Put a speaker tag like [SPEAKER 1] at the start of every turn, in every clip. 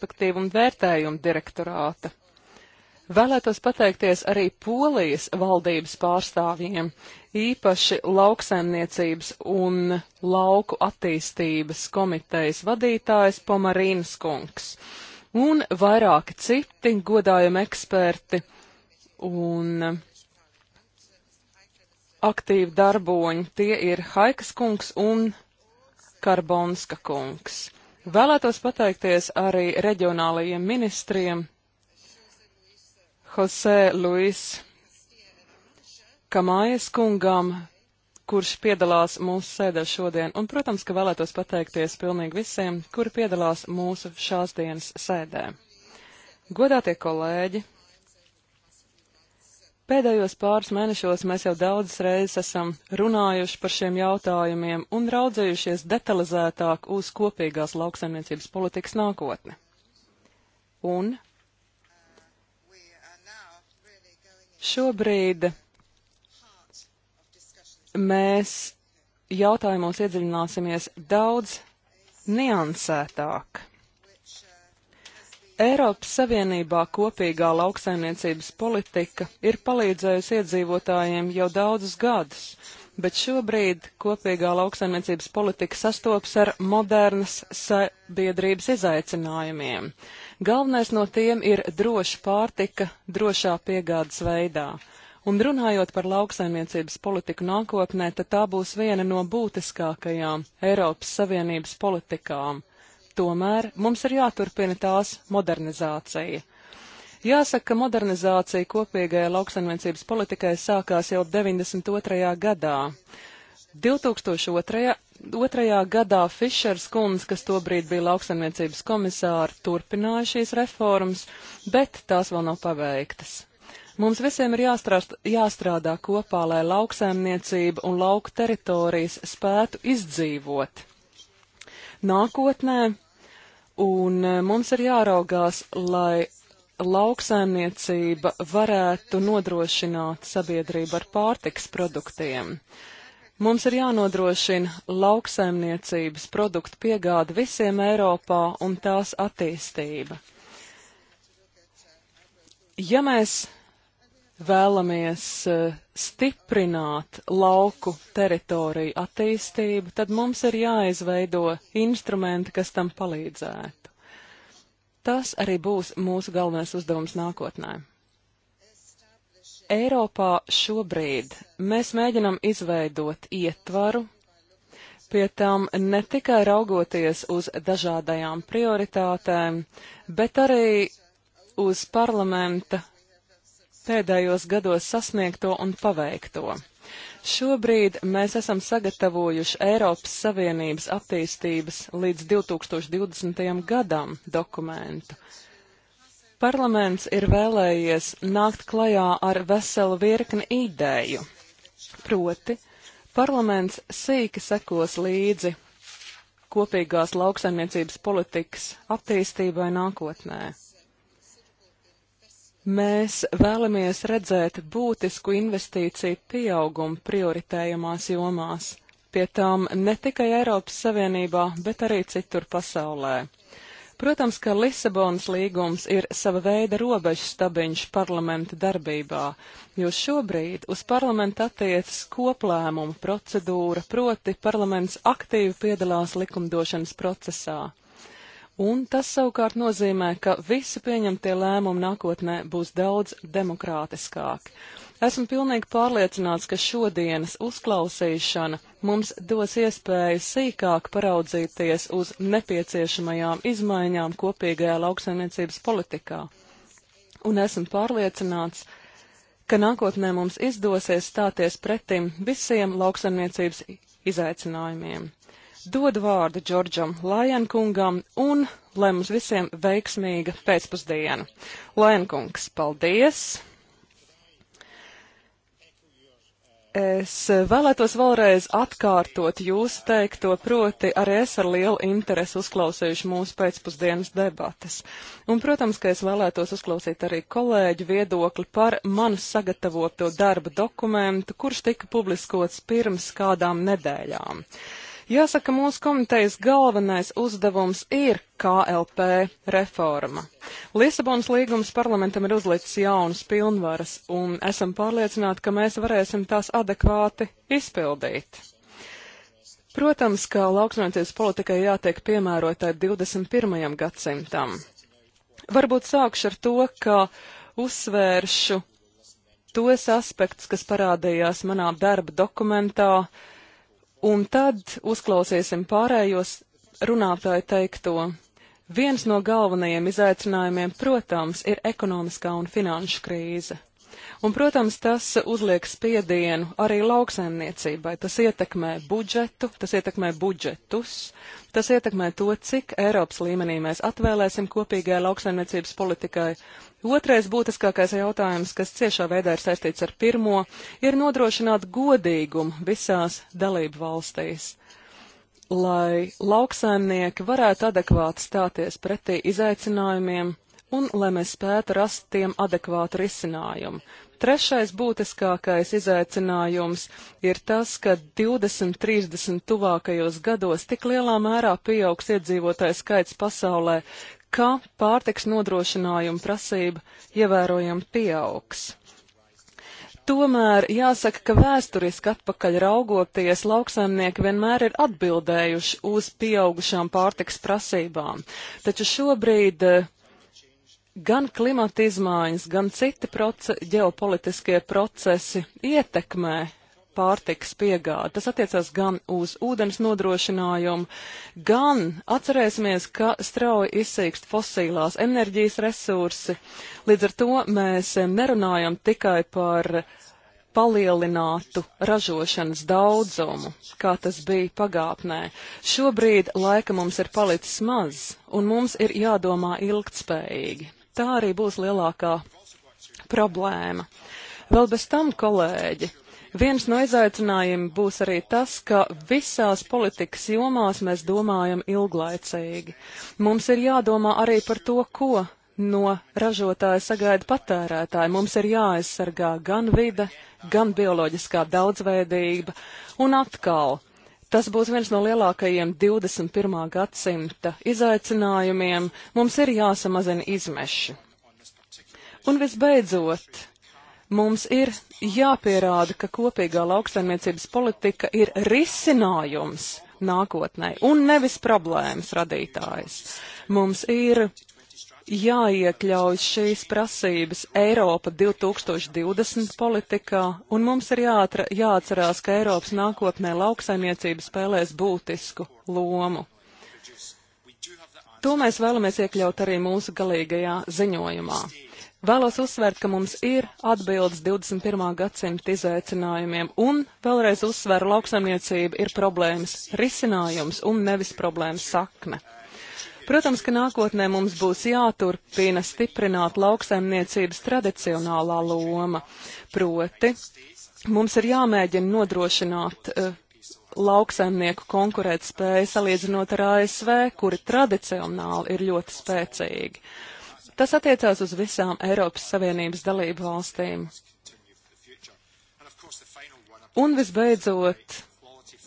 [SPEAKER 1] perspektīvu un vērtējumu direktorāta. Vēlētos pateikties arī Polijas valdības pārstāvjiem, īpaši lauksaimniecības un lauku attīstības komitejas vadītājs Pomarīnas kungs un vairāki citi godājumi eksperti un aktīvi darboņi. Tie ir Haikas kungs un Karbonska kungs. Vēlētos pateikties arī reģionālajiem ministriem Jose Luis Kamājas kungam, kurš piedalās mūsu sēdē šodien, un, protams, ka vēlētos pateikties pilnīgi visiem, kuri piedalās mūsu šās dienas sēdē. Godātie kolēģi, Pēdējos pāris mēnešos mēs jau daudzas reizes esam runājuši par šiem jautājumiem un raudzējušies detalizētāk uz kopīgās lauksaimniecības politikas nākotni. Un šobrīd mēs jautājumos iedziļināsimies daudz niansētāk. Eiropas Savienībā kopīgā lauksaimniecības politika ir palīdzējusi iedzīvotājiem jau daudzus gadus, bet šobrīd kopīgā lauksaimniecības politika sastopas ar modernas sabiedrības izaicinājumiem. Galvenais no tiem ir droša pārtika, drošā piegādes veidā. Un runājot par lauksaimniecības politiku nākotnē, tad tā būs viena no būtiskākajām Eiropas Savienības politikām tomēr mums ir jāturpina tās modernizācija. Jāsaka, ka modernizācija kopīgajai lauksaimniecības politikai sākās jau 92. gadā. 2002. 2002. gadā Fišers kundze, kas tobrīd bija lauksaimniecības komisāra, turpināja šīs reformas, bet tās vēl nav paveiktas. Mums visiem ir jāstrāst, jāstrādā kopā, lai lauksaimniecība un lauku teritorijas spētu izdzīvot. Nākotnē Un eh, mums ir jāraugās, lai lauksaimniecība varētu nodrošināt sabiedrību ar pārtiks produktiem. Mums ir jānodrošina lauksaimniecības produktu piegāda visiem Eiropā un tās attīstība. Ja mēs vēlamies eh, stiprināt lauku teritoriju attīstību, tad mums ir jāizveido instrumenti, kas tam palīdzētu. Tas arī būs mūsu galvenais uzdevums nākotnē. Eiropā šobrīd mēs mēģinam izveidot ietvaru, pie tam ne tikai raugoties uz dažādajām prioritātēm, bet arī uz parlamenta pēdējos gados sasniegto un paveikto. Šobrīd mēs esam sagatavojuši Eiropas Savienības attīstības līdz 2020. gadam dokumentu. Parlaments ir vēlējies nākt klajā ar veselu virkni ideju. Proti, parlaments sīki sekos līdzi kopīgās lauksaimniecības politikas attīstībai nākotnē. Mēs vēlamies redzēt būtisku investīciju pieaugumu prioritējumās jomās, pie tām ne tikai Eiropas Savienībā, bet arī citur pasaulē. Protams, ka Lisabonas līgums ir sava veida robežu stabiņš parlamenta darbībā, jo šobrīd uz parlamentu attiecas koplēmuma procedūra, proti parlaments aktīvi piedalās likumdošanas procesā. Un tas savukārt nozīmē, ka visi pieņemtie lēmumi nākotnē būs daudz demokrātiskāki. Esmu pilnīgi pārliecināts, ka šodienas uzklausīšana mums dos iespēju sīkāk paraudzīties uz nepieciešamajām izmaiņām kopīgajā lauksainiecības politikā. Un esmu pārliecināts, ka nākotnē mums izdosies stāties pretim visiem lauksaimniecības izaicinājumiem. Dodu vārdu Džordžam Lajankungam un lai mums visiem veiksmīga pēcpusdiena. Lajankungs, paldies! Es vēlētos vēlreiz atkārtot jūsu teikto, proti arī es ar lielu interesi uzklausījuši mūsu pēcpusdienas debatas. Un, protams, ka es vēlētos uzklausīt arī kolēģu viedokli par manu sagatavoto darba dokumentu, kurš tika publiskots pirms kādām nedēļām. Uh, Jāsaka, mūsu komitejas galvenais uzdevums ir KLP reforma. Lisabonas līgums parlamentam ir uzlicis jaunas pilnvaras, un esam pārliecināti, ka mēs varēsim tās adekvāti izpildīt. Protams, ka lauksnēties politikai jātiek piemērotai 21. gadsimtam. Varbūt sākšu ar to, ka uzsvēršu tos aspektus, kas parādījās manā darba dokumentā, uh, un tad uzklausīsim pārējos runātāju teikto. Viens no galvenajiem izaicinājumiem, protams, ir ekonomiskā un finanšu krīze. Un, protams, tas uzliek spiedienu arī lauksaimniecībai. Tas ietekmē budžetu, tas ietekmē budžetus, tas ietekmē to, cik Eiropas līmenī mēs atvēlēsim kopīgai lauksaimniecības politikai. Otrais būtiskākais jautājums, kas ciešā veidā ir saistīts ar pirmo, ir nodrošināt godīgumu visās dalību valstīs lai lauksaimnieki varētu adekvāti stāties pretī izaicinājumiem, un lai mēs spētu rast tiem adekvātu risinājumu. Trešais būtiskākais izaicinājums ir tas, ka 20, 30 tuvākajos gados tik lielā mērā pieaugs iedzīvotājs skaits pasaulē, ka pārtiks nodrošinājuma prasība ievērojami pieaugs. Tomēr jāsaka, ka vēsturiski atpakaļ raugoties, lauksaimnieki vienmēr ir atbildējuši uz pieaugušām pārtiks prasībām, taču šobrīd Gan klimata izmaiņas, gan citi proce ģeopolitiskie procesi ietekmē pārtikas piegādi. Tas attiecās gan uz ūdens nodrošinājumu, gan atcerēsimies, ka strauji izsīkst fosīlās enerģijas resursi. Līdz ar to mēs nerunājam tikai par palielinātu ražošanas daudzumu, kā tas bija pagātnē. Šobrīd laika mums ir palicis maz, un mums ir jādomā ilgtspējīgi tā arī būs lielākā problēma. Vēl bez tam, kolēģi, viens no izaicinājumiem būs arī tas, ka visās politikas jomās mēs domājam ilglaicīgi. Mums ir jādomā arī par to, ko no ražotāja sagaida patērētāji. Mums ir jāaizsargā gan vide, gan bioloģiskā daudzveidība. Un atkal, Tas būs viens no lielākajiem 21. gadsimta izaicinājumiem. Mums ir jāsamazina izmeši. Un visbeidzot, mums ir jāpierāda, ka kopīgā lauksaimniecības politika ir risinājums nākotnē un nevis problēmas radītājs. Mums ir jāiekļauj šīs prasības Eiropa 2020 politikā, un mums ir jāatra, jāatcerās, ka Eiropas nākotnē lauksaimniecība spēlēs būtisku lomu. To mēs vēlamies iekļaut arī mūsu galīgajā ziņojumā. Vēlos uzsvērt, ka mums ir atbildes 21. gadsimta izaicinājumiem, un vēlreiz uzsveru, lauksaimniecība ir problēmas risinājums un nevis problēmas sakne. Protams, ka nākotnē mums būs jāturpina stiprināt lauksaimniecības tradicionālā loma, proti mums ir jāmēģina nodrošināt uh, lauksaimnieku konkurētspēju salīdzinot ar ASV, kuri tradicionāli ir ļoti spēcīgi. Tas attiecās uz visām Eiropas Savienības dalību valstīm. Un visbeidzot,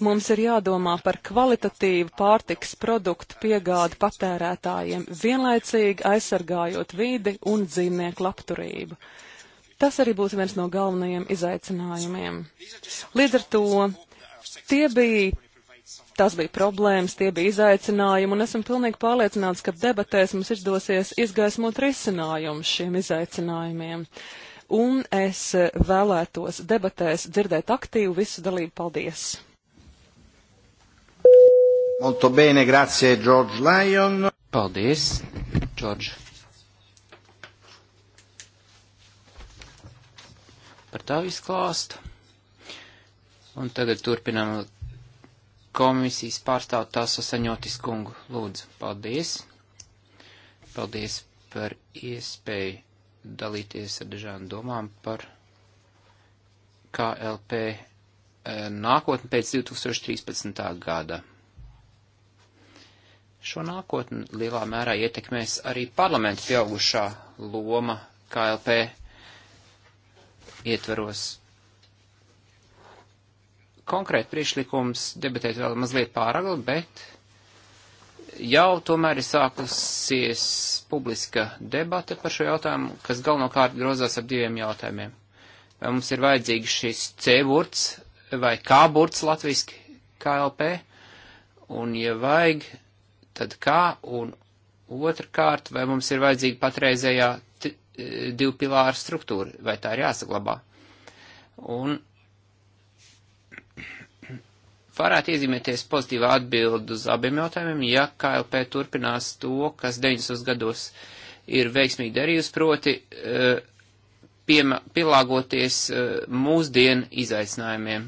[SPEAKER 1] Mums ir jādomā par kvalitatīvu pārtiks produktu piegādi patērētājiem, vienlaicīgi aizsargājot vidi un dzīvnieku labturību. Tas arī būs viens no galvenajiem izaicinājumiem. Līdz ar to tie bija Tās bija problēmas, tie bija izaicinājumi, un esam pilnīgi pārliecināts, ka debatēs mums izdosies izgaismot risinājumus šiem izaicinājumiem. Un es vēlētos debatēs dzirdēt aktīvu visu dalību. Paldies!
[SPEAKER 2] Molto bene, grazie George Lyon. Paldies, George.
[SPEAKER 3] Par tavu izklāstu. Un tagad turpinam komisijas pārstāvu tās sasaņotis kungu. Lūdzu, paldies. Paldies par iespēju dalīties ar dažām domām par KLP eh, nākotni pēc 2013. gada. Šo nākotni lielā mērā ietekmēs arī parlamentu pieaugušā loma KLP ietveros. Konkrēti priekšlikums debatēt vēl mazliet pāragli, bet jau tomēr ir sākusies publiska debata par šo jautājumu, kas galvenokārt grozās ap diviem jautājumiem. Vai mums ir vajadzīgs šis C burts vai K burts latviski KLP? Un, ja vajag, tad kā, un otrkārt, vai mums ir vajadzīga patreizējā e, divu pilāru struktūra, vai tā ir jāsaglabā. Un varētu iezīmēties pozitīvā atbildu uz abiem jautājumiem, ja KLP turpinās to, kas 90 gados ir veiksmīgi darījusi, proti e, piema, pielāgoties e, mūsdienu izaicinājumiem.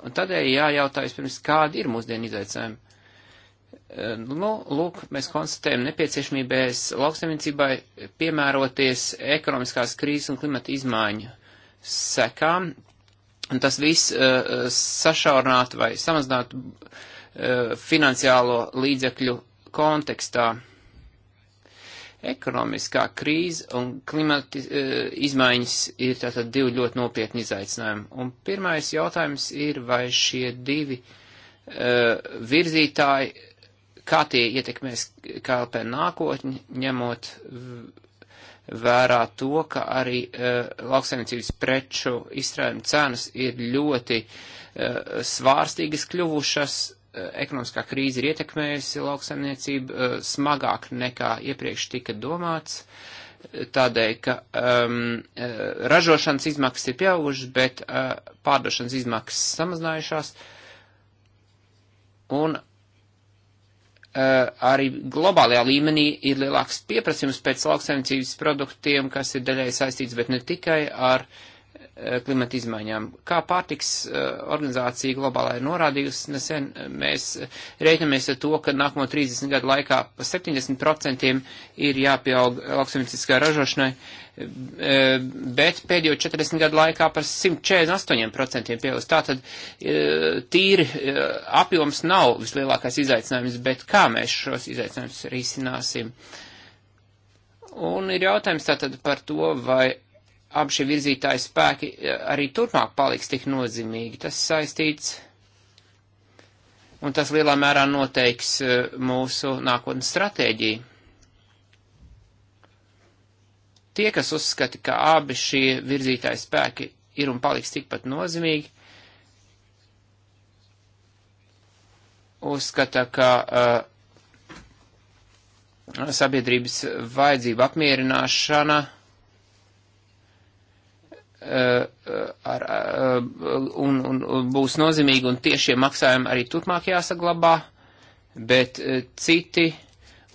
[SPEAKER 3] Un tādēļ jājautā vispirms, kādi ir mūsdienu izaicinājumi Ehm, nu, lūk, mēs konstatējam nepieciešamībēs lauksaimniecībai piemēroties ekonomiskās krīzes un klimata izmaiņu sekām. Un tas viss uh, sašaurinātu vai samazinātu uh, finansiālo līdzekļu kontekstā. Ekonomiskā krīze un klimata uh, izmaiņas ir tātad divi ļoti nopietni izaicinājumi. Un pirmais jautājums ir, vai šie divi uh, virzītāji kā tie ietekmēs KLP nākotni, ņemot vērā to, ka arī uh, lauksaimniecības preču izstrādājuma cenas ir ļoti uh, svārstīgas kļuvušas, uh, ekonomiskā krīze ir ietekmējusi lauksaimniecību uh, smagāk nekā iepriekš tika domāts. Tādēļ, ka um, ražošanas izmaksas ir pieaugušas, bet uh, pārdošanas izmaksas samazinājušās. Un Eh, arī globālajā līmenī ir lielāks pieprasījums pēc lauksaimniecības produktiem, kas ir daļai saistīts, bet ne tikai ar eh, klimata izmaiņām. Kā pārtiks eh, organizācija globālā ir norādījusi, nesen mēs reiķinamies ar to, ka nākamo 30 gadu laikā pa 70% ir jāpieaug lauksaimnieciskā ražošanai, E, bet pēdējo 40 gadu laikā par 148% pieaugst. Tātad e, tīri e, apjoms nav vislielākais izaicinājums, bet kā mēs šos izaicinājumus risināsim? Un ir jautājums tātad par to, vai abi šie virzītāji spēki arī turpmāk paliks tik nozīmīgi. Tas saistīts. Un tas lielā mērā noteiks mūsu nākotnes stratēģiju Tie, kas uzskata, ka abi šie virzītāji spēki ir un paliks tikpat nozīmīgi, uzskata, ka uh, sabiedrības vajadzība apmierināšana uh, uh, ar, uh, un, un, un būs nozīmīgi, un tiešie maksājumi arī turpmāk jāsaglabā, bet citi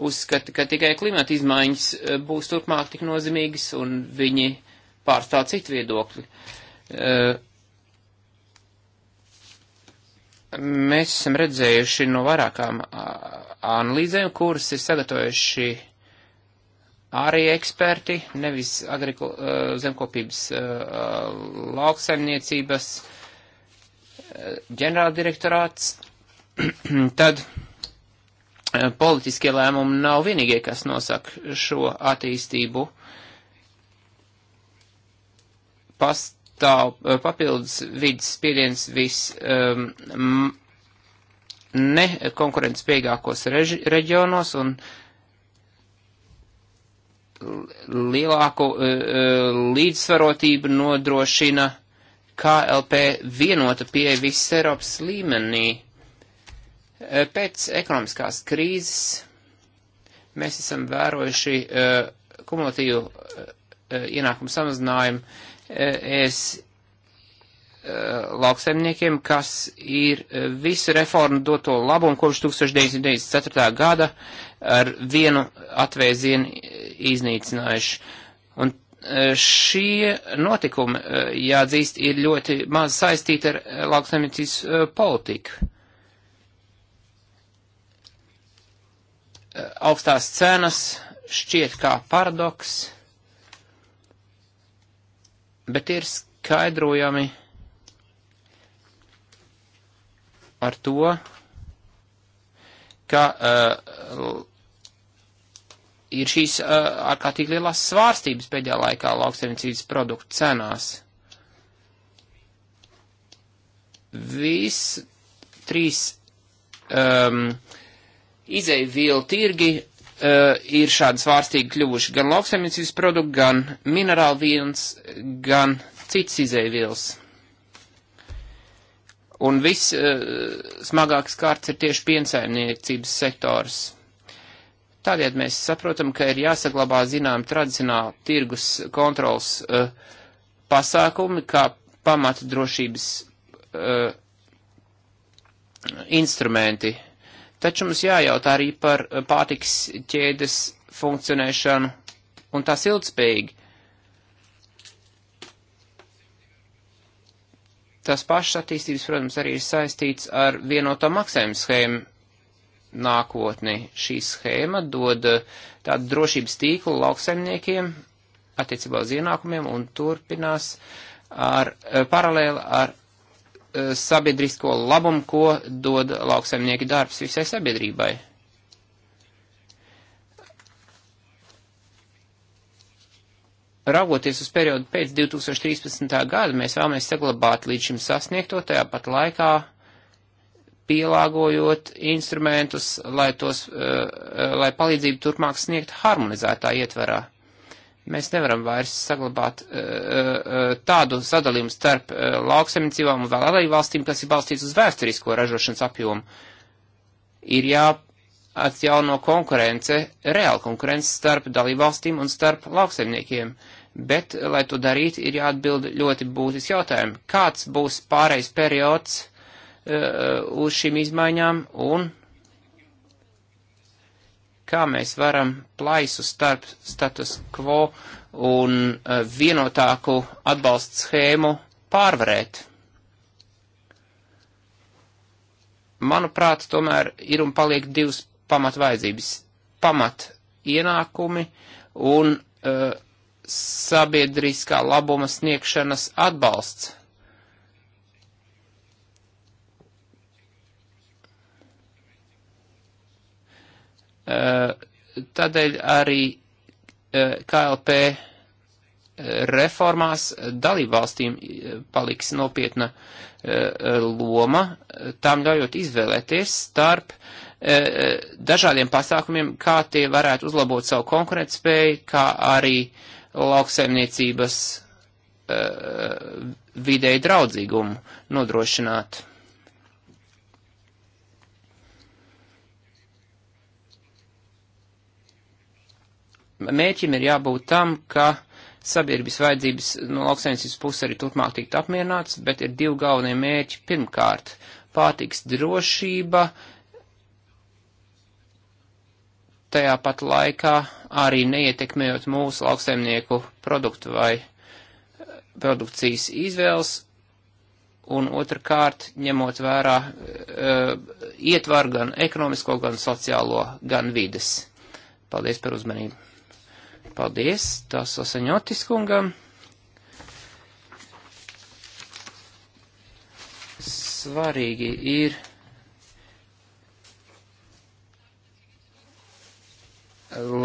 [SPEAKER 3] uzskata, ka tikai klimata izmaiņas e, būs turpmāk tik nozīmīgas, un viņi pārstāv citu viedokli. E, mēs esam redzējuši no vairākām analīzēm, kuras ir sagatavojuši ārēji eksperti, nevis agrikul, e, zemkopības lauksaimniecības ģenerāldirektorāts. Tad Eh, politiskie lēmumi nav vienīgie, kas nosaka šo attīstību. Pastāv eh, papildus vidas spiediens vis um, ehm, ne konkurences pieejākos reģionos un lielāku uh, līdzsvarotību nodrošina KLP vienota pieeja visas Eiropas līmenī Eh, pēc ekonomiskās krīzes mēs esam vērojuši eh, kumulatīvu eh, ienākumu samazinājumu es lauksaimniekiem, kas ir visu reformu doto labumu kopš 1994. gada ar vienu atvēzienu iznīcinājuši. Un šie notikumi, jāatzīst, ir ļoti maz saistīti ar lauksaimniecības politiku. Eh, augstās cenas šķiet kā paradoks, bet ir skaidrojami ar to, ka uh, ir šīs uh, ārkārtīgi lielās svārstības pēdējā laikā lauksaimniecības produktu cenās. Viss trīs um, uh, izēju vielu tirgi uh, ir šādi svārstīgi kļuvuši gan lauksaimniecības produkti, gan minerāli vielas, gan cits izēju vielas. Un viss uh, eh, smagāks kārts ir tieši piensaimniecības sektors. Tādēļ mēs saprotam, ka ir jāsaglabā zinām tradicionāli tirgus kontrols uh, pasākumi, kā pamata drošības uh, instrumenti. Taču mums jājautā arī par eh, pārtiks ķēdes funkcionēšanu un tās ilgspējīgi. Tas pašs attīstības, protams, arī ir saistīts ar vienoto maksājumu schēmu nākotni. Šī schēma dod eh, tādu drošības tīklu lauksaimniekiem attiecībā uz ienākumiem un turpinās ar, eh, paralēli ar E, sabiedrisko labumu, ko dod lauksaimnieki darbs visai sabiedrībai. Raugoties uz periodu pēc 2013. gada, mēs vēlamies saglabāt līdz šim sasniegto, tajā pat laikā pielāgojot instrumentus, lai, tos, e, e, lai palīdzību turpmāk sniegt harmonizētā ietverā. Mēs nevaram vairs saglabāt uh, uh, tādu sadalījumu starp uh, lauksaimniecībām un vēl arī valstīm, kas ir balstīts uz vēsturisko ražošanas apjomu. Ir jāatjauno konkurence, reāla konkurence starp dalībvalstīm un starp lauksaimniekiem. Bet, lai to darītu, ir jāatbild ļoti būtiski jautājumi. Kāds būs pārējais periods uh, uz šīm izmaiņām un kā mēs varam plaisu starp status quo un eh, vienotāku atbalstu schēmu pārvarēt. Manuprāt, tomēr ir un paliek divas pamatvaidzības - pamat ienākumi un uh, sabiedriskā labuma sniegšanas atbalsts Eh, tādēļ arī eh, KLP eh, reformās dalībvalstīm paliks nopietna loma, tām ļaujot izvēlēties starp dažādiem pasākumiem, kā tie varētu uzlabot savu konkurētspēju, kā arī lauksaimniecības vidēji draudzīgumu nodrošināt. mērķim ir jābūt tam, ka sabiedrības vajadzības no lauksainicības puses arī turpmāk tikt apmierināts, bet ir divi galvenie mērķi. Pirmkārt, pārtiks drošība, tajā pat laikā arī neietekmējot mūsu lauksaimnieku produktu vai eh, produkcijas izvēles, un otrkārt ņemot vērā uh, ietvaru gan ekonomisko, gan sociālo, gan vides. Paldies par uzmanību! Paldies tās Osaņotis kungam. Svarīgi ir.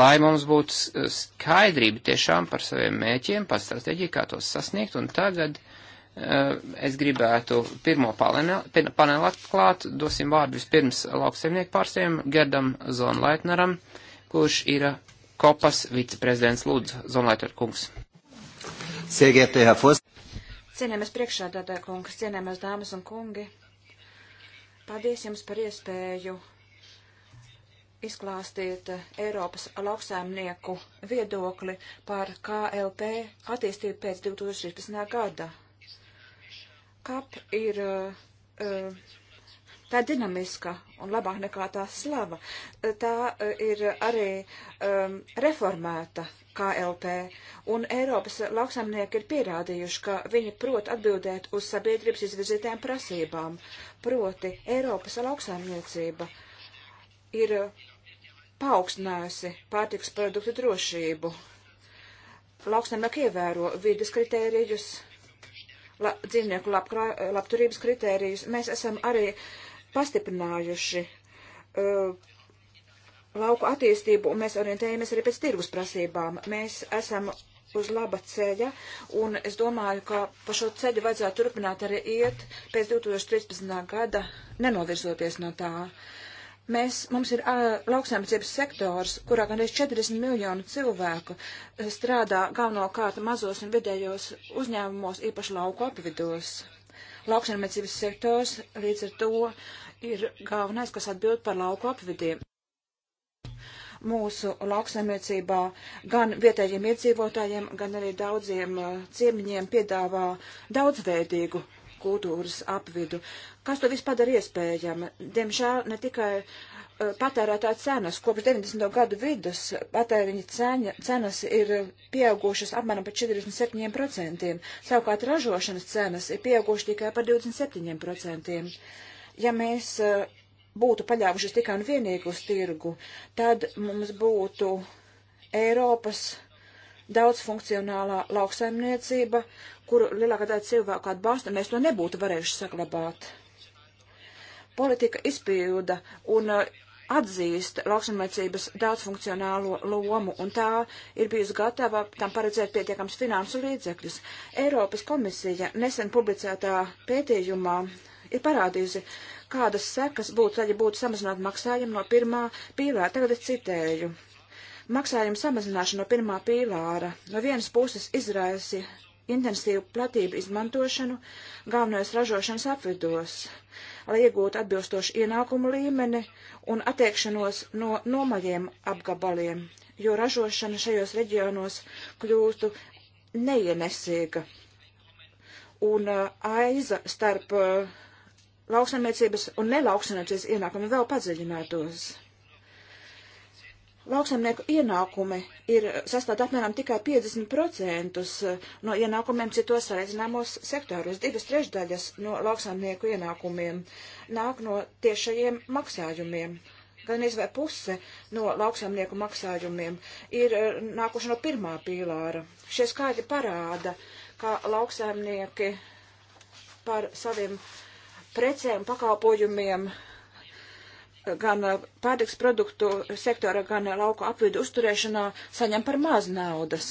[SPEAKER 3] lai mums būtu skaidrība tiešām par saviem mēķiem, par stratēģiju, kā tos sasniegt, un tagad uh, es gribētu pirmo paneli, paneli atklāt, dosim vārdu vispirms lauksaimnieku pārstāvjiem Gerdam Zonlaitneram, kurš ir Kopas viceprezidents Lūdzu Zonlaitot kungs. Cienījamies
[SPEAKER 4] priekšādātāja kungs, cienījamies dāmas un kungi. Paldies jums par iespēju izklāstīt Eiropas lauksaimnieku viedokli par KLP attīstību pēc 2013. gada. KAP ir uh, Tā ir dinamiska un labāk nekā tā slava. Tā e, ir arī um, reformēta KLP, un Eiropas lauksamnieki ir pierādījuši, ka viņi prot atbildēt uz sabiedrības izvirzītām prasībām. Proti, Eiropas lauksamniecība ir paaugstinājusi pārtiks produktu drošību. Lauksamnieki ievēro vides kritērijus, la, dzīvnieku labklā, labturības kritērijus. Mēs esam arī uh, pastiprinājuši uh, lauku attīstību, un mēs orientējamies arī pēc tirgus prasībām. Mēs esam uz laba ceļa, un es domāju, ka pa šo ceļu vajadzētu turpināt arī iet pēc 2013. gada, nenovirzoties no tā. Mēs, mums ir uh, lauksaimniecības sektors, kurā gandrīz 40 miljonu cilvēku eh, strādā galvenokārt mazos un vidējos uzņēmumos, īpaši lauku apvidos. Uh, lauksaimniecības sektors līdz ar to ir galvenais, kas atbild par lauku apvidiem. Mūsu lauksaimniecībā gan vietējiem iedzīvotājiem, gan arī daudziem uh, ciemiņiem piedāvā daudzveidīgu kultūras apvidu. Kas to vispār padara iespējami? Diemžēl ne tikai uh, patērētā cenas. Kopš 90. gadu vidus patēriņa ceņa, cenas ir pieaugušas apmēram par 47%, savukārt ražošanas cenas ir pieaugušas tikai par 27%. Ja mēs eh, būtu paļāvušies tikai un vienīgi uz tirgu, tad mums būtu Eiropas daudzfunkcionālā lauksaimniecība, kuru lielākā daļa cilvēku atbalsta, mēs to nebūtu varējuši saglabāt. Politika izpilda un uh, atzīst lauksamniecības daudzfunkcionālo lomu, un tā ir bijusi gatava tam paredzēt pietiekams finansu līdzekļus. Eiropas komisija nesen publicētā pētījumā ir parādījusi, kādas sekas būtu, ja būtu samazināt maksājumu no pirmā pīlāra. Tagad es citēju. Maksājumu samazināšana no pirmā pīlāra no vienas puses izraisi intensīvu platību izmantošanu galvenajos ražošanas apvidos lai iegūtu atbilstošu ienākumu līmeni un attiekšanos no nomajiem apgabaliem, jo ražošana šajos reģionos kļūtu neienesīga. Un uh, aiza starp uh, lauksaimniecības un nelauksaimniecības ienākumu vēl padziļinātos lauksaimnieku ienākumi ir sastāv apmēram tikai 50% eh, no ienākumiem citos sareizināmos sektoros. Divas trešdaļas no lauksaimnieku ienākumiem nāk no tiešajiem maksājumiem. Gan vai puse no lauksaimnieku maksājumiem ir eh, nākuši no pirmā pīlāra. Šie skaitļi parāda, ka lauksaimnieki par saviem precēm, pakalpojumiem uh, gan uh, pārtiks produktu sektora, gan uh, lauku apvidu uzturēšanā saņem par maz naudas.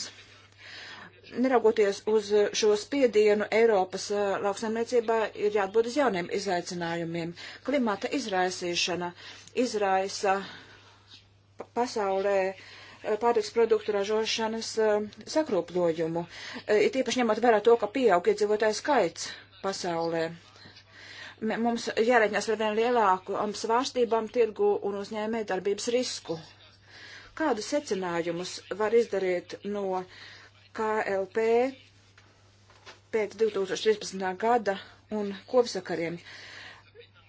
[SPEAKER 4] Neraugoties uz uh, šo spiedienu, Eiropas lauksaimniecībā ir jāatbūt uz jauniem izaicinājumiem. Klimata izraisīšana izraisa pasaulē pārtiks produktu ražošanas sakrūplojumu, it īpaši ņemot vērā to, ka pieaug iedzīvotāju skaits pasaulē mums jārēķinās ar vien lielākām um, svārstībām tirgu un uzņēmē darbības risku. Kādu secinājumus var izdarīt no KLP pēc 2013. gada un kopsakariem?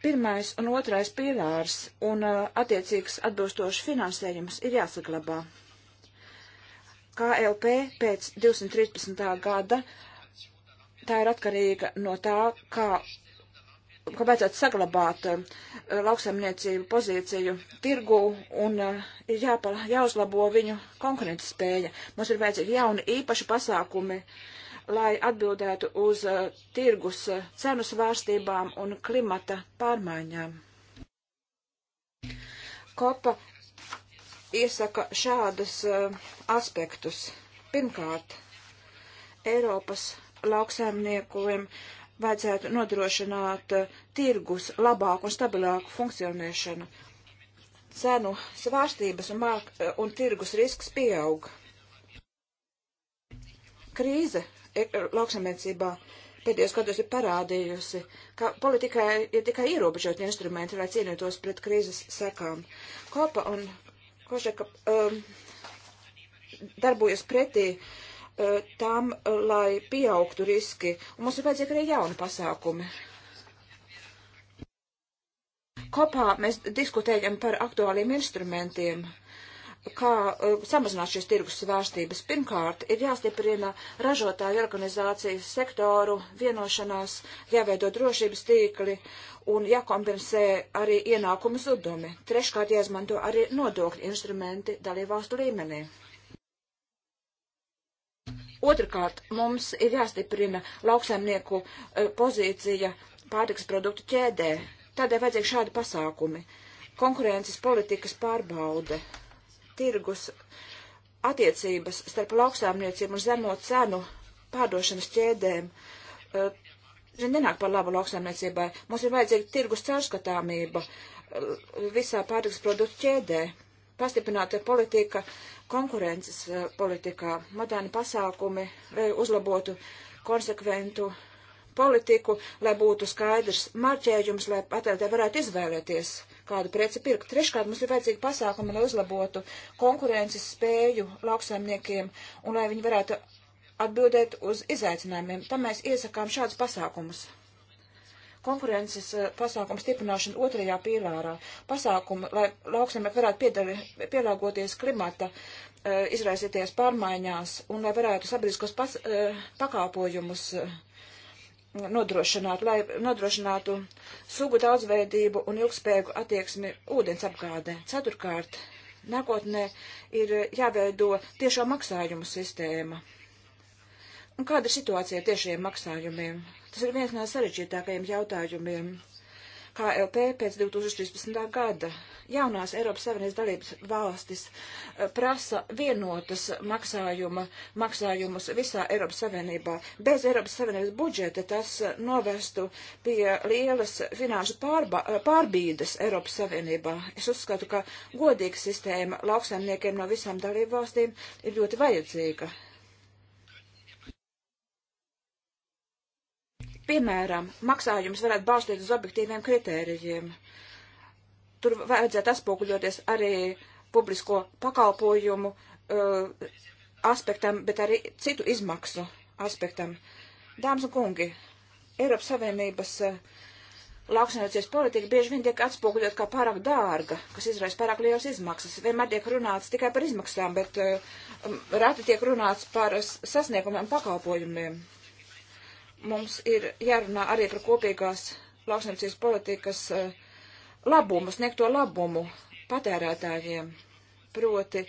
[SPEAKER 4] Pirmais un otrais pīlārs un uh, attiecīgs atbilstošs finansējums ir jāsaglabā. KLP pēc 213. gada tā ir atkarīga no tā, kā ka vajadzētu saglabāt uh, lauksaimniecību pozīciju tirgu un uh, ir jāpala, jāuzlabo viņu konkurences spēja. Mums ir vajadzīgi jauni īpaši pasākumi, lai atbildētu uz uh, tirgus cenu svārstībām un klimata pārmaiņām. Kopa iesaka šādas aspektus. Pirmkārt, Eiropas lauksaimniekiem vajadzētu nodrošināt eh, tirgus labāku un stabilāku funkcionēšanu. Cenu svārstības un, māk, eh, un tirgus risks pieaug. Krīze e, lauksamniecībā pēdējos gados ir parādījusi, ka politikai ir tikai ierobežot instrumenti, lai cīnītos pret krīzes sekām. Kopa un Kožeka um, ehm, darbojas pretī uh, E, tam, lai pieaugtu riski, un mums ir vajadzīgi arī jauni pasākumi. Kopā mēs diskutējam par aktuāliem instrumentiem, kā uh, samazināt šīs tirgus svārstības. Pirmkārt, ir jāstiprina ražotāju organizācijas sektoru vienošanās, jāveido drošības tīkli un jākompensē arī ienākumu zudumi. Treškārt, jāizmanto arī nodokļu instrumenti dalībvalstu līmenī. Otrakārt, mums ir jāstiprina lauksaimnieku e, pozīcija pārtiks produktu ķēdē. Tādēļ vajadzīgi šādi pasākumi. Konkurences politikas pārbaude, tirgus attiecības starp lauksaimniecību un zemo cenu pārdošanas ķēdēm. Zin, e, nenāk par labu lauksaimniecībai. Mums ir vajadzīga tirgus caurskatāmība e, visā pārtiks produktu ķēdē pastiprināta politika konkurences e, politikā, moderni pasākumi, lai uzlabotu konsekventu politiku, lai būtu skaidrs marķējums, lai patērētāji varētu izvēlēties, kādu preci pirkt. Treškārt, mums ir vajadzīgi pasākumi, lai uzlabotu konkurences spēju lauksaimniekiem un lai viņi varētu atbildēt uz izaicinājumiem. Tam mēs iesakām šādus pasākumus konkurences eh, pasākumu stiprināšanu otrajā pīlārā. Pasākumu, lai lauksemnieki varētu piedali, pielāgoties klimata uh, izraisīties pārmaiņās un lai varētu sabiedriskos pas, uh, eh, pakāpojumus uh, nodrošināt, lai nodrošinātu sugu daudzveidību un ilgspējīgu attieksmi ūdens apgādē. Ceturkārt, nākotnē ir jāveido tiešo maksājumu sistēma Un kāda ir situācija tiešiem maksājumiem? Tas ir viens no sarežģītākajiem jautājumiem. KLP pēc 2013. gada jaunās Eiropas Savienības dalības valstis eh, prasa vienotas maksājuma, maksājumus visā Eiropas Savienībā. Bez Eiropas Savienības budžeta tas eh, novestu pie lielas finanšu pārba, eh, pārbīdes Eiropas Savienībā. Es uzskatu, ka godīga sistēma lauksaimniekiem no visām dalību valstīm ir ļoti vajadzīga. Piemēram, maksājums varētu balstīt uz objektīviem kritērijiem. Tur vajadzētu atspoguļoties arī publisko pakalpojumu uh, aspektam, bet arī citu izmaksu aspektam. Dāmas un kungi, Eiropas Savienības uh, lauksaimniecības politika bieži vien tiek atspoguļot kā pārāk dārga, kas izraisa pārāk lielas izmaksas. Vienmēr tiek runāts tikai par izmaksām, bet uh, rati tiek runāts par sasniegumiem pakalpojumiem mums ir jārunā arī par kopīgās lauksaimniecības politikas eh, labumu, sniegto labumu patērētājiem. Proti,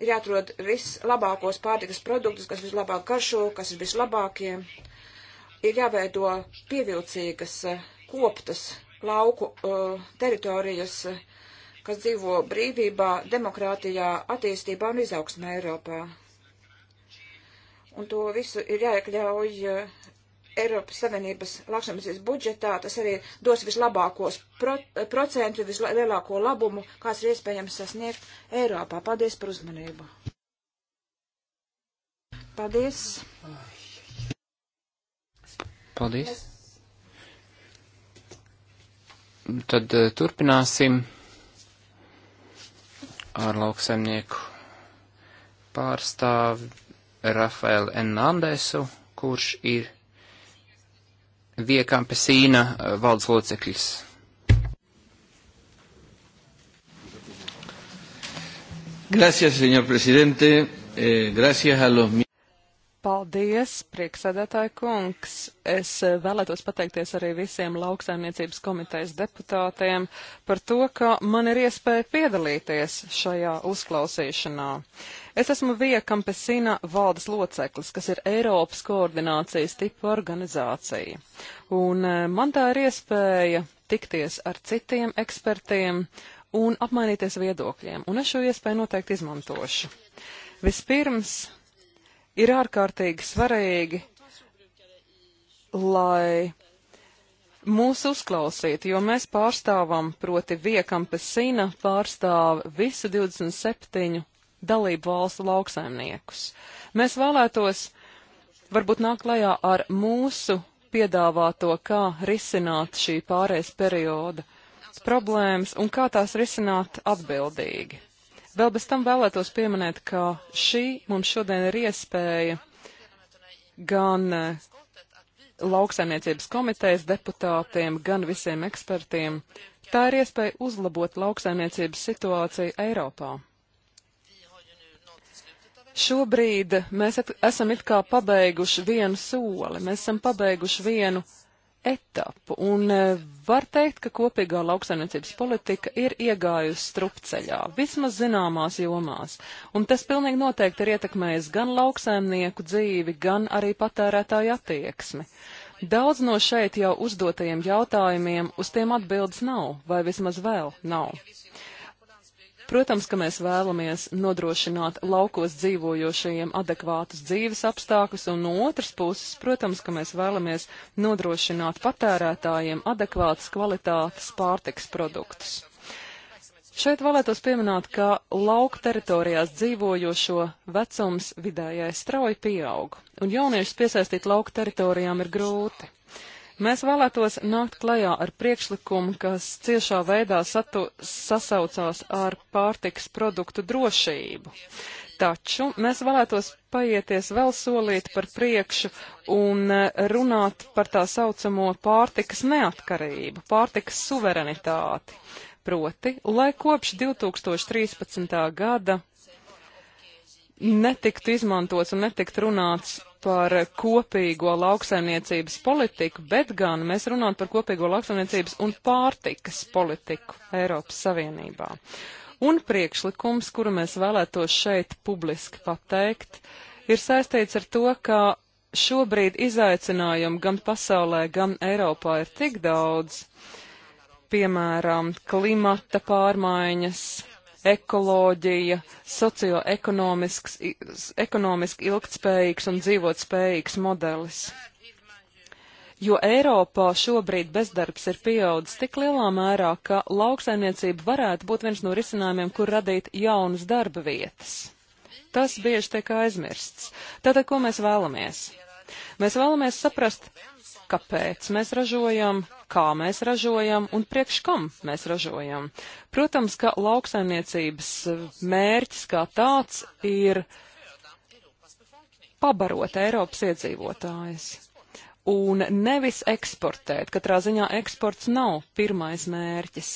[SPEAKER 4] ir jāatrod vislabākos pārtikas produktus, kas vislabāk garšo, kas ir vislabākie. Ir jāveido pievilcīgas eh, koptas lauku eh, teritorijas, kas dzīvo brīvībā, demokrātijā, attīstībā un izaugsmē Eiropā. Un to visu ir jāiekļauj Eiropas Savienības lauksaimniecības budžetā, tas arī dos vislabākos pro, procentu, vislielāko labumu, kāds ir iespējams sasniegt Eiropā. Paldies par uzmanību. Paldies.
[SPEAKER 3] Paldies. Tad uh, turpināsim ar lauksaimnieku pārstāvi Rafaelu Enandesu, kurš ir Viekampesīna eh, valdes locekļus. Gracias, señor presidente. Eh, gracias a
[SPEAKER 2] los.
[SPEAKER 1] Paldies, prieksēdētāji kungs. Es eh, vēlētos pateikties arī visiem lauksaimniecības komitejas deputātiem par to, ka man ir iespēja piedalīties šajā uzklausīšanā. Es esmu Vija Kampesina valdes loceklis, kas ir Eiropas koordinācijas tipu organizācija. Un eh, man tā ir iespēja tikties ar citiem ekspertiem un apmainīties viedokļiem. Un es šo iespēju noteikti izmantošu. Vispirms ir ārkārtīgi svarīgi, lai mūsu uzklausītu, jo mēs pārstāvam, proti Viekampesina pārstāv visu 27 dalību valstu lauksaimniekus. Mēs vēlētos varbūt nāk klajā ar mūsu piedāvāto, kā risināt šī pārējais perioda problēmas un kā tās risināt atbildīgi. Vēl bez tam vēlētos pieminēt, ka šī mums šodien ir iespēja gan eh, lauksaimniecības komitejas deputātiem, gan visiem ekspertiem. Tā ir iespēja uzlabot lauksaimniecības situāciju Eiropā. Šobrīd mēs esam it kā pabeiguši vienu soli, mēs esam pabeiguši vienu etapu, un e, var teikt, ka kopīgā lauksaimniecības politika ir iegājusi strupceļā, vismaz zināmās jomās, un tas pilnīgi noteikti ir ietekmējis gan lauksaimnieku dzīvi, gan arī patērētāju attieksmi. Daudz no šeit jau uzdotajiem jautājumiem uz tiem atbildes nav, vai vismaz vēl nav. Protams, ka mēs vēlamies nodrošināt laukos dzīvojošajiem adekvātus dzīves apstākļus, un no otras puses, protams, ka mēs vēlamies nodrošināt patērētājiem adekvātas kvalitātes pārtiks produktus. Šeit vēlētos pieminēt, ka lauka teritorijās dzīvojošo vecums vidējai strauji pieaug, un jauniešus piesaistīt lauka teritorijām ir grūti. Mēs vēlētos nākt klajā ar priekšlikumu, kas ciešā veidā satu, sasaucās ar pārtiks produktu drošību. Taču mēs vēlētos paieties vēl solīt par priekšu un e, runāt par tā saucamo pārtikas neatkarību, pārtikas suverenitāti. Proti, lai kopš 2013. gada netiktu izmantots un netikt runāts par kopīgo lauksaimniecības politiku, bet gan mēs runātu par kopīgo lauksaimniecības un pārtikas politiku Eiropas Savienībā. Un priekšlikums, kuru mēs vēlētos šeit publiski pateikt, ir saistīts ar to, ka šobrīd izaicinājumu gan pasaulē, gan Eiropā ir tik daudz, piemēram, klimata pārmaiņas, ekoloģija, socioekonomiski ilgtspējīgs un dzīvot spējīgs modelis. Jo Eiropā šobrīd bezdarbs ir pieaudzis tik lielā mērā, ka lauksaimniecība varētu būt viens no risinājumiem, kur radīt jaunas darba vietas. Tas bieži tiek aizmirsts. Tātad, ko mēs vēlamies? Mēs vēlamies saprast, kāpēc mēs ražojam, kā mēs ražojam un priekš kam mēs ražojam. Protams, ka lauksaimniecības mērķis kā tāds ir pabarot Eiropas iedzīvotājus un nevis eksportēt. Katrā ziņā eksports nav pirmais mērķis.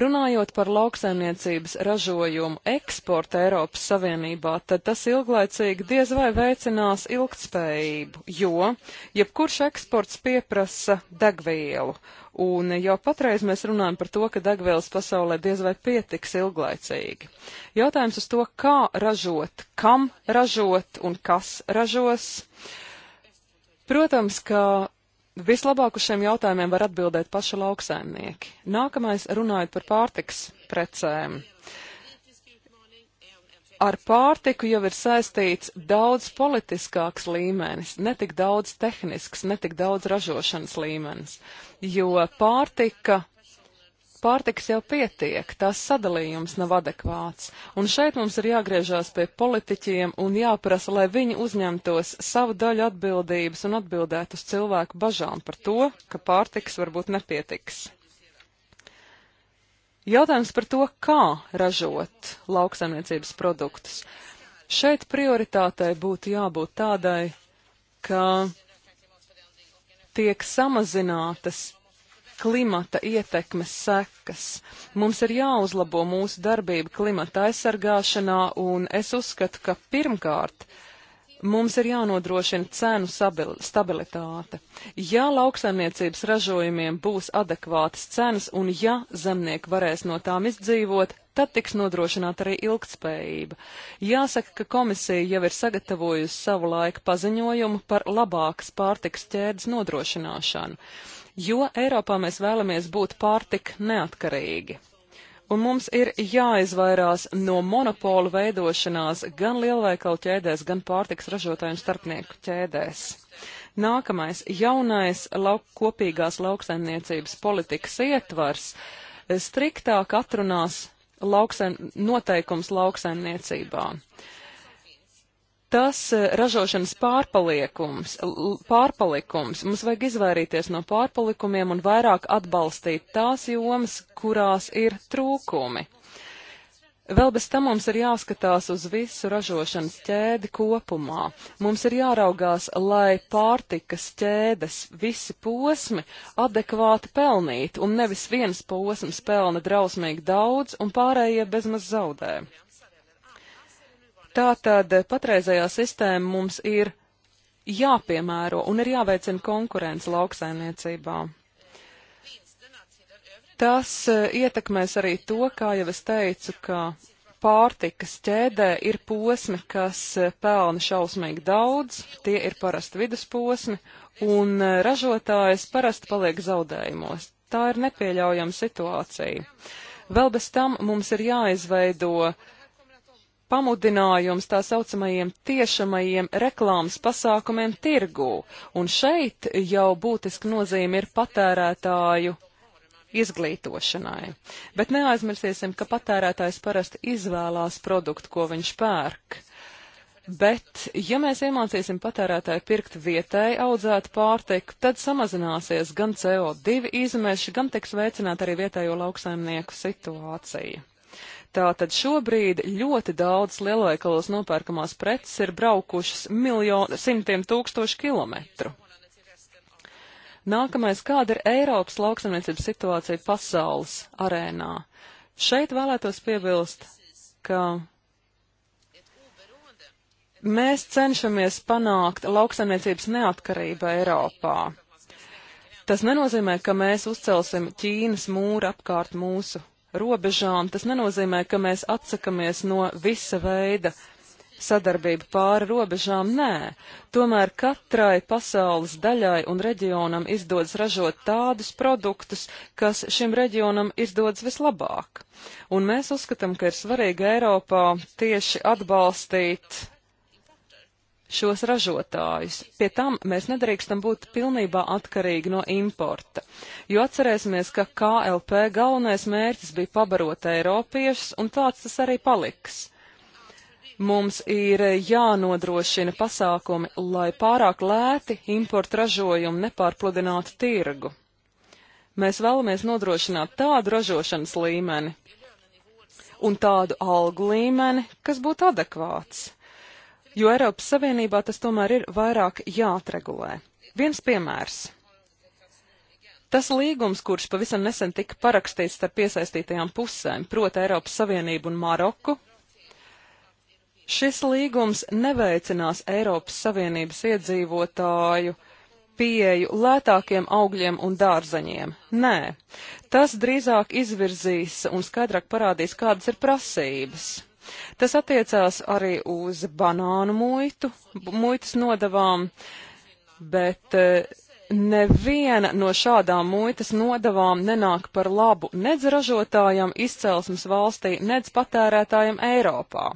[SPEAKER 1] Runājot par lauksaimniecības ražojumu eksportu Eiropas Savienībā, tad tas ilglaicīgi diez vai veicinās ilgtspējību, jo jebkurš eksports pieprasa degvielu, un jau patreiz mēs runājam par to, ka degvielas pasaulē diez vai pietiks ilglaicīgi. Jautājums uz to, kā ražot, kam ražot un kas ražos. Protams, ka Vislabāk uz šiem jautājumiem var atbildēt paši lauksaimnieki. Nākamais runājot par pārtiks precēm. Ar pārtiku jau ir saistīts daudz politiskāks līmenis, netik daudz tehnisks, netik daudz ražošanas līmenis, jo pārtika pārtikas jau pietiek, tās sadalījums nav adekvāts. Un šeit mums ir jāgriežās pie politiķiem un jāprasa, lai viņi uzņemtos savu daļu atbildības un atbildētu uz cilvēku bažām par to, ka pārtikas varbūt nepietiks. Jautājums par to, kā ražot lauksaimniecības produktus. Šeit prioritātei būtu jābūt tādai, ka tiek samazinātas klimata ietekmes sekas. Mums ir jāuzlabo mūsu darbība klimata aizsargāšanā, un es uzskatu, ka pirmkārt mums ir jānodrošina cenu stabilitāte. Ja lauksaimniecības ražojumiem būs adekvātas cenas un ja zemnieki varēs no tām izdzīvot, tad tiks nodrošināta arī ilgtspējība. Jāsaka, ka komisija jau ir sagatavojusi savu laiku paziņojumu par labākas pārtiks ķēdes nodrošināšanu jo Eiropā mēs vēlamies būt pārtika neatkarīgi. Un mums ir jāizvairās no monopolu veidošanās gan lielveikalu ķēdēs, gan pārtiks ražotājiem starpnieku ķēdēs. Nākamais jaunais lauk, kopīgās lauksaimniecības politikas ietvars striktāk atrunās lauksaim, noteikums lauksaimniecībā. Uh, tas eh, ražošanas pārpalikums, pārpalikums. Mums vajag izvairīties no pārpalikumiem un vairāk atbalstīt tās jomas, kurās ir trūkumi. Vēl bez tam mums ir jāskatās uz visu ražošanas ķēdi kopumā. Mums ir jāraugās, lai pārtikas ķēdes visi posmi adekvāti pelnītu, un nevis viens posms pelna drausmīgi daudz, un pārējie bezmaz zaudē. Tātad patreizējā sistēma mums ir jāpiemēro un ir jāveicina konkurence lauksaimniecībā. Tas eh, ietekmēs arī to, kā jau es teicu, ka pārtikas ķēdē ir posmi, kas eh, pelna šausmīgi daudz, tie ir parasti vidusposmi, un eh, ražotājs parasti paliek zaudējumos. Tā ir nepieļaujama situācija. Vēl bez tam mums ir jāizveido uh, pamudinājums tā saucamajiem tiešamajiem reklāmas pasākumiem tirgū, un šeit jau būtiski nozīme ir patērētāju izglītošanai. Bet neaizmirsīsim, ka patērētājs parasti izvēlās produktu, ko viņš pērk. Bet, ja mēs iemācīsim patērētāju pirkt vietēji audzētu pārtiku, tad samazināsies gan CO2 izmeši, gan tiks veicināt arī vietējo lauksaimnieku situācija. Tātad šobrīd ļoti daudz lielveikalos nopērkamās preces ir braukušas miljonu, simtiem tūkstošu kilometru. Nākamais, kāda ir Eiropas lauksaimniecības situācija pasaules arēnā? Šeit vēlētos piebilst, ka mēs cenšamies panākt lauksaimniecības neatkarību Eiropā. Tas nenozīmē, ka mēs uzcelsim Ķīnas mūru apkārt mūsu robežām, tas nenozīmē, ka mēs atsakamies no visa veida sadarbību pāri robežām, nē. Tomēr katrai pasaules daļai un reģionam izdodas ražot tādus produktus, kas šim reģionam izdodas vislabāk. Un mēs uzskatām, ka ir svarīgi Eiropā tieši atbalstīt šos ražotājus. Pie tam mēs nedrīkstam būt pilnībā atkarīgi no importa, jo atcerēsimies, ka KLP galvenais mērķis bija pabarot Eiropiešus, un tāds tas arī paliks. Mums ir jānodrošina pasākumi, lai pārāk lēti importu ražojumu nepārpludinātu tirgu. Mēs vēlamies nodrošināt tādu ražošanas līmeni un tādu algu līmeni, kas būtu adekvāts jo Eiropas Savienībā tas tomēr ir vairāk jāatregulē. Viens piemērs. Tas līgums, kurš pavisam nesen tika parakstīts starp piesaistītajām pusēm, proti Eiropas Savienību un Maroku, šis līgums neveicinās Eiropas Savienības iedzīvotāju pieeju lētākiem augļiem un dārzaņiem. Nē, tas drīzāk izvirzīs un skaidrāk parādīs, kādas ir prasības. Tas attiecās arī uz banānu muitu, muitas nodavām, bet eh, neviena no šādām muitas nodavām nenāk par labu nedz ražotājam izcelsmes valstī, nedz patērētājam Eiropā.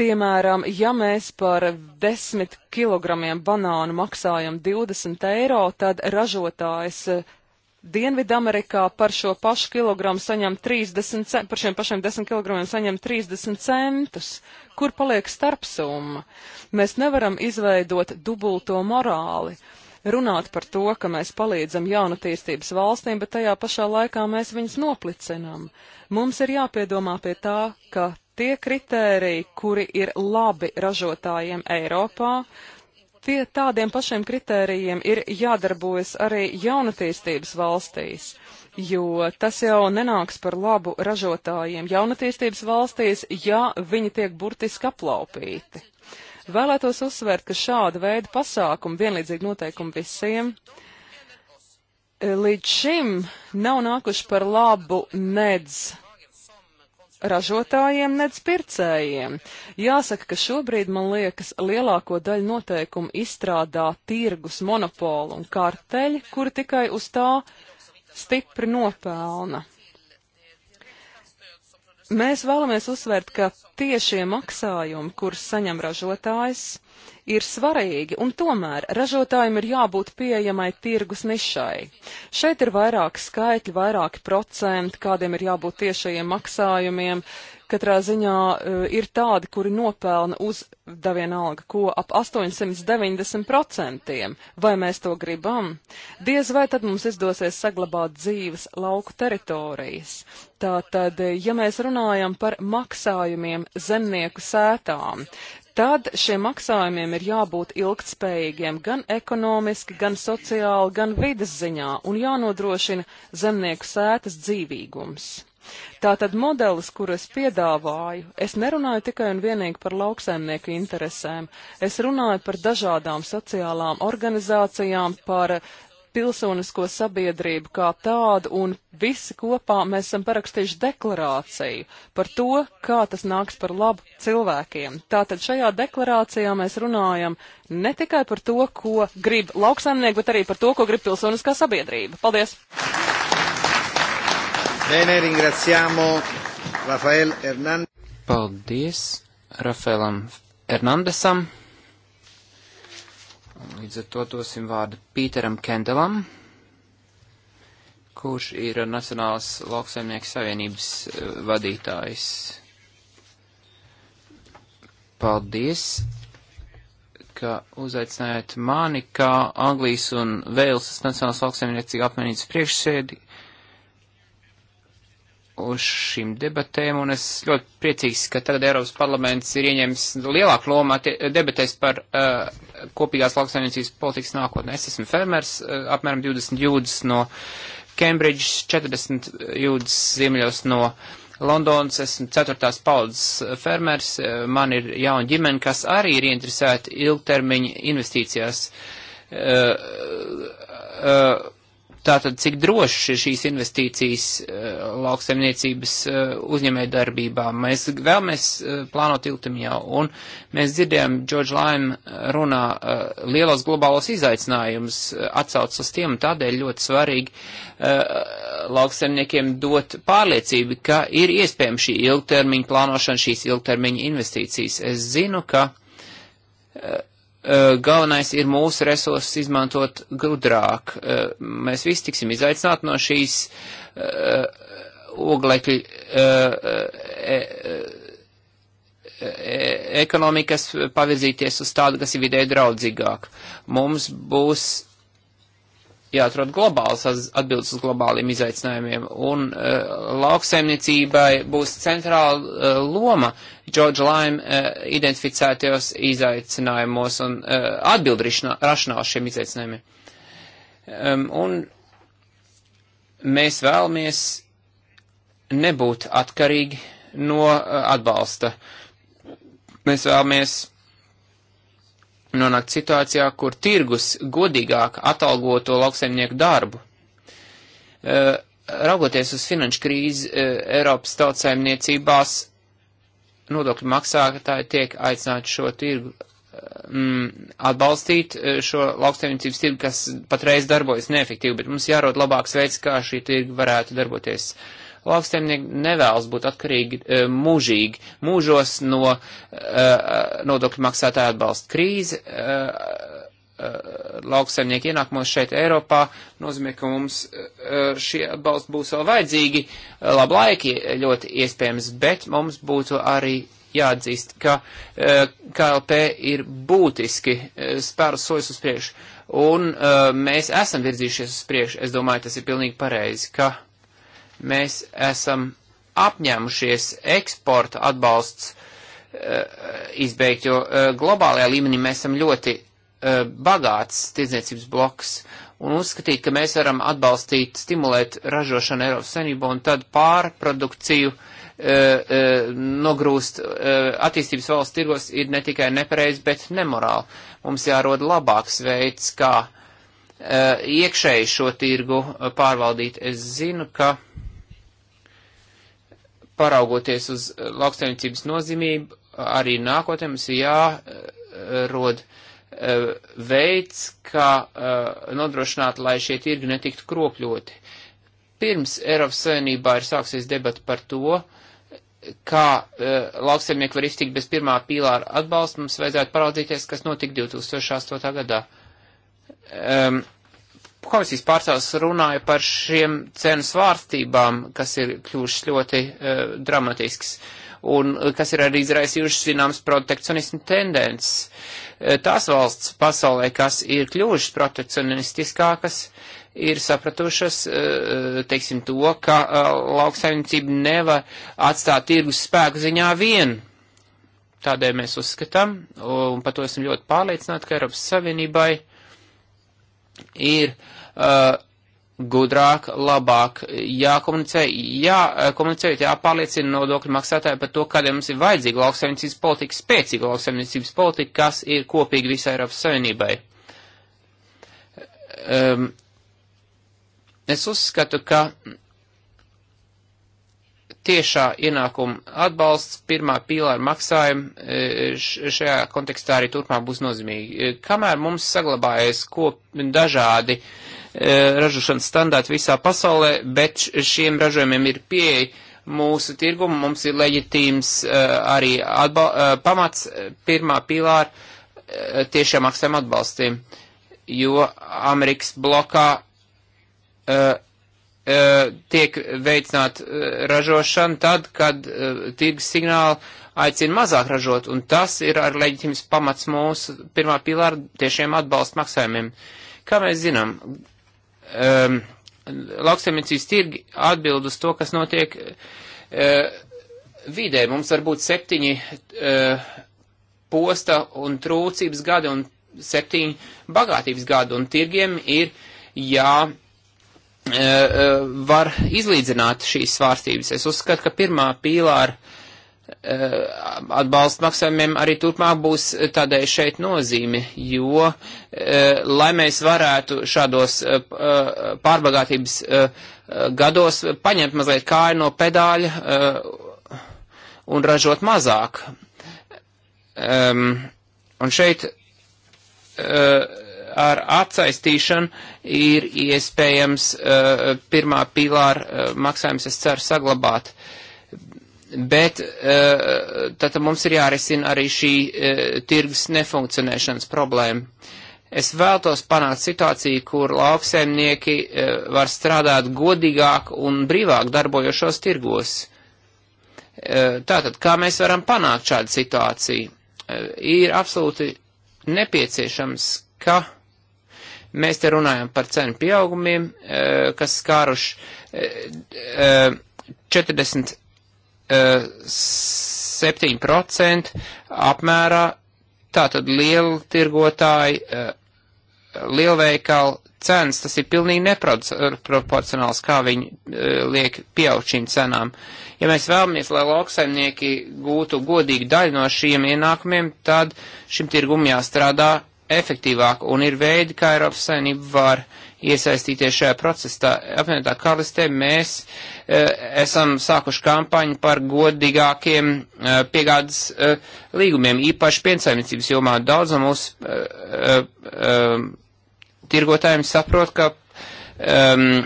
[SPEAKER 1] Piemēram, ja mēs par 10 kilogramiem banānu maksājam 20 eiro, tad ražotājs eh, Dienvidamerikā par šo pašu kilogramu saņem 30, cent, par šiem pašiem 10 kilogramiem saņem 30 centus. Kur paliek starpsumma? Mēs nevaram izveidot dubulto morāli. Runāt par to, ka mēs palīdzam jaunatīstības valstīm, bet tajā pašā laikā mēs viņus noplicinam. Mums ir jāpiedomā pie tā, ka tie kritēriji, kuri ir labi ražotājiem Eiropā, pie tādiem pašiem kritērijiem ir jādarbojas arī jaunatīstības valstīs, jo tas jau nenāks par labu ražotājiem jaunatīstības valstīs, ja viņi tiek burtiski aplaupīti. Vēlētos uzsvērt, ka šāda veida pasākumu vienlīdzīgi noteikumi visiem līdz šim nav nākuši par labu nedz ražotājiem, nedz pircējiem. Jāsaka, ka šobrīd, man liekas, lielāko daļu noteikumu izstrādā tirgus monopolu un karteļi, kuri tikai uz tā stipri nopelna. Mēs vēlamies uzsvērt, ka tiešie maksājumi, kurus saņem ražotājs, ir svarīgi, un tomēr ražotājiem ir jābūt pieejamai tirgus nišai. Šeit ir vairāk skaitļi, vairāki procenti, kādiem ir jābūt tiešajiem maksājumiem, katrā ziņā eh, ir tādi, kuri nopelna uzdevienu algu, ko ap 890%. Vai mēs to gribam? Diez vai tad mums izdosies saglabāt dzīves lauku teritorijas. Tātad, eh, ja mēs runājam par maksājumiem zemnieku sētām, tad šiem maksājumiem ir jābūt ilgtspējīgiem gan ekonomiski, gan sociāli, gan vidas ziņā un jānodrošina zemnieku sētas dzīvīgums. Tātad modelis, kuru es piedāvāju, es nerunāju tikai un vienīgi par lauksaimnieku interesēm, es runāju par dažādām sociālām organizācijām, par pilsonisko sabiedrību kā tādu, un visi kopā mēs esam parakstījuši deklarāciju par to, kā tas nāks par labu cilvēkiem. Tātad šajā deklarācijā mēs runājam ne tikai par to, ko grib lauksaimnieki, bet arī par to, ko grib pilsoniskā sabiedrība. Paldies!
[SPEAKER 3] Bene, ringraziamo Rafael Hernandez. Paldies Rafaelam Hernandesam. Līdz ar to dosim vārdu Pīteram Kendelam, kurš ir Nacionālas lauksaimnieku savienības eh, vadītājs. Paldies, ka uzaicinājāt mani kā Anglijas un Vēlsas Nacionālas lauksaimniecība apmienības priekšsēdi uz šīm debatēm, un es ļoti priecīgs, ka tagad Eiropas parlaments ir ieņēmis lielāku lomu debatēs par uh, kopīgās lauksaimniecības politikas nākotnē. Es esmu fermers, uh, apmēram 20 jūdzes no Cambridge, 40 jūdzes ziemeļos no Londonas, esmu ceturtās paudzes uh, fermers, uh, man ir jauna ģimene, kas arī ir ieinteresēta ilgtermiņa investīcijās. Uh, uh, Tātad, cik drošas ir šīs investīcijas eh, lauksaimniecības eh, uzņēmē darbībā? Mēs vēlamies eh, plānot ilgtermiņā, un mēs dzirdējām George Lime runā lielos globālos izaicinājumus, atsaucas uz tiem, tādēļ ļoti svarīgi lauksaimniekiem dot pārliecību, ka ir iespējama šī ilgtermiņa plānošana, šīs ilgtermiņa investīcijas. Es zinu, ka Eh, galvenais ir mūsu resursus izmantot gudrāk. Eh, mēs visi tiksim izaicināti no šīs eh, oglekļa ekonomikas pavirzīties uz tādu, kas ir vidē draudzīgāk. Mums būs jāatrod globāls atbildes uz globāliem izaicinājumiem, un uh, lauksaimniecībai būs centrāla uh, loma Džordža Laima uh, eh, identificētajos izaicinājumos un uh, eh, atbildi rašanā šiem izaicinājumiem. Um, un mēs vēlamies nebūt atkarīgi no uh, atbalsta. Mēs vēlamies nonākt situācijā, kur tirgus godīgāk atalgoto lauksaimnieku darbu. Uh, raugoties uz finanšu krīzi, Eiropas tautsēmniecībās nodokļu maksātāji tiek aicināti šo tirgu eh, mm, atbalstīt eh, šo lauksaimniecības tirgu, kas patreiz darbojas neefektīvi, bet mums jārod labāks veids, kā šī tirga varētu darboties. Lauksaimnieki nevēlas būt atkarīgi eh, mūžīgi, mūžos no nodokļu maksātāja atbalsta krīze. Uh, Uh, lauksaimnieku ienākumos šeit Eiropā, nozīmē, ka mums uh, šie atbalsti būs vēl vajadzīgi, uh, lablaiki ļoti iespējams, bet mums būtu arī jāatzīst, ka KLP ir būtiski spērus sojas uz priekšu. Un mēs esam virzījušies uz priekšu. Es domāju, tas ir pilnīgi pareizi, ka mēs esam apņēmušies eksporta atbalsts izbeigt, jo globālajā līmenī mēs esam ļoti Eh, bagāts tirdzniecības bloks un uzskatīt, ka mēs varam atbalstīt, stimulēt ražošanu Eiropas senību un tad pārprodukciju e, e, nogrūst e, attīstības valsts tirgos ir ne tikai nepareizi, bet nemorāli. Mums jārod labāks veids, kā iekšēji šo tirgu pārvaldīt. Es zinu, ka paraugoties uz lauksaimniecības nozīmību, arī nākotnē mums ir jārod. Uh, Eh, veids, kā eh, nodrošināt, lai šie tirgi netiktu kropļoti. Pirms Eiropas Savienībā ir sāksies debata par to, kā uh, lauksaimnieki var iztikt bez pirmā pīlāra atbalsta, mums vajadzētu paraudzīties, kas notika 2008. gadā. Um, komisijas pārstāvs runāja par šiem cenu svārstībām, kas ir kļuvušas ļoti uh, dramatisks. Uh, un eh, kas ir arī izraisījušas zināmas protekcionismu tendences. Eh, tās valsts pasaulē, kas ir kļuvušas protekcionistiskākas, ir sapratušas, eh, teiksim, to, ka lauksaimniecība nevar atstāt tirgus spēku ziņā vien. Tādēļ mēs uzskatām, un par to esam ļoti pārliecināti, ka Eiropas Savienībai ir uh, gudrāk, labāk jākomunicē, jākomunicē, jāpārliecina nodokļu maksātāji par to, kādiem mums ir vajadzīga lauksaimniecības politika, spēcīga lauksaimniecības politika, kas ir kopīga visai Eiropas Savienībai. Um, es uzskatu, ka tiešā ienākuma atbalsts pirmā pīlāra maksājuma e, šajā kontekstā arī turpmāk būs nozīmīgi. E, kamēr mums saglabājas kop, dažādi uh, E, ražošanas standārti visā pasaulē, bet šiem ražojumiem ir pieeja mūsu tirgumu, mums ir leģitīms e, arī atbal, e, pamats pirmā pīlāra tiešām maksājuma atbalstiem, jo Amerikas blokā uh, uh, tiek veicināt uh, ražošana tad, kad tirgus signāli aicina mazāk ražot, un tas ir ar leģitims pamats mūsu pirmā pilāra tiešiem atbalsta maksājumiem. Kā mēs zinām, um, lauksaimniecības tirgi atbild uz to, kas notiek uh, vidē. Mums var būt septiņi uh, posta un trūcības gadi un septiņi bagātības gadi, un tirgiem ir jā. Uh, uh var izlīdzināt šīs svārstības. Es uzskatu, ka pirmā pīlāra uh, Uh, atbalsta maksājumiem arī turpmāk būs tādai šeit nozīme, jo, uh, lai mēs varētu šādos uh, pārbagātības gados paņemt mazliet kāju no pedāļa un ražot mazāk. Um, un šeit ar atsaistīšanu ir iespējams pirmā pīlāra maksājums, es ceru, saglabāt bet tātad eh, mums ir jārisina arī šī eh, tirgus nefunkcionēšanas problēma. Es vēltos panākt situāciju, kur lauksaimnieki eh, var strādāt godīgāk un brīvāk darbojošos tirgos. Tātad, kā mēs varam panākt šādu situāciju? Ir absolūti nepieciešams, ka mēs te runājam par cenu pieaugumiem, kas skāruši 40 7% eh, apmērā, tātad lieltirgotāji, eh, lielveikali cenas, tas ir pilnīgi neproporcionāls, kā viņi eh, liek pieaugt šīm cenām. Ja mēs vēlamies, lai lauksaimnieki gūtu godīgu daļu no šiem ienākumiem, tad šim tirgum jāstrādā efektīvāk, un ir veidi, kā Eiropas saimnība var iesaistīties šajā procesā. Apvienotā karalistē mēs e, esam sākuši kampaņu par godīgākiem e, piegādes e, līgumiem, īpaši piensaimniecības jomā. Daudz no mūsu e, e, e tirgotājiem saprot, ka e,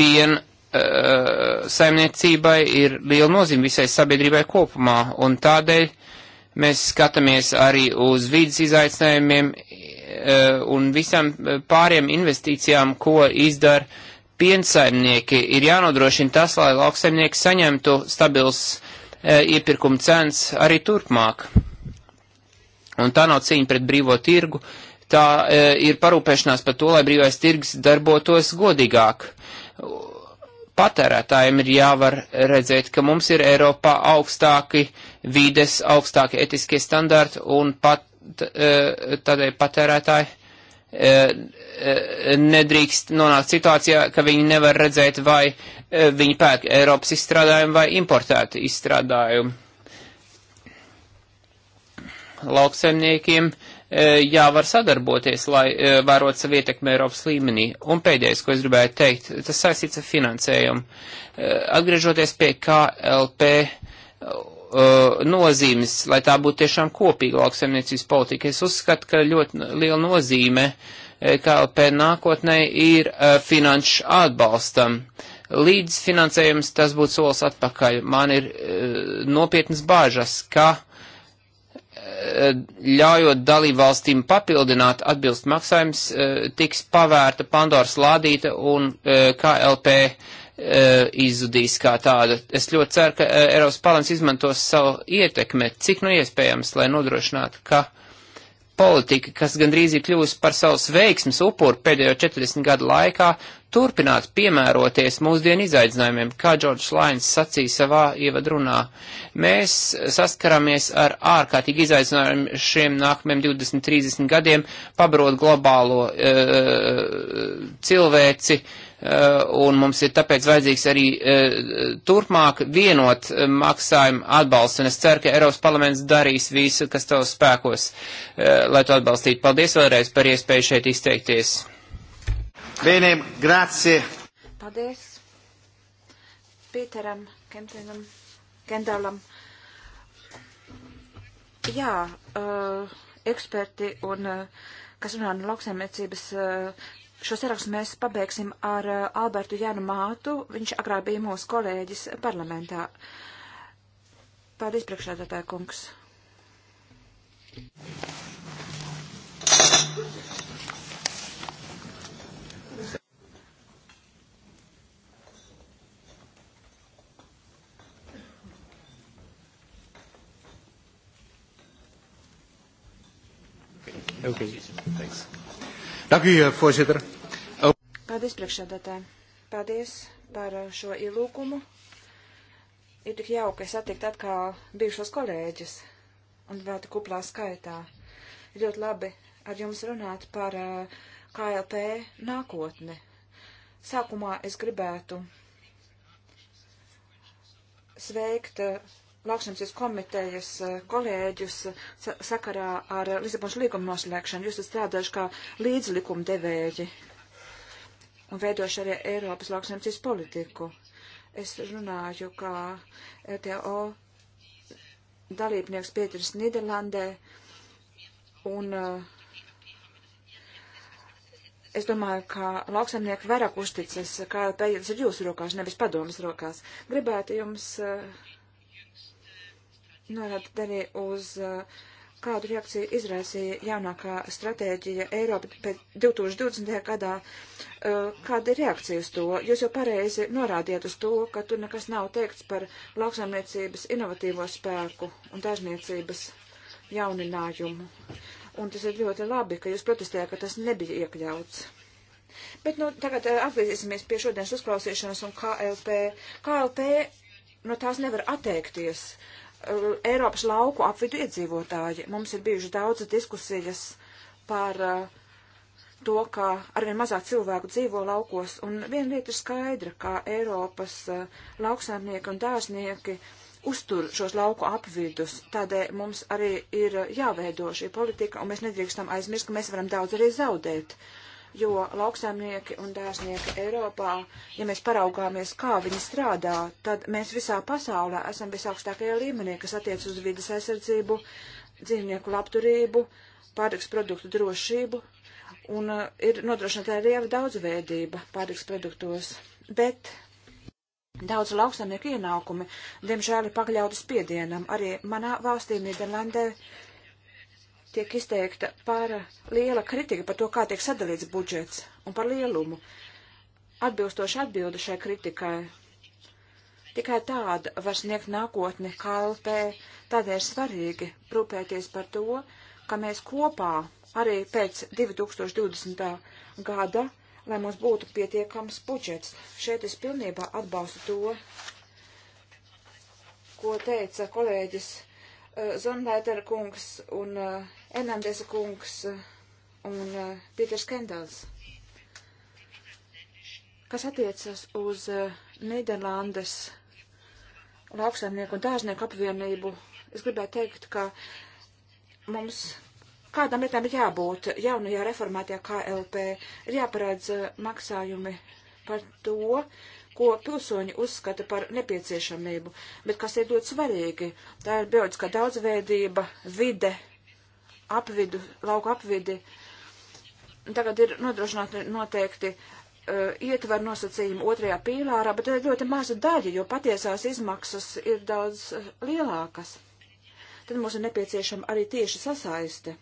[SPEAKER 3] piena e, saimniecībai ir liela nozīme visai sabiedrībai kopumā, un tādēļ mēs skatāmies arī uz vidas izaicinājumiem, Eh, un visām eh, pāriem investīcijām, ko izdara piensaimnieki, ir jānodrošina tas, lai lauksaimnieki saņemtu stabils eh, iepirkuma cenas arī turpmāk. Un tā nav cīņa pret brīvo tirgu, tā ir parūpēšanās par to, lai brīvais tirgs darbotos godīgāk. Patērētājiem ir jāvar redzēt, ka mums ir Eiropā augstāki vides, augstāki etiskie standarti un pat E, tādēļ patērētāji e, e, nedrīkst nonākt situācijā, ka viņi nevar redzēt, vai viņi pērk Eiropas izstrādājumu vai importētu izstrādājumu. Lauksaimniekiem jāvar sadarboties, lai vērot savu ietekmi Eiropas līmenī. Un pēdējais, ko es gribēju teikt, tas saistīts ar finansējumu. Atgriežoties pie KLP uh, nozīmes, lai tā būtu tiešām kopīga lauksaimniecības politika. Es uzskatu, ka ļoti liela nozīme eh, KLP nākotnē ir uh, finanšu atbalstam. Līdzfinansējums tas būtu solis atpakaļ. Man ir uh, nopietnas bāžas, ka ļaujot dalībvalstīm papildināt atbilst maksājums, tiks pavērta Pandoras lādīte un KLP uh, Eh, izzudīs kā tāda. Es ļoti ceru, ka eh, Eiropas parlaments izmantos savu ietekmi, cik nu iespējams, lai nodrošinātu, ka politika, kas gandrīz ir kļuvusi par savus veiksmes upuru pēdējo 40 gadu laikā, turpināt piemēroties mūsdienu izaicinājumiem, kā Džordžs Lains sacīja savā ievadrunā. Mēs saskaramies ar ārkārtīgi izaicinājumiem šiem nākamajiem 20-30 gadiem, pabarot globālo e, cilvēci, e, Eh, un mums ir tāpēc vajadzīgs arī eh, turpmāk vienot eh, maksājumu atbalstu, un es ceru, ka Eiropas parlaments darīs visu, kas tev spēkos, lai to atbalstītu. Paldies vēlreiz par iespēju šeit izteikties. Bene, grazie.
[SPEAKER 4] Paldies Pīteram Kentlinam, Gendalam. Jā, uh, eksperti un, uh, kas runā no lauksaimniecības uh, Šo sarakstu mēs pabeigsim ar uh, Albertu Jānu Mātu. Viņš agrāk bija mūsu kolēģis parlamentā. Paldies, priekšādātāja kungs.
[SPEAKER 3] Okay. Thanks. Dank u, eh, voorzitter.
[SPEAKER 4] Paldies priekšsēdētājiem. Paldies par uh, šo ielūkumu. Ir tik jauki satikt atkal bijušos kolēģus un vēl tik kuplā skaitā. Ir ļoti labi ar jums runāt par uh, KLP nākotni. Sākumā es gribētu sveikt uh, lauksaimniecības komitejas kolēģus sakarā ar Lisabonas līguma noslēgšanu. Jūs esat strādājuši kā līdzlikuma devēji un veidošu arī Eiropas lauksaimniecības politiku. Es runāju, kā LTO e dalībnieks Pietris Nīderlandē, un uh, es domāju, ka lauksaimnieki vairāk uzticas, kā pēdējais ir jūsu rokās, nevis padomas rokās. Gribētu jums uh, norādīt arī uz uh, kādu reakciju izraisīja jaunākā stratēģija Eiropa pēc 2020. gadā, eh, kāda ir reakcija uz to? Jūs jau pareizi norādījāt uz to, ka tur nekas nav teikts par lauksaimniecības inovatīvo spēku un dažniecības jauninājumu. Un tas ir ļoti labi, ka jūs protestējāt, ka tas nebija iekļauts. Bet nu, tagad eh, atgriezīsimies pie šodienas uzklausīšanas un KLP. KLP no tās nevar atteikties. Uh, Eh, Eiropas lauku apvidu iedzīvotāji. Mums ir bijuši daudz diskusijas par uh, to, ka arvien mazāk cilvēku dzīvo laukos, un viena lieta ir skaidra, ka Eiropas uh, eh, lauksēmnieki un dārznieki uztur šos lauku apvidus, tādēļ mums arī ir jāveido šī politika, un mēs nedrīkstam aizmirst, ka mēs varam daudz arī zaudēt. Uh, jo lauksaimnieki un dārznieki Eiropā, ja mēs paraugāmies, kā viņi strādā, tad mēs visā pasaulē esam visaugstākajā līmenī, kas attiec uz vidas aizsardzību, dzīvnieku labturību, pārtiks produktu drošību, un uh, ir nodrošināta arī liela daudzveidība pārtiks produktos. Bet daudz lauksaimnieku ienākumi, diemžēl, ir pakļauti spiedienam. Arī manā valstī Nīderlandē tiek izteikta par liela kritika par to, kā tiek sadalīts budžets un par lielumu. Atbilstoši atbildi šai kritikai Tikai tāda var sniegt nākotni KLP, tādēļ svarīgi rūpēties par to, ka mēs kopā arī pēc 2020. gada, lai mums būtu pietiekams budžets. Šeit es pilnībā atbalstu to, ko teica kolēģis eh, Zonlēter kungs un uh, Enandesa kungs uh, un uh, Pīters Kendals, kas attiecas uz uh, Nīderlandes lauksaimnieku un dārznieku apvienību. Es gribētu teikt, ka mums kādam lietām ir jābūt jaunajā reformētajā KLP, ir jāparedz maksājumi par to, ko pilsoņi uzskata par nepieciešamību, bet kas ir ļoti svarīgi. Tā ir bioloģiskā daudzveidība, vide, apvidu, lauku apvidi. Tagad ir nodrošināti noteikti uh, ietver nosacījumi otrajā pīlārā, bet tā ir ļoti maza daļa, jo patiesās izmaksas ir daudz uh, lielākas. Tad mums ir nepieciešama arī tieši sasaiste.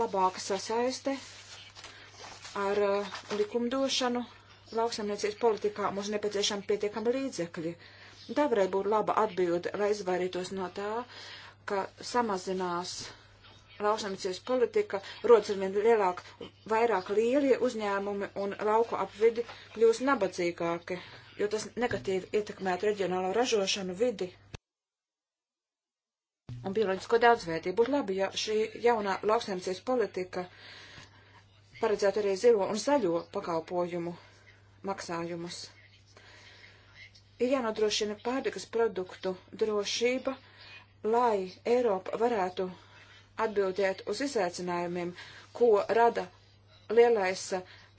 [SPEAKER 4] Labāka sasaiste ar uh, likumdošanu lauksaimniecības politikā mums nepieciešami pietiekami līdzekļi. Uh, Tā varētu būt laba atbilde, lai izvairītos no tā, ka samazinās lauksamniecības politika, rodas arvien lielāk, vairāk lielie uzņēmumi un lauku apvidi kļūst nabadzīgāki, jo tas negatīvi ietekmētu reģionālo ražošanu vidi. Un bioloģisko daudzveidību būtu labi, ja šī jaunā lauksaimniecības politika paredzētu arī zilo un zaļo pakalpojumu maksājumus ir jānodrošina pārtikas produktu drošība, lai Eiropa varētu atbildēt uz izaicinājumiem, ko rada lielais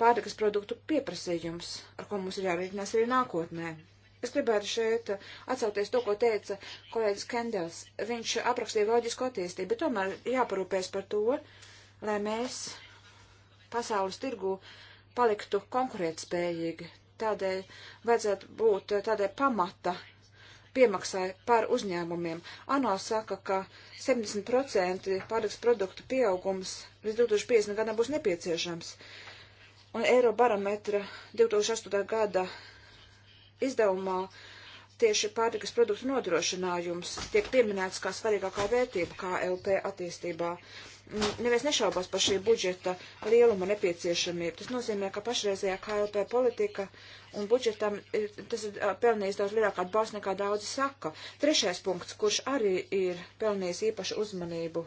[SPEAKER 4] pārtikas produktu pieprasījums, ar ko mums ir jārēķinās arī nākotnē. Es gribētu šeit atsaukties to, ko teica kolēģis Kendels. Viņš aprakstīja loģisko attīstību, bet tomēr jāparūpēs par to, lai mēs pasaules tirgu paliktu konkurētspējīgi. Tādēļ vajadzētu būt eh, tādai pamata piemaksai par uzņēmumiem. ANO saka, ka 70% pārtiks produktu pieaugums līdz 2050. gadam būs nepieciešams. Un Eirobarometra 2008. gada izdevumā tieši pārtikas produktu nodrošinājums tiek pieminēts kā svarīgākā vērtība KLP attīstībā neviens nešaubās par šī budžeta lielumu nepieciešamību. Tas nozīmē, ka pašreizējā KLP politika un budžetam ir, tas ir pelnījis daudz lielāku atbalstu nekā daudzi saka. Trešais punkts, kurš arī ir pelnījis īpašu uzmanību,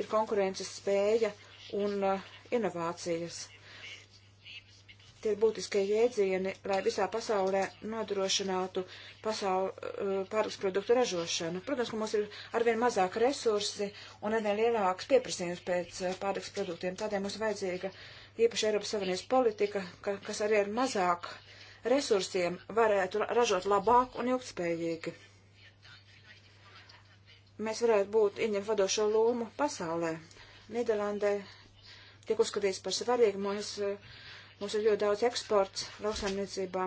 [SPEAKER 4] ir konkurences spēja un uh, inovācijas. Tie ir būtiskie jēdzieni, lai visā pasaulē nodrošinātu pasaul, uh, pārtiks produktu ražošanu. Protams, ka mums ir arvien mazāk resursi un arvien lielāks pieprasījums pēc uh, pārtiks produktiem. Tādēļ mums vajadzīga īpaši Eiropas Savienības politika, ka, kas arī ar mazāk resursiem varētu ražot labāk un ilgspējīgi. Mēs varētu būt ieņem vadošo lomu pasaulē. Nīderlandē tiek uzskatīts par svarīgu, mēs uh, Mums ir ļoti daudz eksports lauksaimniecībā.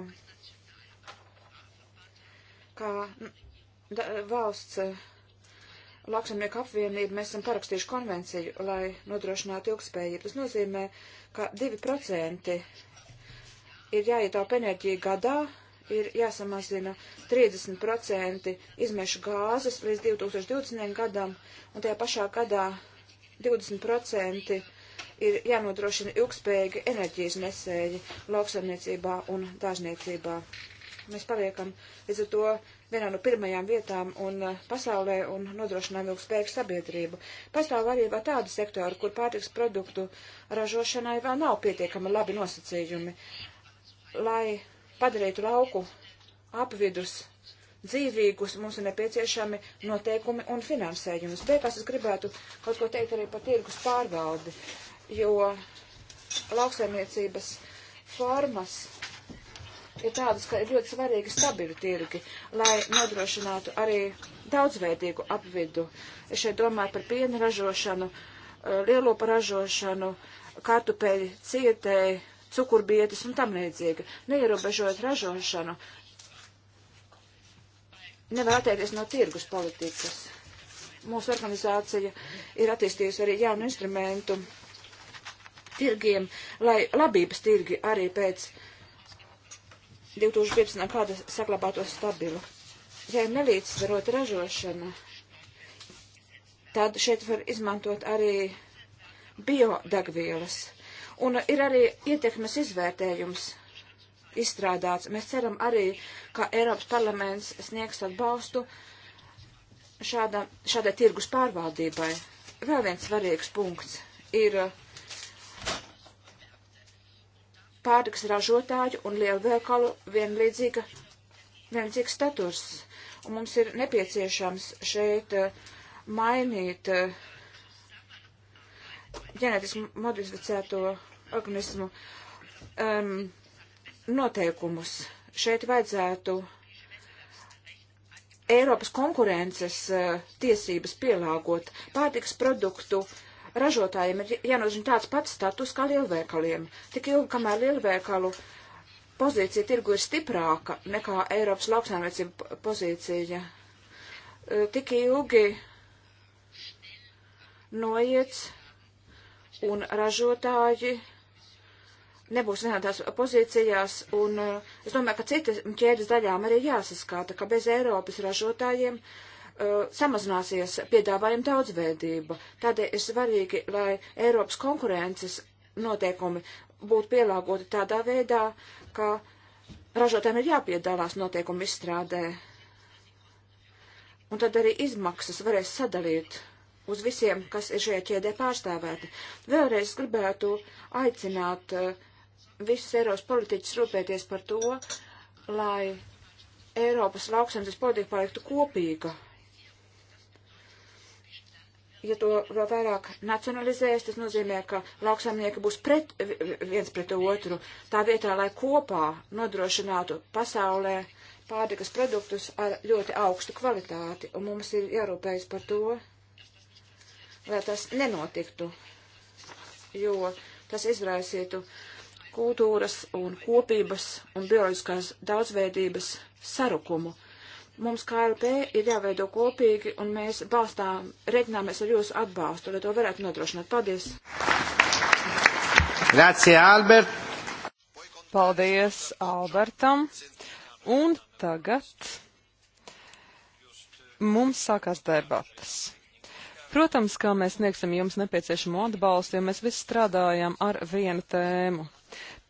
[SPEAKER 4] Kā da, valsts eh, lauksaimnieku apvienība mēs esam parakstījuši konvenciju, lai nodrošinātu ilgspējību. Tas nozīmē, ka 2% ir jāietaupa enerģija gadā, ir jāsamazina 30% izmešu gāzes līdz 2020. gadam, un tajā pašā gadā 20% ir jānodrošina ilgspējīga enerģijas nesēji lauksaimniecībā un dārzniecībā. Mēs paliekam līdz ar to vienā no pirmajām vietām un eh, pasaulē un nodrošinām ilgspējīgu sabiedrību. Pastāv arī vēl tādi sektori, kur pārtiks produktu ražošanai vēl nav pietiekami labi nosacījumi, lai padarītu lauku apvidus dzīvīgus, mums ir nepieciešami noteikumi un finansējums. Beigās es gribētu kaut ko teikt arī par tirgus pārvaldi jo lauksaimniecības formas ir tādas, ka ir ļoti svarīgi stabili tirgi, lai nodrošinātu arī daudzveidīgu apvidu. Es šeit domāju par piena ražošanu, eh, lielo paražošanu, kartupeļu, cietēju, cukurbietes un tam līdzīgi. Neierobežot ražošanu, nevar atteikties no tirgus politikas. Mūsu organizācija ir attīstījusi arī jaunu instrumentu tirgiem, lai labības tirgi arī pēc 2015. gada saglabātos stabilu. Ja ir nelīdzsvarot ražošana, tad šeit var izmantot arī biodegvielas. Un ir arī ietekmes izvērtējums izstrādāts. Mēs ceram arī, ka Eiropas parlaments sniegs atbalstu šāda, šādai tirgus pārvaldībai. Vēl viens svarīgs punkts ir uh, pārtiks ražotāju un lielveikalu vienlīdzīga, vienlīdzīgs status. Un mums ir nepieciešams šeit eh, mainīt eh, ģenētiski modificēto organismu um, noteikumus. Šeit vajadzētu Eiropas konkurences uh, tiesības pielāgot pārtiks produktu uh, ražotājiem ir jānodrošina tāds pats status kā lielveikaliem. Tik ilgi, kamēr lielveikalu pozīcija tirgu ir stiprāka nekā Eiropas lauksaimniecība pozīcija, e, tik ilgi noiets un ražotāji nebūs vienādās pozīcijās, un e, es domāju, ka citas ķēdes daļām arī jāsaskata, ka bez Eiropas ražotājiem uh, Uh, samazināsies piedāvājuma daudzveidība. Tādēļ ir svarīgi, lai Eiropas konkurences noteikumi būtu pielāgoti tādā veidā, ka ražotājiem ir jāpiedalās noteikumu izstrādē. Un tad arī izmaksas varēs sadalīt uz visiem, kas ir šajā ķēdē pārstāvēti. Vēlreiz gribētu aicināt uh, visus Eiropas politiķus rūpēties par to, lai Eiropas lauksaimniecības politika paliktu kopīga ja to vēl vairāk nacionalizēs, tas nozīmē, ka lauksamnieki būs pret, viens pret otru, tā vietā, lai kopā nodrošinātu pasaulē pārtikas produktus ar ļoti augstu kvalitāti, un mums ir jārūpējas par to, lai tas nenotiktu, jo tas izraisītu kultūras un kopības un bioloģiskās daudzveidības sarukumu Mums KLP ir jāveido kopīgi, un mēs balstām, reiķināmies ar jūsu atbalstu, lai to varētu nodrošināt. Paldies!
[SPEAKER 2] Grazie, Albert!
[SPEAKER 4] Paldies
[SPEAKER 1] Albertam! Un tagad mums sākās debatas. Protams, kā mēs sniegsim jums nepieciešamo atbalstu, jo mēs visi strādājam ar vienu tēmu.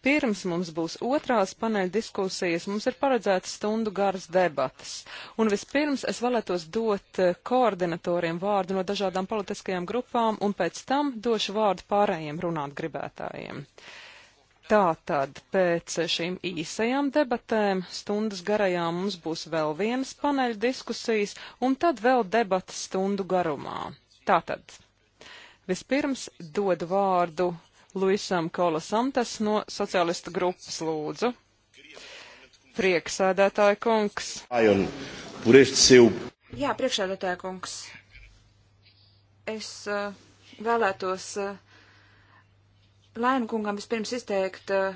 [SPEAKER 1] Pirms mums būs otrās paneļa diskusijas, mums ir paredzētas stundu garas debatas. Un vispirms es vēlētos dot eh, koordinatoriem vārdu no dažādām politiskajām grupām, un pēc tam došu vārdu pārējiem runāt gribētājiem. Tātad pēc šīm īsajām debatēm, stundas garajām mums būs vēl vienas paneļa diskusijas, un tad vēl debatas stundu garumā. Tātad. Vispirms dodu vārdu Luisam Kolasantas no sociālistu grupas lūdzu.
[SPEAKER 4] Prieksēdētāja kungs. Jā, priekšsēdētāja kungs. Es uh, vēlētos uh, Lainu kungam vispirms izteikt uh,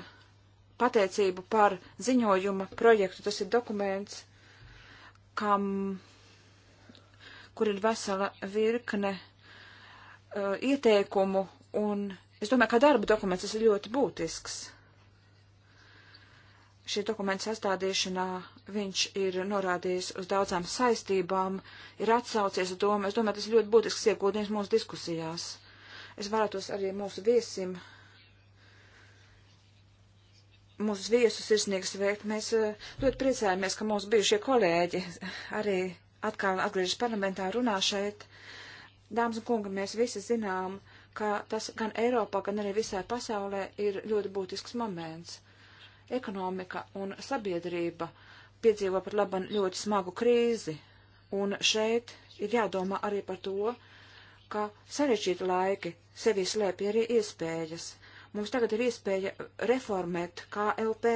[SPEAKER 4] pateicību par ziņojuma projektu. Tas ir dokuments, kam, kur ir vesela virkne uh, ieteikumu un Es domāju, ka darba dokuments tas ir ļoti būtisks. Šī dokumenta sastādīšanā viņš ir norādījis uz daudzām saistībām, ir atsaucies uz domu. Es domāju, tas ir ļoti būtisks iegūdījums mūsu diskusijās. Es vēlētos arī mūsu viesim, mūsu viesu sirsnīgi sveikt. Mēs eh, ļoti priecājamies, ka mūsu bijušie kolēģi arī atkal atgriežas parlamentā runā šeit. Dāmas un kungi, mēs visi zinām, uh, ka tas gan Eiropā, gan arī visai pasaulē ir ļoti būtisks moments. Ekonomika un sabiedrība piedzīvo pat laban ļoti smagu krīzi, un šeit ir jādomā arī par to, ka sarežģīti laiki sevi slēpj arī iespējas. Mums tagad ir iespēja reformēt KLP.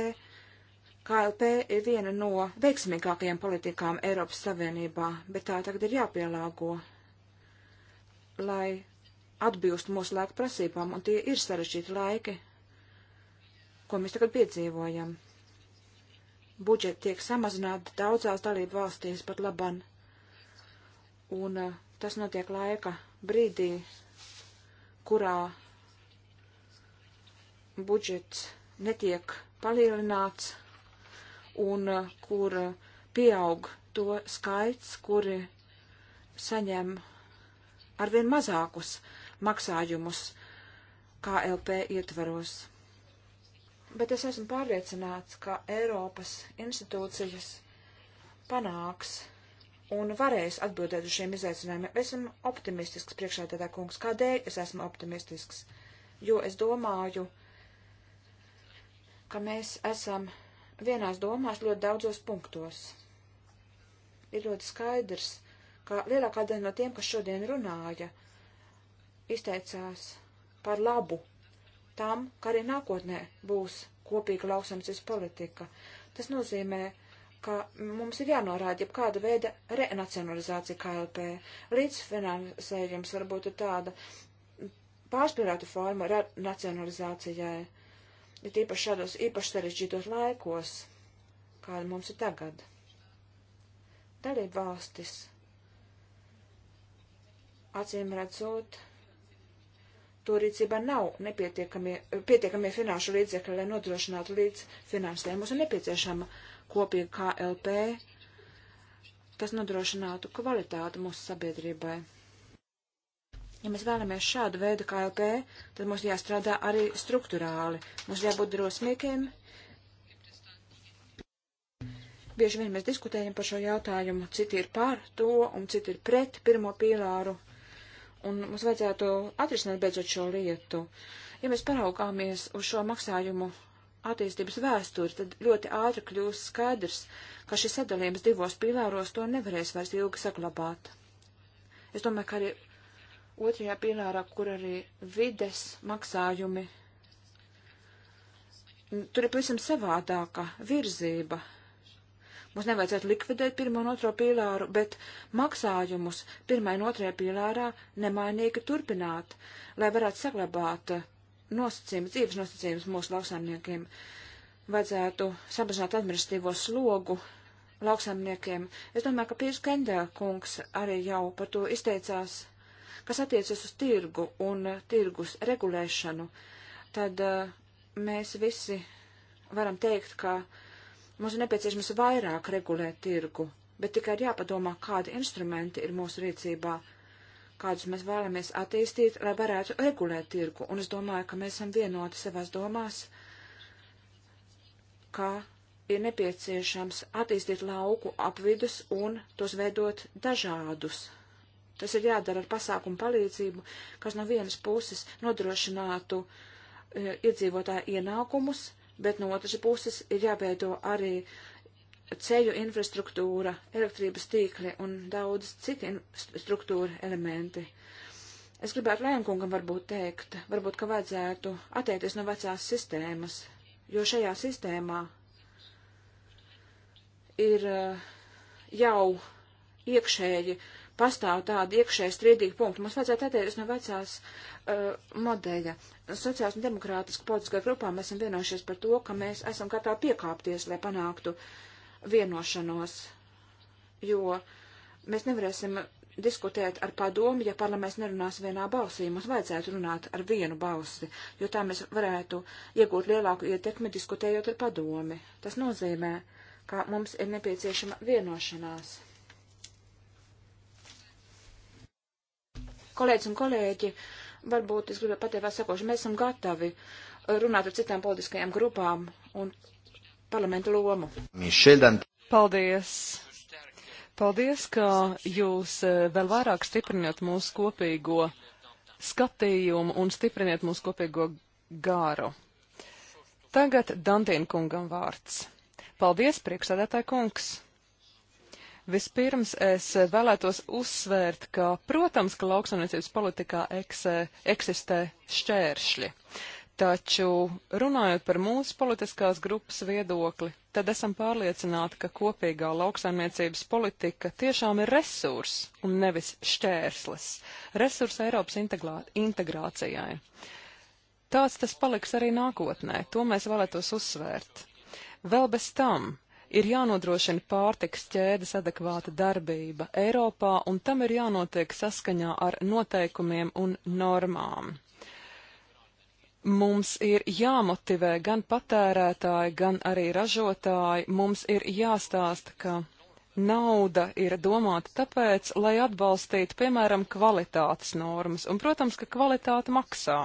[SPEAKER 4] KLP ir viena no veiksmīgākajām politikām Eiropas Savienībā, bet tā tagad ir jāpielāgo, lai atbilst mūsu laika prasībām, un tie ir sarežģīti laiki, ko mēs tagad piedzīvojam. Budžeti tiek samazināti daudzās dalību valstīs pat laban, un uh, tas notiek laika brīdī, kurā budžets netiek palielināts un uh, kur uh, pieaug to skaits, kuri saņem arvien mazākus uh, maksājumus KLP ietvaros. Bet es esmu pārliecināts, ka Eiropas institūcijas panāks un varēs atbildēt uz šiem izaicinājumiem. Esmu optimistisks priekšādātā kungs. Kādēļ es esmu optimistisks? Jo es domāju, ka mēs esam vienās domās ļoti daudzos punktos. Ir ļoti skaidrs, ka lielākā daļa no tiem, kas šodien runāja, izteicās par labu tam, ka arī nākotnē būs kopīga lauksamsis politika. Tas nozīmē, ka mums ir jānorāda jau kāda veida renacionalizācija KLP. Līdzfinansējums varbūt ir tāda pārspīlēta forma renacionalizācijai, ir tīpaši šādos īpaši sarežģītos laikos, kāda mums ir tagad. Dalība valstis. Acīm redzot, to rīcībā nav nepietiekamie finanšu līdzekļi, lai nodrošinātu līdz finansējumu. Mums ir nepieciešama kopīga KLP, kas nodrošinātu kvalitāti mūsu sabiedrībai. Ja mēs vēlamies šādu veidu KLP, tad mums jāstrādā arī struktūrāli. Mums jābūt drosmīgiem. Bieži vien mēs diskutējam par šo jautājumu, citi ir pār to un citi ir pret pirmo pīlāru un mums vajadzētu atrisināt beidzot šo lietu. Ja mēs paraugāmies uz šo maksājumu attīstības vēsturi, tad ļoti ātri kļūst skaidrs, ka šis sadalījums divos pīlāros to nevarēs vairs ilgi saglabāt. Es domāju, ka arī otrajā pīlārā, kur arī vides maksājumi, tur ir pavisam savādāka virzība Mums nevajadzētu likvidēt pirmo un otro pīlāru, bet maksājumus pirmai un otrajā pīlārā nemainīgi turpināt, lai varētu saglabāt eh, nosacījumus, dzīves nosacījumus mūsu lauksaimniekiem. Vajadzētu samazināt administratīvo slogu lauksaimniekiem. Es domāju, ka Pīrs Kendēl kungs arī jau par to izteicās, kas attiecas uz tirgu un eh, tirgus regulēšanu. Tad uh, mēs visi varam teikt, ka uh, Mums ir nepieciešams vairāk regulēt tirgu, bet tikai ir jāpadomā, kādi instrumenti ir mūsu rīcībā, kādus mēs vēlamies attīstīt, lai varētu regulēt tirgu. Un es domāju, ka mēs esam vienoti savās domās, ka ir nepieciešams attīstīt lauku apvidus un tos veidot dažādus. Tas ir jādara ar pasākumu palīdzību, kas no vienas puses nodrošinātu e, iedzīvotāju ienākumus, bet no otras puses ir jābeido arī ceļu infrastruktūra, elektrības tīkli un daudz citi struktūra elementi. Es gribētu Lēnkungam varbūt teikt, varbūt, ka vajadzētu atteikties no vecās sistēmas, jo šajā sistēmā ir eh, jau iekšēji pastāv tādi iekšēji strīdīgi punkti. Mums vajadzētu atteikties no vecās uh, modeļa sociāls un demokrātiski politiskajā grupā mēs esam vienojušies par to, ka mēs esam gatavi piekāpties, lai panāktu vienošanos, jo mēs nevarēsim diskutēt ar padomu, ja parlaments nerunās vienā balsī. Mums vajadzētu runāt ar vienu balsi, jo tā mēs varētu iegūt lielāku ietekmi diskutējot ar padomi. Tas nozīmē, ka mums ir nepieciešama vienošanās. Kolēģis un kolēģi, uh, Varbūt es gribētu pateikt vēl sakošu, mēs esam gatavi runāt ar citām politiskajām grupām un parlamentu lomu. Paldies! Paldies, ka
[SPEAKER 1] jūs eh, vēl vairāk stiprināt mūsu kopīgo skatījumu un stipriniet mūsu kopīgo gāru. Tagad Dantīna kungam vārds. Paldies, priekšsēdētāji kungs! Vispirms es vēlētos uzsvērt, ka, protams, ka lauksaimniecības politikā eksē, eksistē šķēršļi. Taču runājot par mūsu politiskās grupas viedokli, tad esam pārliecināti, ka kopīgā lauksaimniecības politika tiešām ir resurs un nevis šķērslis. Resurs Eiropas integrā integrācijai. Tāds tas paliks arī nākotnē, to mēs vēlētos uzsvērt. Vēl bez tam ir jānodrošina pārtiks ķēdes adekvāta darbība Eiropā, un tam ir jānotiek saskaņā ar noteikumiem un normām. Mums ir jāmotivē gan patērētāji, gan arī ražotāji. Mums ir jāstāsta, ka nauda ir domāta tāpēc, lai atbalstītu, piemēram, kvalitātes normas, un, protams, ka kvalitāte maksā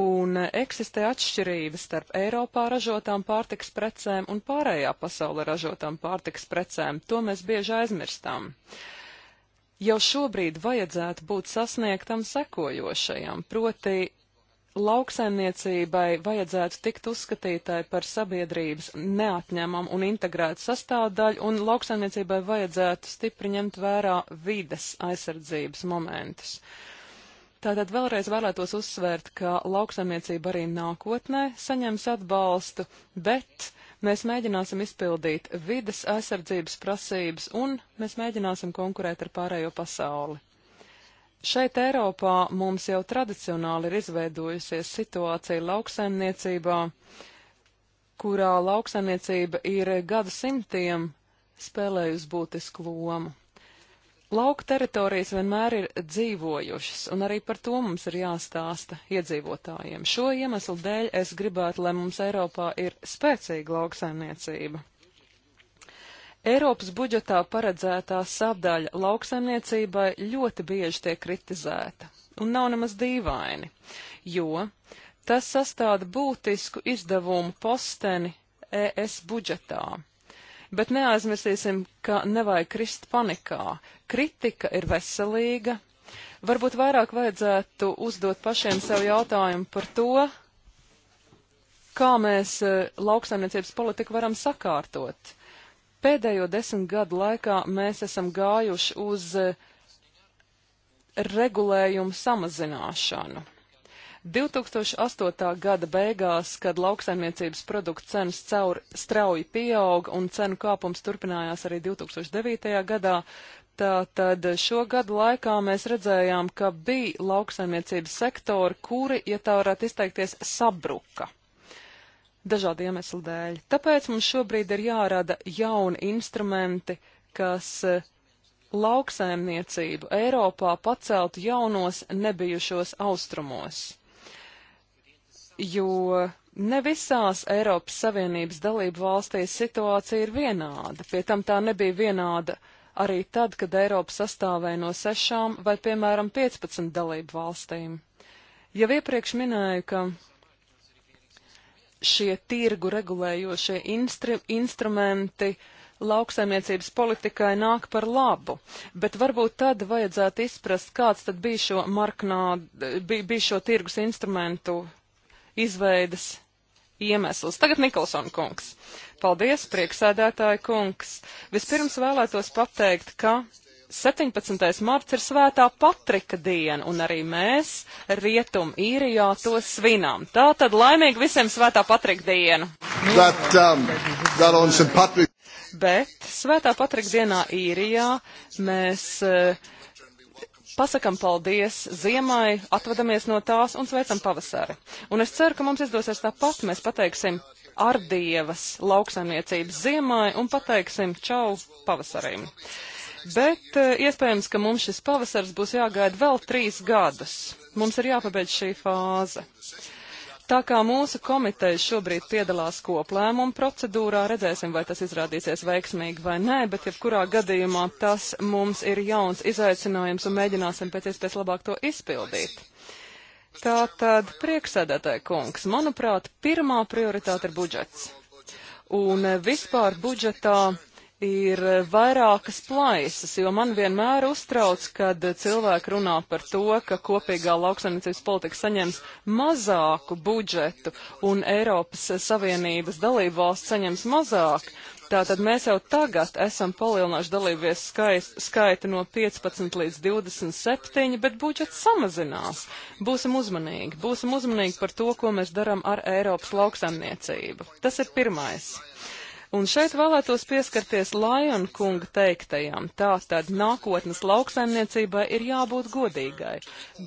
[SPEAKER 1] un eksistē atšķirības starp Eiropā ražotām pārtiks precēm un pārējā pasaulē ražotām pārtiks precēm. To mēs bieži aizmirstam. Jau šobrīd vajadzētu būt sasniegtam sekojošajam, proti lauksaimniecībai vajadzētu tikt uzskatītai par sabiedrības neatņemam un integrētu sastāvdaļu, un lauksaimniecībai vajadzētu stipri ņemt vērā vides aizsardzības momentus. Uh, Tātad vēlreiz vēlētos uzsvērt, ka lauksaimniecība arī nākotnē saņems atbalstu, bet mēs mēģināsim izpildīt vidas aizsardzības prasības un mēs mēģināsim konkurēt ar pārējo pasauli. Šeit Eiropā mums jau tradicionāli ir izveidojusies situācija lauksaimniecībā, kurā lauksaimniecība ir gadu simtiem spēlējusi būtisku lomu. Lauka teritorijas vienmēr ir dzīvojušas, un arī par to mums ir jāstāsta iedzīvotājiem. Šo iemeslu dēļ es gribētu, lai mums Eiropā ir spēcīga lauksaimniecība. Eiropas budžetā paredzētā sadaļa lauksaimniecībai ļoti bieži tiek kritizēta, un nav nemaz dīvaini, jo tas sastāda būtisku izdevumu posteni ES budžetā. Bet neaizmirsīsim, ka nevajag krist panikā. Kritika ir veselīga. Varbūt vairāk vajadzētu uzdot pašiem sev jautājumu par to, kā mēs eh, lauksaimniecības politiku varam sakārtot. Pēdējo desmit gadu laikā mēs esam gājuši uz eh, regulējumu samazināšanu. 2008. gada beigās, kad lauksaimniecības produktu cenas caur strauji pieauga un cenu kāpums turpinājās arī 2009. gadā, Tātad šo gadu laikā mēs redzējām, ka bija lauksaimniecības sektori, kuri, ja tā varētu izteikties, sabruka dažādu iemeslu dēļ. Tāpēc mums šobrīd ir jārada jauni instrumenti, kas eh, lauksaimniecību Eiropā paceltu jaunos nebijušos austrumos jo ne visās Eiropas Savienības dalību valstīs situācija ir vienāda. Pie tam tā nebija vienāda arī tad, kad Eiropa sastāvēja no sešām vai, piemēram, 15 dalību valstīm. Jau iepriekš minēju, ka šie tirgu regulējošie instri, instrumenti lauksaimniecības politikai nāk par labu, bet varbūt tad vajadzētu izprast, kāds tad bija šo marknā, bija, bija šo tirgus instrumentu izveidas iemesls. Tagad Nikolson kungs. Paldies, prieksēdētāja kungs. Vispirms vēlētos pateikt, ka 17. marts ir svētā Patrika diena, un arī mēs rietum īrijā to svinām. Tā tad laimīgi visiem svētā Patrika dienu.
[SPEAKER 2] That, um, that Patrick...
[SPEAKER 1] Bet svētā Patrika dienā īrijā mēs uh, pasakam paldies ziemai, atvadamies no tās un sveicam pavasari. Un es ceru, ka mums izdosies tāpat, mēs pateiksim ar dievas lauksaimniecības ziemai un pateiksim čau pavasarim. Bet eh, iespējams, ka mums šis pavasars būs jāgaida vēl trīs gadus. Mums ir jāpabeidz šī fāze. Tā kā mūsu komiteja šobrīd piedalās koplēmuma procedūrā, redzēsim, vai tas izrādīsies veiksmīgi vai nē, bet jebkurā gadījumā tas mums ir jauns izaicinājums un mēģināsim pēc iespējas labāk to izpildīt. Tātad, priekšsēdētāji kungs, manuprāt, pirmā prioritāte ir budžets. Un vispār budžetā ir vairākas plaisas, jo man vienmēr uztrauc, kad cilvēki runā par to, ka kopīgā lauksaimniecības politika saņems mazāku budžetu un Eiropas Savienības dalību valsts saņems mazāk. Tātad mēs jau tagad esam palielinājuši dalībies skaitu no 15 līdz 27, bet budžets samazinās. Būsim uzmanīgi, būsim uzmanīgi par to, ko mēs daram ar Eiropas lauksaimniecību. Tas ir pirmais. Un šeit vēlētos pieskarties Lajon kunga teiktajam. Tātad nākotnes lauksaimniecībai ir jābūt godīgai.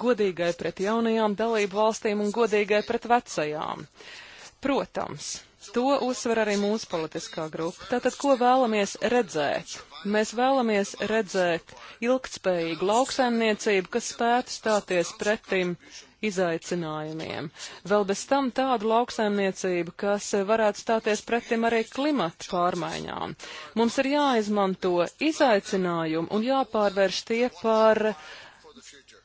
[SPEAKER 1] Godīgai pret jaunajām dalību valstīm un godīgai pret vecajām. Protams, to uzsver arī mūsu politiskā grupa. Tātad, ko vēlamies redzēt? Mēs vēlamies redzēt ilgtspējīgu lauksaimniecību, kas spētu stāties pretim izaicinājumiem. Vēl bez tam tādu lauksaimniecību, kas varētu stāties pretim arī klimata pārmaiņām. Mums ir jāizmanto izaicinājumi un jāpārvērš tie par,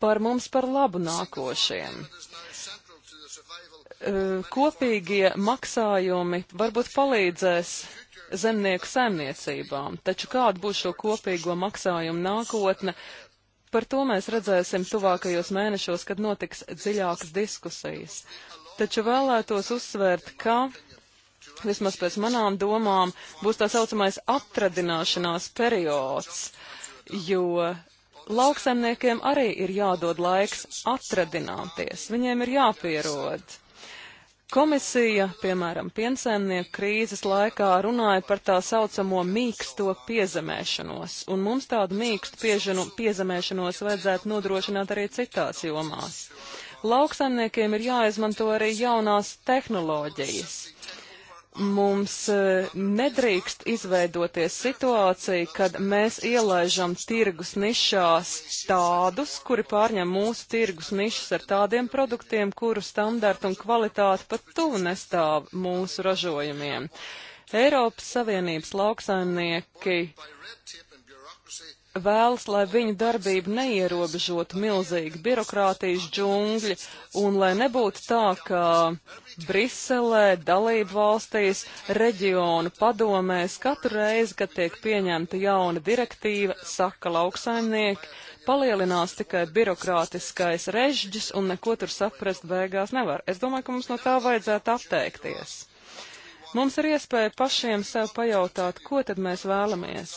[SPEAKER 1] par mums par labu nākošiem eh, kopīgie maksājumi varbūt palīdzēs zemnieku saimniecībām, taču kāda būs šo kopīgo maksājumu nākotne, Par to mēs redzēsim tuvākajos mēnešos, kad notiks dziļākas diskusijas. Taču vēlētos uzsvērt, ka vismaz pēc manām domām, būs tā saucamais atradināšanās periods, jo lauksaimniekiem arī ir jādod laiks atradināties, viņiem ir jāpierod. Komisija, piemēram, piensaimnieku krīzes laikā runāja par tā saucamo mīksto piezemēšanos, un mums tādu mīkstu pieženu, piezemēšanos vajadzētu nodrošināt arī citās jomās. Lauksaimniekiem ir jāizmanto arī jaunās tehnoloģijas mums eh, nedrīkst izveidoties situācija, kad mēs ielaižam tirgus nišās tādus, kuri pārņem mūsu tirgus nišas ar tādiem produktiem, kuru standartu un kvalitāti pat tuvu nestāv mūsu ražojumiem. Eiropas Savienības lauksaimnieki vēlas, lai viņu darbību neierobežotu milzīgi birokrātijas džungļi un lai nebūtu tā, ka Briselē, dalību valstīs, reģionu padomēs katru reizi, kad tiek pieņemta jauna direktīva, saka lauksaimnieki, palielinās tikai birokrātiskais režģis un neko tur saprast beigās nevar. Es domāju, ka mums no tā vajadzētu atteikties. Mums ir iespēja pašiem sev pajautāt, ko tad mēs vēlamies.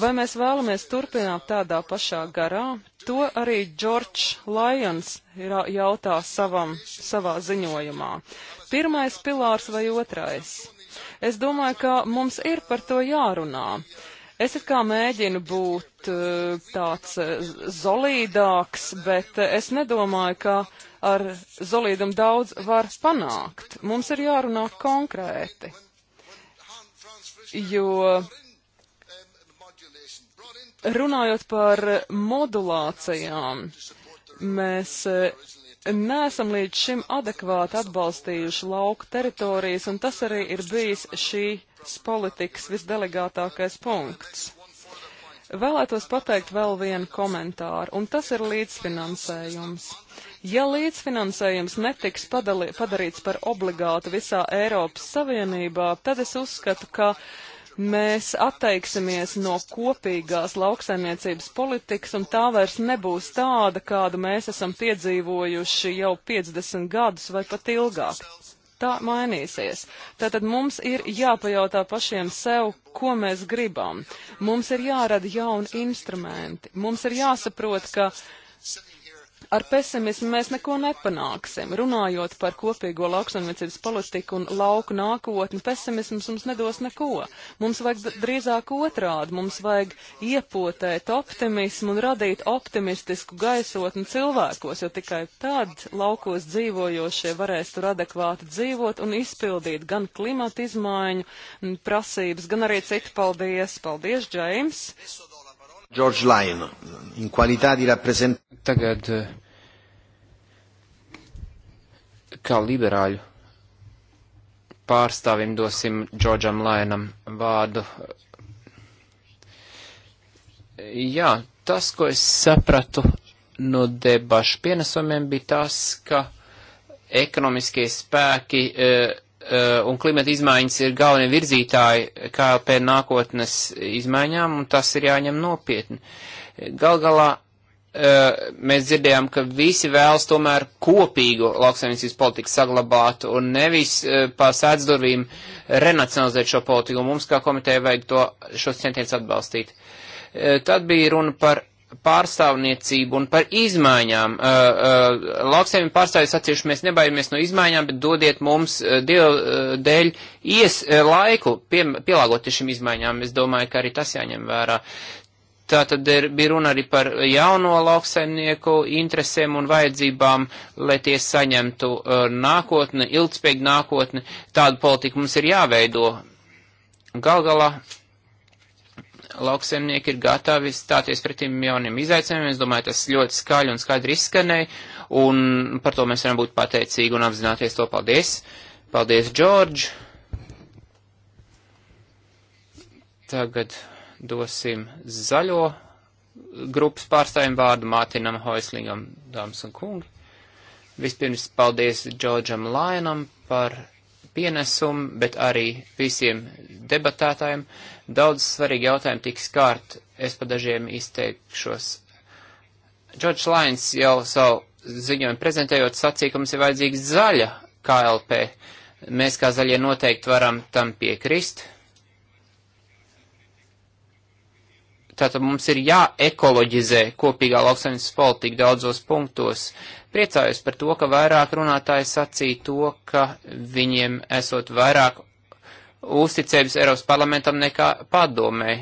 [SPEAKER 1] Vai mēs vēlamies turpināt tādā pašā garā? To arī Džordžs Lajons jautā savam, savā ziņojumā. Pirmais pilārs vai otrais? Es domāju, ka mums ir par to jārunā. Es it kā mēģinu būt eh, tāds eh, zolīdāks, bet eh, es nedomāju, ka ar zolīdumu daudz var panākt. Mums ir jārunā konkrēti. Jo Runājot par modulācijām, mēs eh, neesam līdz šim adekvāti atbalstījuši lauku teritorijas, un tas arī ir bijis šīs politikas visdelegātākais punkts. Vēlētos pateikt vēl vienu komentāru, un tas ir līdzfinansējums. Ja līdzfinansējums netiks padalī, padarīts par obligātu visā Eiropas Savienībā, tad es uzskatu, ka uh, mēs atteiksimies no kopīgās lauksaimniecības politikas, un tā vairs nebūs tāda, kādu mēs esam piedzīvojuši jau 50 gadus vai pat ilgāk. Tā mainīsies. Tātad mums ir jāpajautā pašiem sev, ko mēs gribam. Mums ir jārada jauni instrumenti. Mums ir jāsaprot, ka Ar pesimismu mēs neko nepanāksim. Runājot par kopīgo lauksaimniecības politiku un lauku nākotni, pesimisms mums nedos neko. Mums vajag drīzāk otrādi, mums vajag iepotēt optimismu un radīt optimistisku gaisotni cilvēkos, jo tikai tad laukos dzīvojošie varēs tur adekvāti dzīvot un izpildīt gan klimata izmaiņu prasības, gan arī citu paldies. Paldies, Džeims!
[SPEAKER 2] George Lyon
[SPEAKER 3] in qualità di rappresentante kā liberāļu pārstāvim dosim Džordžam Lainam vārdu. Jā, tas, ko es sapratu no debašu pienesumiem, bija tas, ka ekonomiskie spēki e, e, un klimata izmaiņas ir galvenie virzītāji KLP nākotnes izmaiņām, un tas ir jāņem nopietni. Gal galā Eh, mēs dzirdējām, ka visi vēlas tomēr kopīgu lauksaimniecības politiku saglabāt un nevis eh, pa sēdz durvīm renacionalizēt šo politiku. Mums kā komiteja vajag to, šos centienus atbalstīt. Eh, tad bija runa par pārstāvniecību un par izmaiņām. Lauksaimniecības pārstāvjus atsevišķi mēs nebaidamies no izmaiņām, bet dodiet mums dievu dēļ ies laiku pie, pielāgoties šīm izmaiņām. Es domāju, ka arī tas jāņem vērā. Tā tad ir, bija runa arī par jauno lauksaimnieku interesēm un vajadzībām, lai tie saņemtu uh, nākotni, ilgspējīgu nākotni. Tādu politiku mums ir jāveido. Gal galā lauksaimnieki ir gatavi stāties pretim jauniem izaicinājumiem. Es domāju, tas ļoti skaļi un skaidri izskanēja, un par to mēs varam būt pateicīgi un apzināties to. Paldies! Paldies, Džordž! Tagad dosim zaļo grupas pārstāvjiem vārdu Mātinam Hoislingam, dāmas un kungi. Vispirms paldies Džordžam Lainam par pienesumu, bet arī visiem debatētājiem. Daudz svarīgi jautājumi tiks kārt, es pa dažiem izteikšos. Džordžs Lains jau savu ziņojumu prezentējot sacīja, ka mums ir vajadzīga zaļa KLP. Mēs kā zaļie noteikti varam tam piekrist. Tātad mums ir jāekoloģizē kopīgā lauksaimnes politika daudzos punktos. Priecājos par to, ka vairāk runātāji sacīja to, ka viņiem esot vairāk uzticības Eiropas parlamentam nekā padomē.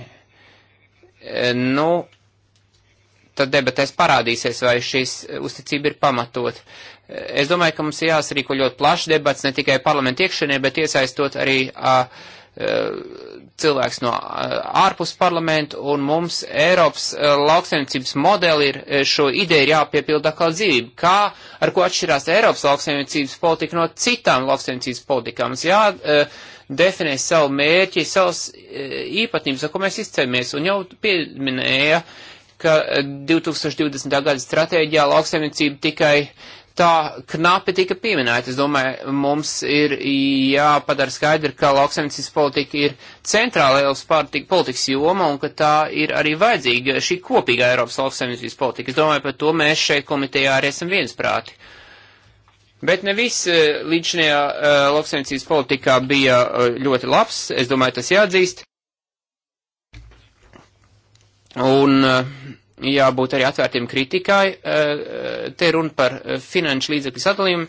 [SPEAKER 3] E, nu, tad debatēs parādīsies, vai šīs uzticība ir pamatot. E, es domāju, ka mums jāsarīko ļoti plašs debats, ne tikai parlamentu iekšienē, bet iesaistot arī a, a, e, cilvēks no ārpus parlamentu, un mums Eiropas lauksaimniecības modeli ir šo ideju ir jāpiepilda kā dzīvība. Kā ar ko atšķirās Eiropas lauksaimniecības politika no citām lauksaimniecības politikām? Mums jādefinē savu mērķi, savas īpatnības, ar ko mēs izcēmies, un jau pieminēja, ka 2020. gada stratēģijā lauksaimniecība tikai uh, tā knapi tika pieminēta. Es domāju, mums ir jāpadara skaidri, ka lauksaimniecības politika ir centrāla Eiropas pārtika politikas joma un ka tā ir arī vajadzīga šī kopīgā Eiropas lauksaimniecības politika. Es domāju, par to mēs šeit komitejā arī esam viensprāti. Bet ne viss eh, līdzinājā eh, lauksaimniecības politikā bija eh, ļoti labs. Es domāju, tas jāatzīst. Un uh, jābūt arī atvērtiem kritikai. Eh, eh, te runa par eh, finanšu līdzekļu sadalījumu.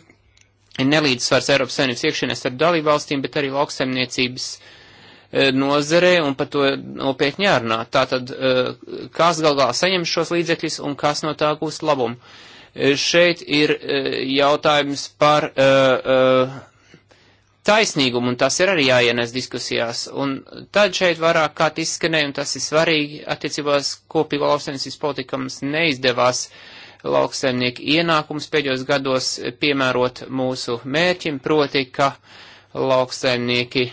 [SPEAKER 3] Ir nelīdzsvars Eiropas Savienības iekšienē starp dalībvalstīm, bet arī lauksaimniecības nozarē, un par to nopietni jārunā. Tātad, kas galvā saņem šos līdzekļus un kas no tā gūst labumu. Šeit ir jautājums par uh, uh, taisnīgumu, un tas ir arī jāienes diskusijās. Un tad šeit vairāk kā izskanēja, un tas ir svarīgi, attiecībās kopīgo lauksaimniecības politikams neizdevās lauksaimnieku ienākums pēdējos gados piemērot mūsu mērķim, proti, ka lauksaimnieki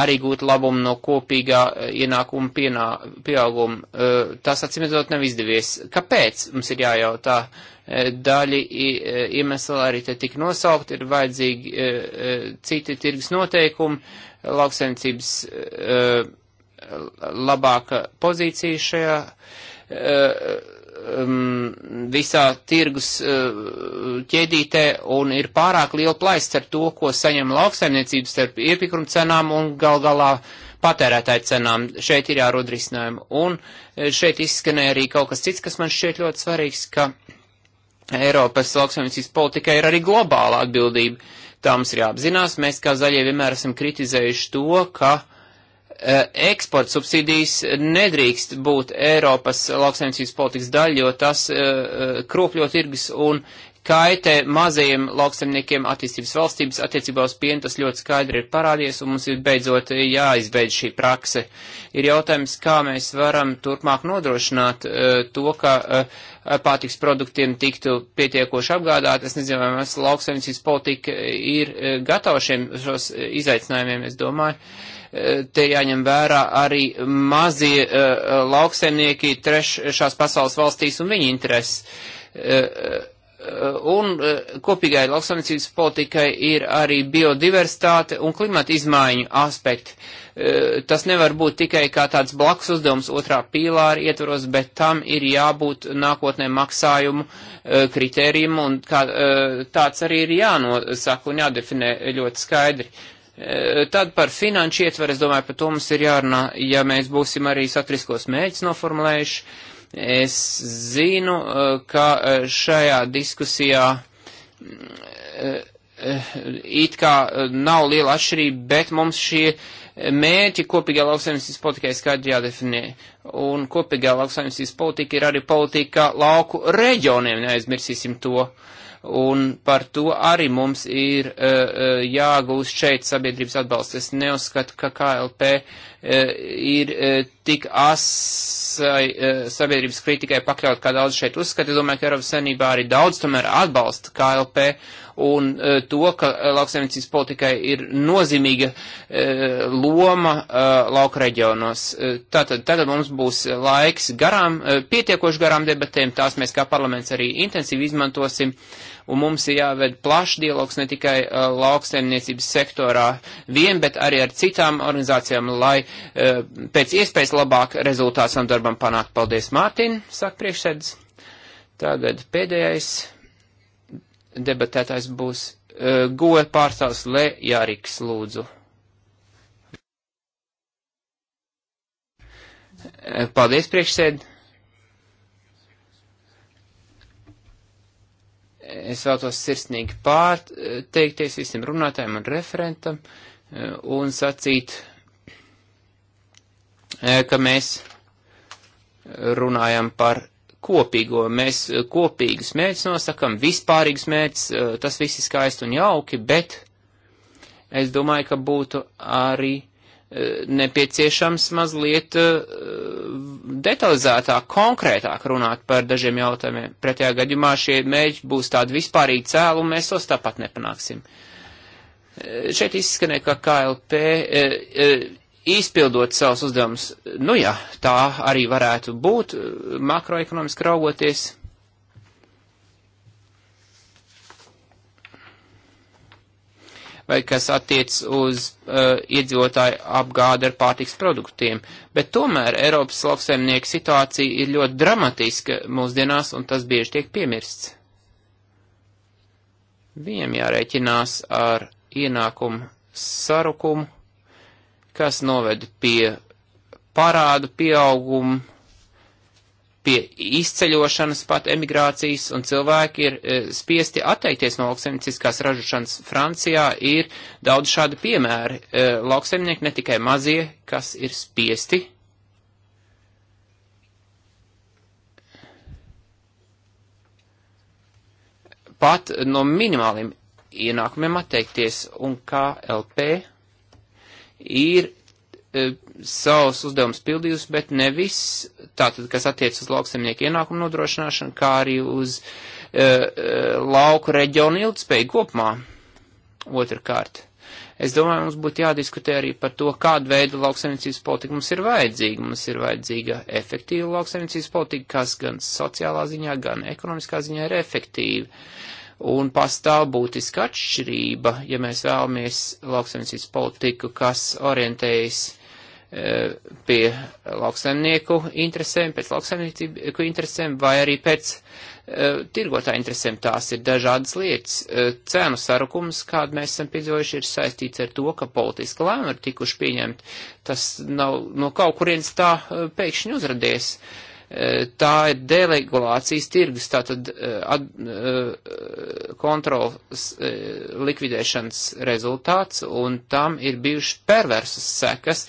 [SPEAKER 3] arī gūt labumu no kopīgā eh, ienākuma pienā, pieauguma. Eh, tas, acīmredzot, nav izdevies. Kāpēc mums ir jājautā? Uh, E, daļi e, iemesli arī te tik nosaukti, ir vajadzīgi e, citi tirgus noteikumi, lauksaimniecības labāka pozīcija šajā visā tirgus ķēdītē un ir pārāk liela plaisa ar to, ko saņem lauksaimniecības starp iepirkuma cenām un gal galā patērētāju cenām. Šeit ir jārod risinājumu. Un šeit izskanēja arī kaut kas cits, kas man šķiet ļoti svarīgs, ka uh, Eiropas lauksaimniecības politika ir arī globāla atbildība. Tā mums ir jāapzinās. Mēs kā zaļie vienmēr esam kritizējuši to, ka e, eksporta subsīdijas nedrīkst būt Eiropas lauksaimniecības politikas daļa, jo tas e, e kropļo tirgus un kaitē mazajiem lauksemniekiem attīstības valstības attiecībā uz pienu, tas ļoti skaidri ir parādies, un mums ir beidzot jāizbeidz šī prakse. Ir jautājums, kā mēs varam turpmāk nodrošināt uh, to, ka uh, pārtiks produktiem tiktu pietiekoši apgādāt. Es nezinu, vai mēs lauksemniecības politika ir uh, gatava šiem šos izaicinājumiem, es domāju. Uh, te jāņem vērā arī mazie uh, lauksaimnieki trešās pasaules valstīs un viņu intereses. Uh, Eh, un eh, kopīgai lauksaimniecības politikai ir arī biodiversitāte un klimata izmaiņu aspekti. Eh, tas nevar būt tikai kā tāds blakus uzdevums otrā pīlāra ietvaros, bet tam ir jābūt nākotnē maksājumu kritērijam, un kā, tāds arī ir jānosaka un jādefinē ļoti skaidri. Tad par finanšu ietvaru, es domāju, par to mums ir jārunā, ja mēs būsim arī satriskos mēģis noformulējuši Es zinu, eh, ka eh, šajā diskusijā mm, eh, it kā nav liela atšķirība, bet mums šie mērķi kopīgā lauksaimniecības politikai skaidri jādefinē. Un kopīgā lauksaimniecības politika ir arī politika lauku reģioniem, neaizmirsīsim to. Un par to arī mums ir uh, jāgūst šeit sabiedrības atbalsts. Es neuzskatu, ka KLP uh, E, ir e, tik asai e, sabiedrības kritikai pakļaut, kā daudz šeit uzskata. Es domāju, ka Eiropas Savienībā arī daudz tomēr atbalsta KLP un to, ka lauksaimniecības politikai ir nozīmīga loma lauka reģionos. Tātad tagad mums būs laiks garām, pietiekoši garām debatēm, tās mēs kā parlaments arī intensīvi izmantosim. Uh, un mums ir jāved plašs dialogs ne tikai uh, lauksaimniecības sektorā vien, bet arī ar citām organizācijām, lai uh, pēc iespējas labāk rezultāts tam darbam panākt. Paldies, Mārtiņ, saka priekšsēdz. Tagad pēdējais debatētājs būs uh, goja pārstāvs Le Jāriks, lūdzu. Uh, paldies, priekšsēdētāji. Es vēlos sirsnīgi pārteikties visiem runātājiem un referentam eh, un sacīt, eh, ka mēs runājam par kopīgo. Mēs kopīgus mērķus nosakam, vispārīgus mērķus, eh, tas viss ir skaisti un jauki, bet es domāju, ka būtu arī Eh, nepieciešams mazliet eh, detalizētāk, konkrētāk runāt par dažiem jautājumiem. Pretējā gadījumā šie mēģi būs tādi vispārīgi cēli, un mēs tos tāpat nepanāksim. Eh, šeit izskanē, ka KLP izpildot savus uzdevumus, nu jā, tā arī varētu būt makroekonomiski raugoties, vai kas attiec uz uh, iedzīvotāju apgādi ar pārtiks produktiem. Bet tomēr Eiropas lauksaimnieku situācija ir ļoti dramatiska mūsdienās, un tas bieži tiek piemirsts. Viņiem jārēķinās ar ienākumu sarukumu, kas noved pie parādu pieaugumu pie izceļošanas pat emigrācijas, un cilvēki ir e, spiesti atteikties no lauksaimnieciskās ražošanas. Francijā ir daudz šādu piemēru. E, lauksaimnieki ne tikai mazie, kas ir spiesti. Pat no minimāliem ienākumiem atteikties, un KLP ir E, savus uzdevumus pildījusi, bet ne viss, tātad, kas attiec uz lauksemnieku ienākumu nodrošināšanu, kā arī uz e, e lauku reģionu ilgspēju kopumā. Otrakārt, es domāju, mums būtu jādiskutē arī par to, kādu veidu lauksemniecības politika mums ir vajadzīga. Mums ir vajadzīga efektīva lauksemniecības politika, kas gan sociālā ziņā, gan ekonomiskā ziņā ir efektīva. Un pastāv būtiska atšķirība, ja mēs vēlamies lauksemniecības politiku, kas orientējas uh, E, pie lauksaimnieku interesēm, pēc lauksaimnieku interesēm vai arī pēc uh, tirgotā interesēm. Tās ir dažādas lietas. Uh, e, cēnu sarukums, kādu mēs esam piedzīvojuši, ir saistīts ar to, ka politiska lēma ir tikuši pieņemta. Tas nav no kaut kurienes tā uh, pēkšņi uzradies. Uh, E, tā ir deregulācijas tirgus, tātad e, ad, e, kontrols likvidēšanas rezultāts, un tam ir bijušas perversas sekas,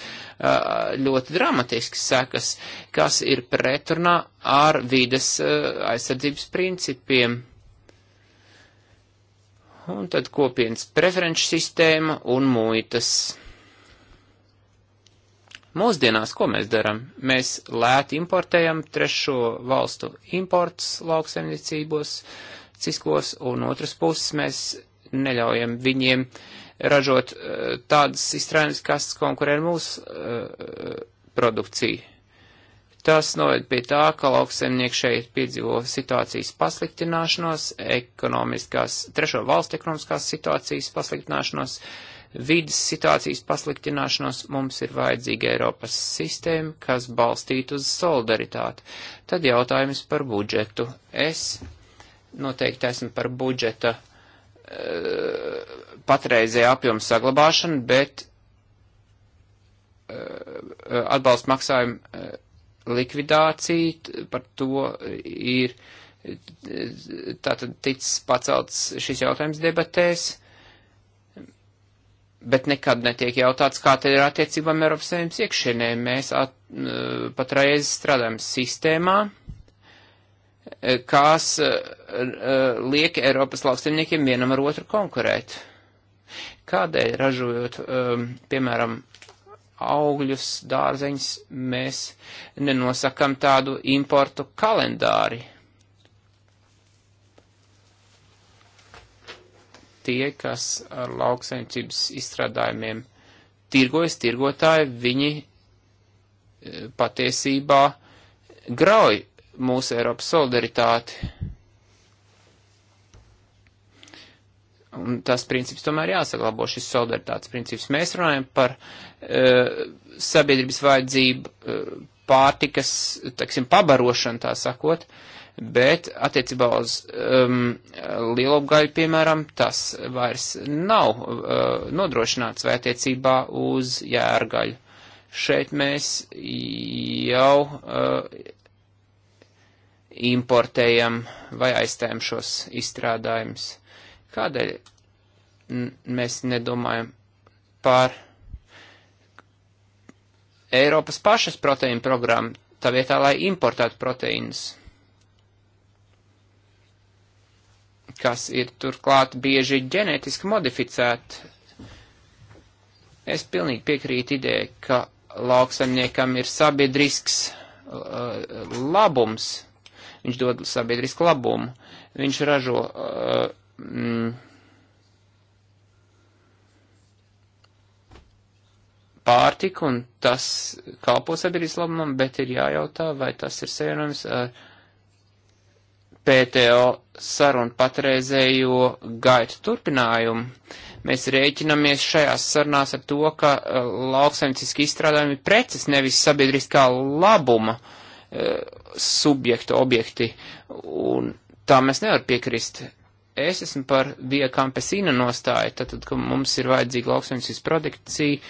[SPEAKER 3] ļoti dramatiskas sekas, kas ir pretrunā ar vides aizsardzības principiem. Un tad kopienas preferenču sistēma un muitas. Mūsdienās ko mēs darām? Mēs lēti importējam trešo valstu imports lauksaimniecībos, ciskos, un otras puses mēs neļaujam viņiem ražot eh, tādas izstrādājumus, kas konkurē ar mūsu uh, produkciju. Tas noved pie tā, ka lauksaimnieki šeit piedzīvo situācijas pasliktināšanos, ekonomiskās, trešo valstu ekonomiskās situācijas pasliktināšanos, uh, vidas situācijas pasliktināšanos mums ir vajadzīga Eiropas sistēma, kas balstītu uz solidaritāti. Tad jautājums par budžetu. Es noteikti esmu par budžeta uh, patreizēja apjoma saglabāšanu, bet uh, eh, atbalsta maksājumu uh, eh, likvidācija par to ir tātad ticis pacelts šis jautājums debatēs bet nekad netiek jautāts, kā tad ir attiecībām Eiropas Savienības iekšienē. Mēs at, patreiz strādājam sistēmā, e, kas e, e, liek Eiropas lauksaimniekiem vienam ar otru konkurēt. Kādēļ ražojot, piemēram, augļus, dārzeņus, mēs nenosakam tādu importu kalendāri? tie, kas ar lauksaimniecības izstrādājumiem tirgojas, tirgotāji, viņi e, patiesībā grauj mūsu Eiropas solidaritāti. Un tas princips tomēr jāsaglabo, šis solidaritātes princips. Mēs runājam par e, sabiedrības vajadzību, e, pārtikas, taksim, pabarošanu, tā sakot, e, bet attiecībā uz um, lielopgaļu, piemēram, tas vairs nav uh, nodrošināts vai attiecībā uz jērgaļu. Šeit mēs jau uh, importējam vai aizstājam šos izstrādājumus. Kādēļ mēs nedomājam par Eiropas pašas proteīnu programmu, tā vietā, lai importētu proteīnus? kas ir turklāt bieži ģenētiski modificēti. Es pilnīgi piekrītu ideja, ka lauksaimniekam ir sabiedrisks uh, labums, viņš dod sabiedrisku labumu, viņš ražo uh, mm, pārtiku un tas kalpo sabiedrības labumam, bet ir jājautā, vai tas ir savienojums ar uh, PTO sarunu patreizējo gaitu turpinājumu. Mēs rēķinamies šajās sarunās ar to, ka uh, lauksaimnieciski izstrādājumi ir preces, nevis sabiedriskā labuma uh, subjektu objekti. Un tā mēs nevar piekrist. Es esmu par via campesina nostāju, tātad, ka mums ir vajadzīga lauksaimnieciska produkcija,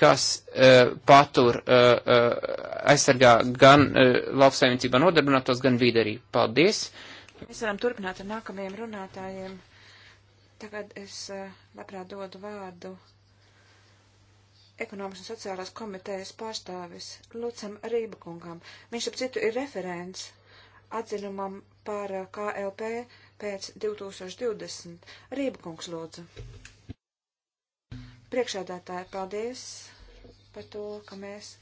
[SPEAKER 3] kas uh, patur, uh, uh, aizsargā gan uh, lauksaimniecībā nodarbinātos, gan vidarī. Paldies! Uh,
[SPEAKER 4] Mēs varam turpināt ar nākamajiem runātājiem. Tagad es eh, labprāt dodu vārdu ekonomikas un sociālās komitejas pārstāvis Lucam Rībakungam. Viņš ap citu ir referents atzinumam par eh, KLP pēc 2020. Rībakungs lūdzu. Priekšādātāji, paldies par to, ka mēs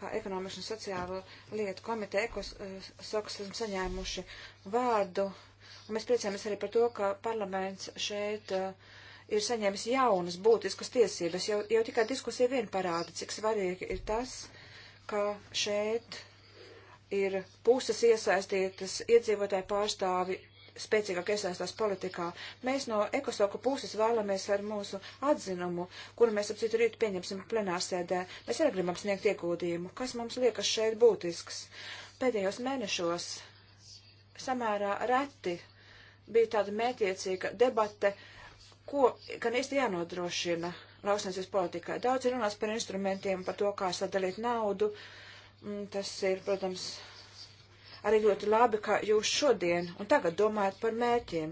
[SPEAKER 4] kā ekonomikas un sociālo lietu komiteja, ko eh, sokas esam saņēmuši vārdu. Un mēs priecājamies arī par to, ka parlaments šeit uh, ir saņēmis jaunas būtiskas tiesības. Jau, jau tikai diskusija vien parāda, cik svarīgi ir tas, ka šeit ir puses iesaistītas iedzīvotāju pārstāvi spēcīgāk iesaistās politikā. Mēs no ekosoku puses vēlamies ar mūsu atzinumu, kuru mēs ap citu rītu pieņemsim plenārsēdē. Mēs arī gribam sniegt iegūdījumu, kas mums liekas šeit būtisks. Pēdējos mēnešos samērā reti bija tāda mētiecīga debate, ko gan īsti jānodrošina lauksnesības politikai. Daudz ir runāts par instrumentiem, par to, kā sadalīt naudu. Mm, tas ir, protams, arī ļoti labi, ka jūs šodien un tagad domājat par mērķiem.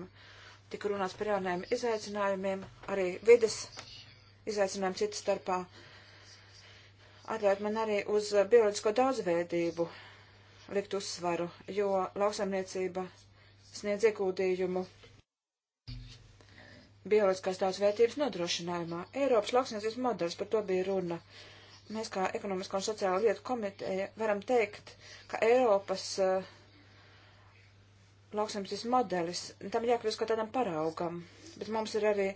[SPEAKER 4] Tik runāts par jaunajiem izaicinājumiem, arī vides izaicinājumu citu starpā. Atļaut man arī uz bioloģisko daudzveidību likt uzsvaru, jo lauksaimniecība sniedz iegūdījumu bioloģiskās daudzvērtības nodrošinājumā. Eiropas lauksniecības modelis par to bija runa mēs kā ekonomiskā un sociāla lietu komiteja varam teikt, ka Eiropas uh, lauksaimniecības modelis, tam jākļūst kā tādam paraugam, bet mums ir arī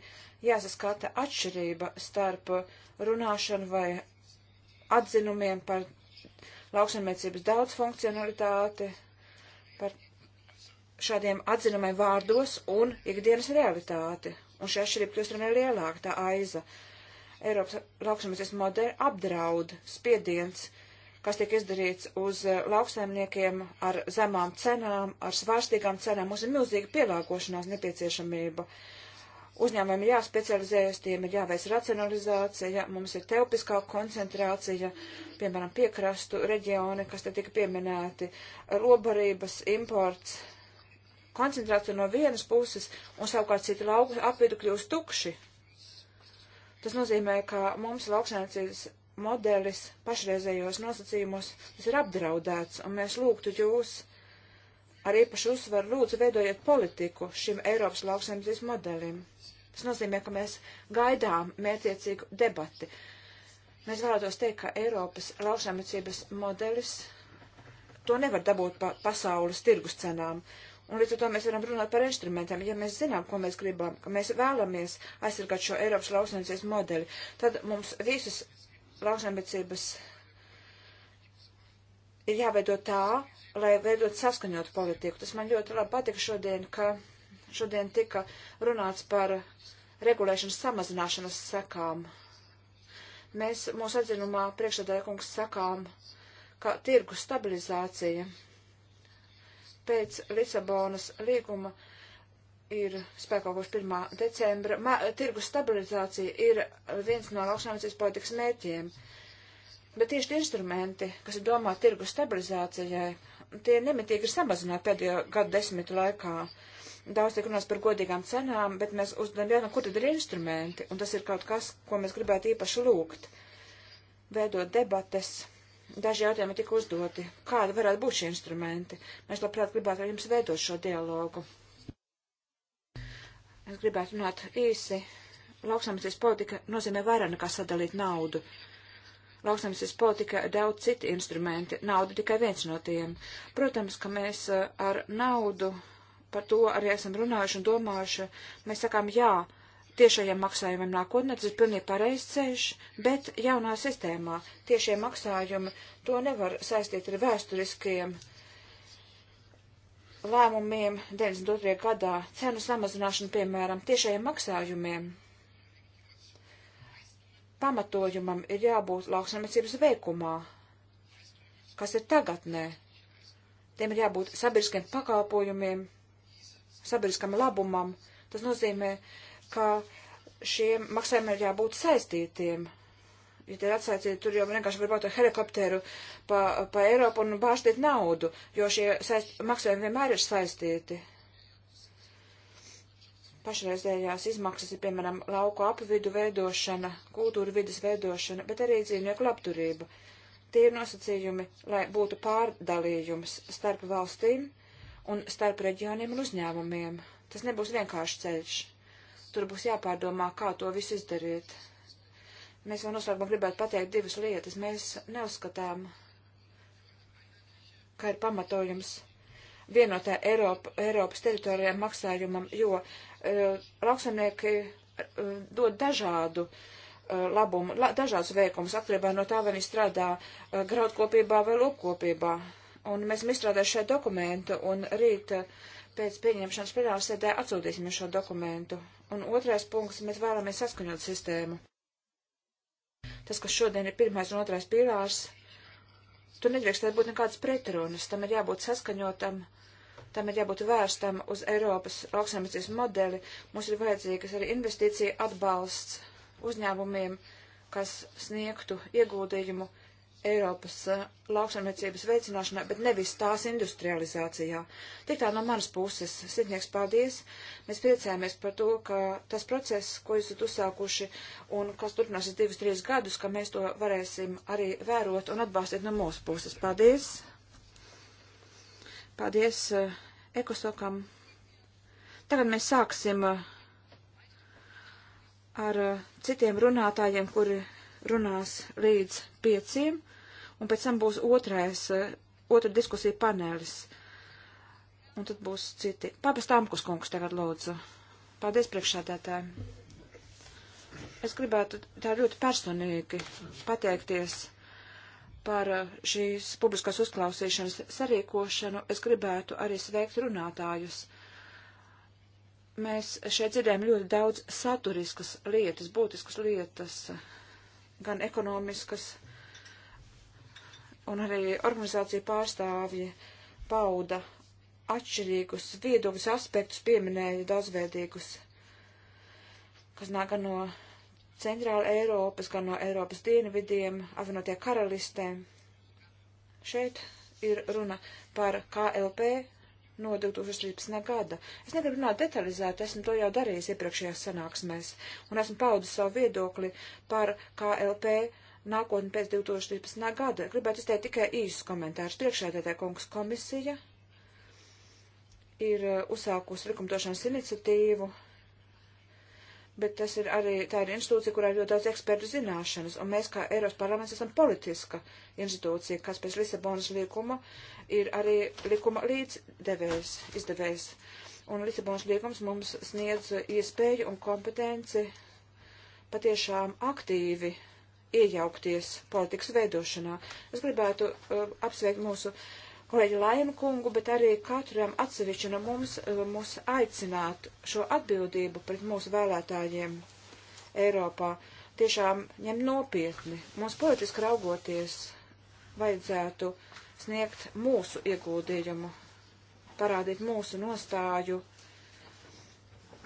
[SPEAKER 4] jāsaskata atšķirība starp runāšanu vai atzinumiem par lauksaimniecības daudzfunkcionalitāti, par šādiem atzinumiem vārdos un ikdienas realitāti. Un šī atšķirība kļūst arī lielāka, tā aiza. Uh, Eiropas lauksaimniecības modeļu apdraud spiediens, kas tiek izdarīts uz eh, lauksaimniekiem ar zemām cenām, ar svārstīgām cenām. Mums ir milzīga pielāgošanās nepieciešamība. Uzņēmumiem ir jāspecializējas, tiem ir jāveic racionalizācija, mums ir telpiskā koncentrācija, piemēram, piekrastu reģioni, kas te tika pieminēti, robarības, imports, koncentrācija no vienas puses, un savukārt citi lauku apvidu kļūst tukši, Tas nozīmē, ka mums lauksainicības modelis pašreizējos nosacījumos tas ir apdraudēts, un mēs lūgtu jūs ar īpašu uzsvaru lūdzu veidojiet politiku šim Eiropas lauksaimniecības modelim. Tas nozīmē, ka mēs gaidām mērķiecīgu debati. Mēs vēlētos teikt, ka Eiropas lauksaimniecības modelis to nevar dabūt pa pasaules tirgus cenām. Uh, Un līdz ar to mēs varam runāt par instrumentiem. Ja mēs zinām, ko mēs gribam, ka mēs vēlamies aizsargāt šo Eiropas lauksainicības modeli, tad mums visas lauksainicības ir jāveido tā, lai veidot saskaņotu politiku. Tas man ļoti labi patika šodien, ka šodien tika runāts par regulēšanas samazināšanas sekām. Mēs mūsu atzinumā priekšsēdētājkungs sakām, ka tirgu stabilizācija pēc Lisabonas līguma ir spēkā būs 1. decembra. Ma tirgus stabilizācija ir viens no lauksnācijas politikas mērķiem. Bet tieši tie instrumenti, kas ir domāti tirgus stabilizācijai, tie nemitīgi ir samazināti pēdējo gadu desmitu laikā. Daudz tiek runāts par godīgām cenām, bet mēs uzdodam jautājumu, kur tad ir instrumenti, un tas ir kaut kas, ko mēs gribētu īpaši lūgt. Veidot debates Daži jautājumi tika uzdoti. Kādi varētu būt šie instrumenti? Mēs labprāt gribētu ar jums veidot šo dialogu. Es gribētu runāt īsi. Lauksaimniecības politika nozīmē vairāk nekā sadalīt naudu. Lauksaimniecības politika ir daudz citi instrumenti, nauda tikai viens no tiem. Protams, ka mēs eh, ar naudu par to arī esam runājuši un domājuši. Mēs sakām jā tiešajiem maksājumiem nākotnē, tas ir pilnīgi pareizs ceļš, bet jaunā sistēmā tiešie maksājumi to nevar saistīt ar vēsturiskiem lēmumiem 92. gadā, cenu samazināšanu, piemēram, tiešajiem maksājumiem. Pamatojumam ir jābūt lauksaimniecības veikumā, kas ir tagadnē. Tiem ir jābūt sabiedriskiem pakalpojumiem, sabiedriskam labumam. Tas nozīmē, uh, ka šiem maksājumiem ir jābūt saistītiem. Ja tie ir atsaistīti, tur jau vienkārši var būt ar helikopteru pa, pa Eiropu un bāžtīt naudu, jo šie saist, maksājumi vienmēr ir saistīti. Pašreizējās izmaksas ir, piemēram, lauku apvidu veidošana, kultūra vidas veidošana, bet arī dzīvnieku labturība. Tie ir nosacījumi, lai būtu pārdalījums starp valstīm un starp reģioniem un uzņēmumiem. Tas nebūs vienkārši ceļš Tur būs jāpārdomā, kā to visu izdarīt. Mēs vēl noslēgumā gribētu pateikt divas lietas. Mēs neuzskatām, ka ir pamatojums vienotā Eiropa, Eiropas teritorijā maksājumam, jo uh, e, lauksamnieki uh, e, dod dažādu uh, labumu, la, dažādas veikumus atkarībā no tā, vai viņi strādā uh, graudkopībā vai lūpkopībā. Un mēs izstrādājam šo dokumentu, un rīt uh, pēc pieņemšanas plenārsēdē atsūtīsim šo dokumentu. Un otrais punkts, mēs vēlamies saskaņot sistēmu. Tas, kas šodien ir pirmais un otrais pīlārs, tur nedrīkstētu būt nekādas pretrunas, tam ir jābūt saskaņotam, tam ir jābūt vērstam uz Eiropas lauksaimniecības modeli, mums ir vajadzīgas arī investīcija atbalsts uzņēmumiem, kas sniegtu ieguldījumu Eiropas uh, lauksaimniecības veicināšanā, bet nevis tās industrializācijā. Tik tā no manas puses. Sidnieks, paldies! Mēs priecājamies par to, ka tas process, ko jūs esat uzsākuši un kas turpināsies divus, trīs gadus, ka mēs to varēsim arī vērot un atbalstīt no mūsu puses. Paldies! Paldies uh, ekosokam! Tagad mēs sāksim uh, ar citiem runātājiem, kuri runās līdz pieciem un pēc tam būs otrais, eh, otra diskusija panelis. Un tad būs citi. Papas Tamkus kungs tagad lūdzu. Paldies priekšsādātājiem. Es gribētu tā ļoti personīgi pateikties par eh, šīs publiskās uzklausīšanas sarīkošanu. Es gribētu arī sveikt runātājus. Mēs šeit dzirdējam ļoti daudz saturiskas lietas, būtiskas lietas, gan ekonomiskas, un arī organizācija pārstāvji pauda atšķirīgus viedokļus aspektus, pieminēja daudzveidīgus, kas nāk gan no Centrāla Eiropas, gan no Eiropas dienvidiem, avinotie karalistēm. Šeit ir runa par KLP no 2013. gada. Es negribu runāt detalizēt, esmu to jau darījis iepriekšējās sanāksmēs, un esmu paudis savu viedokli par KLP nākotni pēc 2013. gada. Gribētu izteikt tikai īsus komentārus. Priekšēdētāja kungs komisija ir uh, uzsākusi likumdošanas iniciatīvu, bet tas ir arī, tā ir institūcija, kurā ir ļoti daudz ekspertu zināšanas, un mēs kā Eiropas parlaments esam politiska institūcija, kas pēc Lisabonas līkuma ir arī likuma līdzdevējs, izdevējs. Un Lisabonas līgums mums sniedz iespēju un kompetenci patiešām aktīvi iejaukties politikas veidošanā. Es gribētu uh, apsveikt mūsu kolēģi Lainu kungu, bet arī katram atsevišķi no mums, uh, mūs aicināt šo atbildību pret mūsu vēlētājiem Eiropā. Tiešām ņem nopietni. Mums politiski raugoties vajadzētu sniegt mūsu ieguldījumu, parādīt mūsu nostāju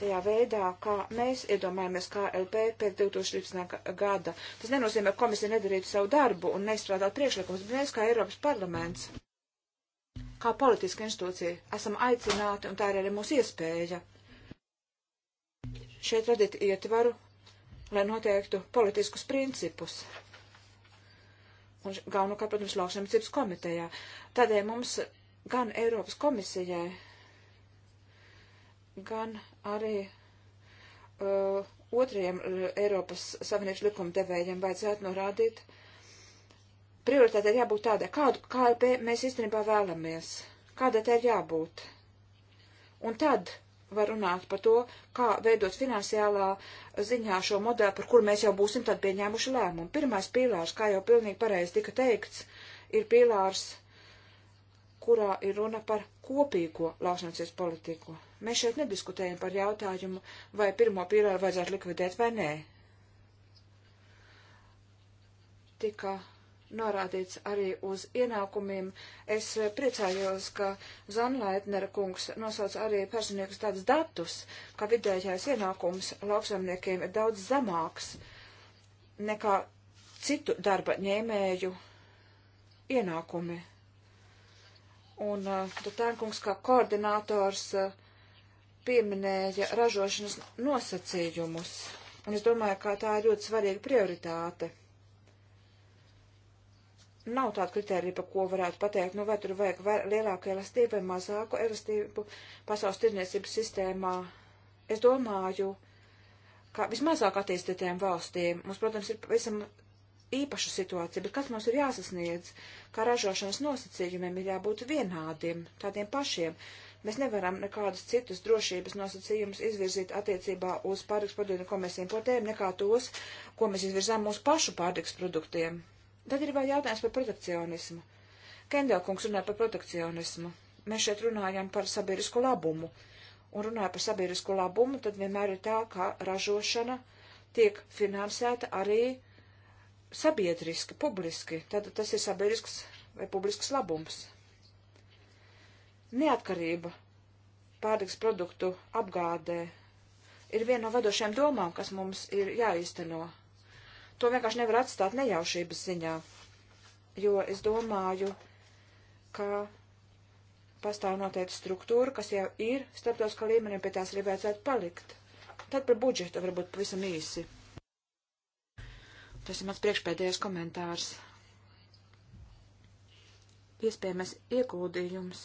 [SPEAKER 4] tajā veidā, kā mēs iedomājamies KLP pēc 2013. gada. Tas nenozīmē, ka komisija nedarītu savu darbu un neizstrādātu priekšlikumus, bet mēs kā Eiropas parlaments, kā politiska institūcija, esam aicināti, un tā ir arī mūsu iespēja šeit radīt ietvaru, lai noteiktu politiskus principus. Un galvenokārt, protams, lauksaimniecības komitejā. Tādēļ mums gan Eiropas komisijai, gan arī uh, otriem uh, Eiropas Savienības likumdevējiem vajadzētu norādīt, prioritāte ir jābūt tādai, kādu KLP mēs īstenībā vēlamies, kādai tai ir jābūt. Un tad var runāt par to, kā veidot finansiālā ziņā šo modeli, par kur mēs jau būsim tad pieņēmuši lēmumu. Pirmais pīlārs, kā jau pilnīgi pareizi tika teikts, ir pīlārs, kurā ir runa par kopīgo laušanācies politiku. Mēs šeit nediskutējam par jautājumu, vai pirmo pīlāru vajadzētu likvidēt vai nē. Tika norādīts arī uz ienākumiem. Es priecājos, ka Zanlaitnera kungs nosauc arī personīgus tādus datus, ka vidējais ienākums lauksaimniekiem ir daudz zemāks nekā citu darba ņēmēju ienākumi. Un uh, Dutēnkungs kā koordinators uh, pieminēja ražošanas nosacījumus, un es domāju, ka tā ir ļoti svarīga prioritāte. Nav tāda kriterija, pa ko varētu pateikt, nu vai tur vajag lielāku elastību vai mazāku elastību pasaules tirniecības sistēmā. Es domāju, ka vismazāk attīstītiem valstīm mums, protams, ir pavisam īpaša situācija, bet kas mums ir jāsasniedz, kā ražošanas nosacījumiem ir jābūt vienādiem, tādiem pašiem, Mēs nevaram nekādus citus drošības nosacījumus izvirzīt attiecībā uz pārtiks produktiem, ko mēs importējam, nekā tos, ko mēs izvirzām mūsu pašu pārtiks produktiem. Tad ir vēl jautājums par protekcionismu. Kendelkungs runāja par protekcionismu. Mēs šeit runājam par sabiedrisku labumu. Un runāja par sabiedrisku labumu, tad vienmēr ir tā, ka ražošana tiek finansēta arī sabiedriski, publiski. Tad tas ir sabiedrisks vai publisks labums. Neatkarība pārtiks produktu apgādē ir viena no vadošajām domām, kas mums ir jāīsteno. To vienkārši nevar atstāt nejaušības ziņā, jo es domāju, ka pastāv noteikti struktūra, kas jau ir starptautiskā līmenī, pie tās arī vajadzētu palikt. Tad par budžetu varbūt pavisam īsi. Tas ir mans priekšpēdējais komentārs. Iespējamais iekūdījums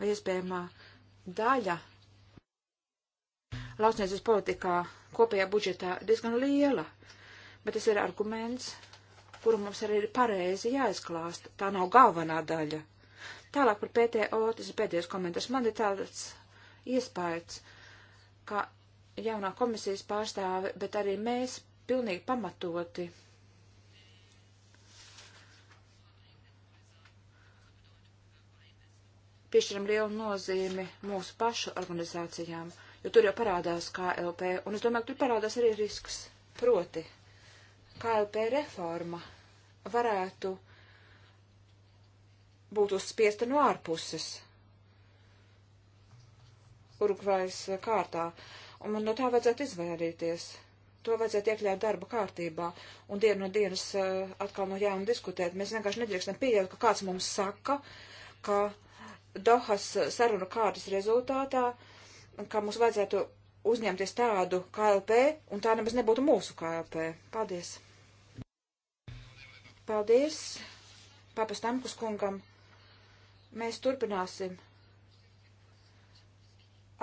[SPEAKER 4] vai iespējamā daļa lauksniecības politikā kopējā budžetā diezgan liela, bet tas ir arguments, kuru mums arī ir pareizi jāizklāst. Tā nav galvenā daļa. Tālāk par PTO, tas ir pēdējais komentārs. Man ir tāds iespējas, ka jaunā komisijas pārstāve, bet arī mēs pilnīgi pamatoti piešķiram lielu nozīmi mūsu pašu organizācijām, jo tur jau parādās KLP, un es domāju, ka tur parādās arī risks. Proti, KLP reforma varētu būt uzspiesta no ārpuses. Urugvajas kārtā, un man no tā vajadzētu izvairīties. To vajadzētu iekļaut darba kārtībā, un dienu no dienas uh, atkal no jauna diskutēt. Mēs vienkārši nedrīkstam pieļaut, ka kāds mums saka, ka uh, Dohas sarunu kārtas rezultātā, ka mums vajadzētu uzņemties tādu KLP, un tā nemaz nebūtu mūsu KLP. Paldies! Paldies papastamkus kungam. Mēs turpināsim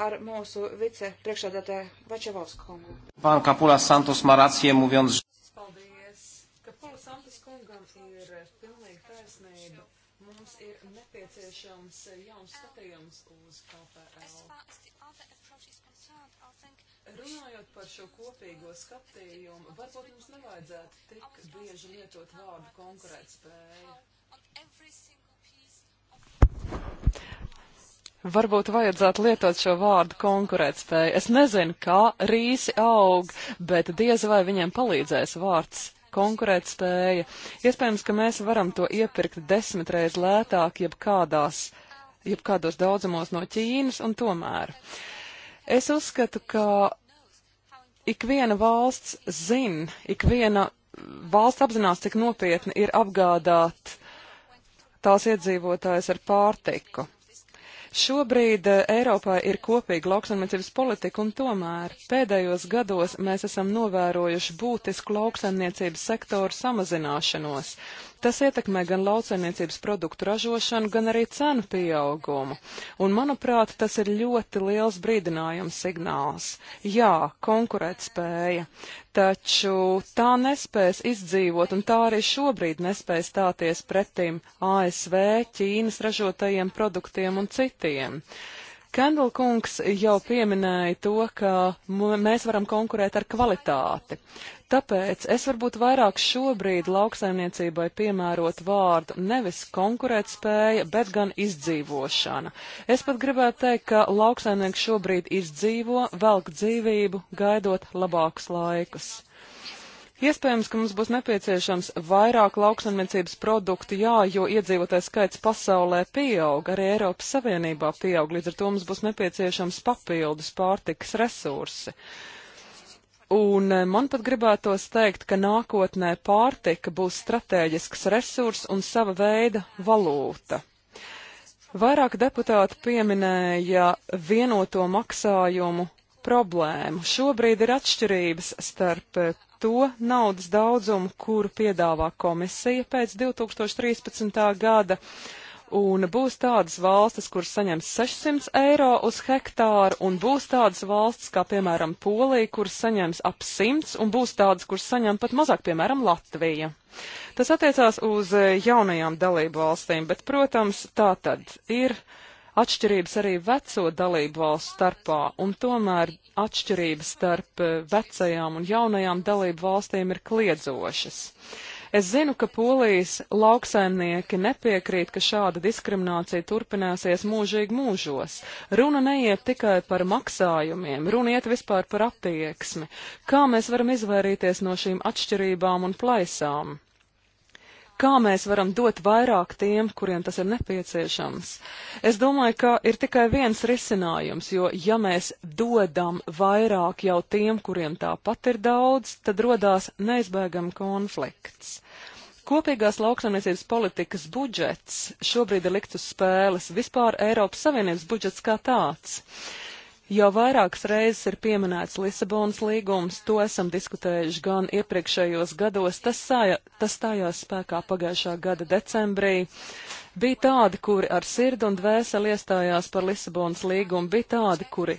[SPEAKER 4] ar mūsu vice priekšādātāju Vačevalsku kungu.
[SPEAKER 3] Pan Kapula Santos Maracie mówiąc, że...
[SPEAKER 4] Paldies! Kapula Santos kungam
[SPEAKER 1] ir pilnīgi taisnība Mums ir nepieciešams jauns um, skatījums uz KPL. Runājot par šo kopīgo skatījumu, varbūt mums nevajadzētu tik bieži lietot vārdu konkurētspēja. Varbūt vajadzētu lietot šo vārdu konkurētspēja. Es nezinu, kā rīsi aug, bet diez vai viņiem palīdzēs vārds konkurētspēja. Iespējams, ka mēs varam to iepirkt desmitreiz lētāk jebkādās, jebkādos daudzumos no Ķīnas, un tomēr. Es uzskatu, ka ikviena valsts zina, ikviena valsts apzinās, cik nopietni ir apgādāt tās iedzīvotājs ar pārtiku. Šobrīd eh, Eiropā ir kopīga lauksaimniecības politika, un tomēr pēdējos gados mēs esam novērojuši būtisku lauksaimniecības sektoru samazināšanos. Tas ietekmē gan lauksaimniecības produktu ražošanu, gan arī cenu pieaugumu. Un, manuprāt, tas ir ļoti liels brīdinājums signāls. Jā, konkurētspēja, taču tā nespēs izdzīvot, un tā arī šobrīd nespēs stāties pretim ASV, Ķīnas ražotajiem produktiem un citiem. Uh, Kendall kungs jau pieminēja to, ka mēs varam konkurēt ar kvalitāti. Tāpēc es varbūt vairāk šobrīd lauksaimniecībai piemērot vārdu nevis konkurētspēja, bet gan izdzīvošana. Es pat gribētu teikt, ka lauksaimnieks šobrīd izdzīvo, velk dzīvību, gaidot labākus laikus. Iespējams, ka mums būs nepieciešams vairāk lauksaimniecības produktu, jā, jo iedzīvotājs skaits pasaulē pieaug, arī Eiropas Savienībā pieaug, līdz ar to mums būs nepieciešams papildus pārtikas resursi. Un eh, man pat gribētos teikt, ka nākotnē pārtika būs strateģisks resurs un sava veida valūta. Vairāk deputāti pieminēja vienoto maksājumu problēmu. Šobrīd ir atšķirības starp to naudas daudzumu, kuru piedāvā komisija pēc 2013. gada. Un būs tādas valstis, kuras saņems 600 eiro uz hektāru, un būs tādas valstis, kā piemēram Polija, kuras saņems ap 100, un būs tādas, kuras saņem pat mazāk, piemēram, Latvija. Tas attiecās uz eh, jaunajām dalību valstīm, bet, protams, tā tad ir uh, atšķirības arī veco dalību valstu starpā, un tomēr atšķirības starp eh, vecajām un jaunajām dalību valstīm ir kliedzošas. Es zinu, ka polijas lauksaimnieki nepiekrīt, ka šāda diskriminācija turpināsies mūžīgi mūžos. Runa neiet tikai par maksājumiem, runa iet vispār par attieksmi. Kā mēs varam izvairīties no šīm atšķirībām un plaisām? kā mēs varam dot vairāk tiem, kuriem tas ir nepieciešams. Es domāju, ka ir tikai viens risinājums, jo ja mēs dodam vairāk jau tiem, kuriem tāpat ir daudz, tad rodās neizbēgam konflikts. Kopīgās lauksaimniecības politikas budžets šobrīd ir likts uz spēles, vispār Eiropas Savienības budžets kā tāds. Jau vairākas reizes ir pieminēts Lisabonas līgums, to esam diskutējuši gan iepriekšējos gados, tas, sāja, tas stājās spēkā pagājušā gada decembrī. Bija tādi, kuri ar sirdi un dvēseli iestājās par Lisabonas līgumu, bija tādi, kuri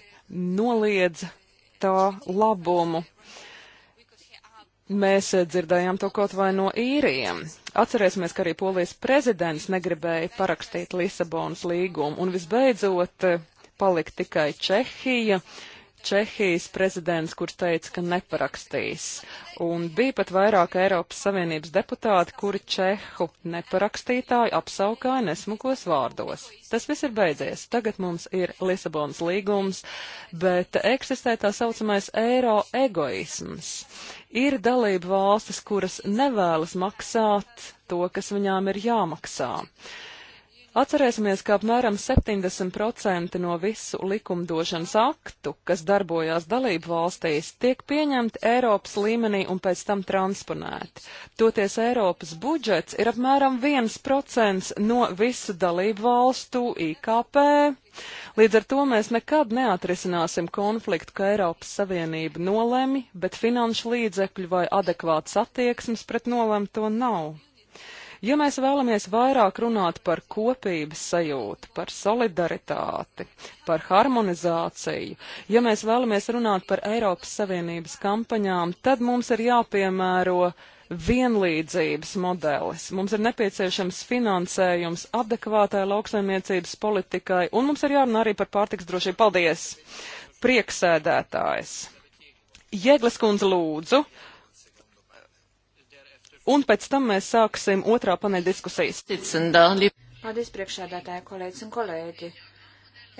[SPEAKER 1] noliedza tā labumu. Mēs dzirdējām to kaut vai no īriem. Atcerēsimies, ka arī polijas prezidents negribēja parakstīt Lisabonas līgumu. Un visbeidzot, palikt tikai Čehija. Čehijas prezidents, kurš teica, ka neparakstīs. Un bija pat vairāk Eiropas Savienības deputāti, kuri Čehu neparakstītāju apsaukāja nesmukos vārdos. Tas viss ir beidzies. Tagad mums ir Lisabonas līgums, bet eksistē tā saucamais eiro egoisms. Ir dalība valstis, kuras nevēlas maksāt to, kas viņām ir jāmaksā. Uh, Atcerēsimies, ka apmēram 70% no visu likumdošanas aktu, kas darbojās dalību valstīs, tiek pieņemti Eiropas līmenī un pēc tam transponēti. Toties Eiropas budžets ir apmēram 1% no visu dalību valstu IKP. Līdz ar to mēs nekad neatrisināsim konfliktu, ka Eiropas Savienība nolemi, bet finanšu līdzekļu vai adekvāts attieksmes pret nolemto nav. Ja mēs vēlamies vairāk runāt par kopības sajūtu, par solidaritāti, par harmonizāciju, ja mēs vēlamies runāt par Eiropas Savienības kampaņām, tad mums ir jāpiemēro vienlīdzības modelis. Mums ir nepieciešams finansējums adekvātai lauksaimniecības politikai, un mums ir jārunā arī par pārtiks drošību. Paldies! Prieksēdētājs! Jēglis kundze lūdzu! un pēc tam mēs sāksim otrā paneļa diskusijas.
[SPEAKER 4] Paldies priekšādātāji, kolēģis un kolēģi.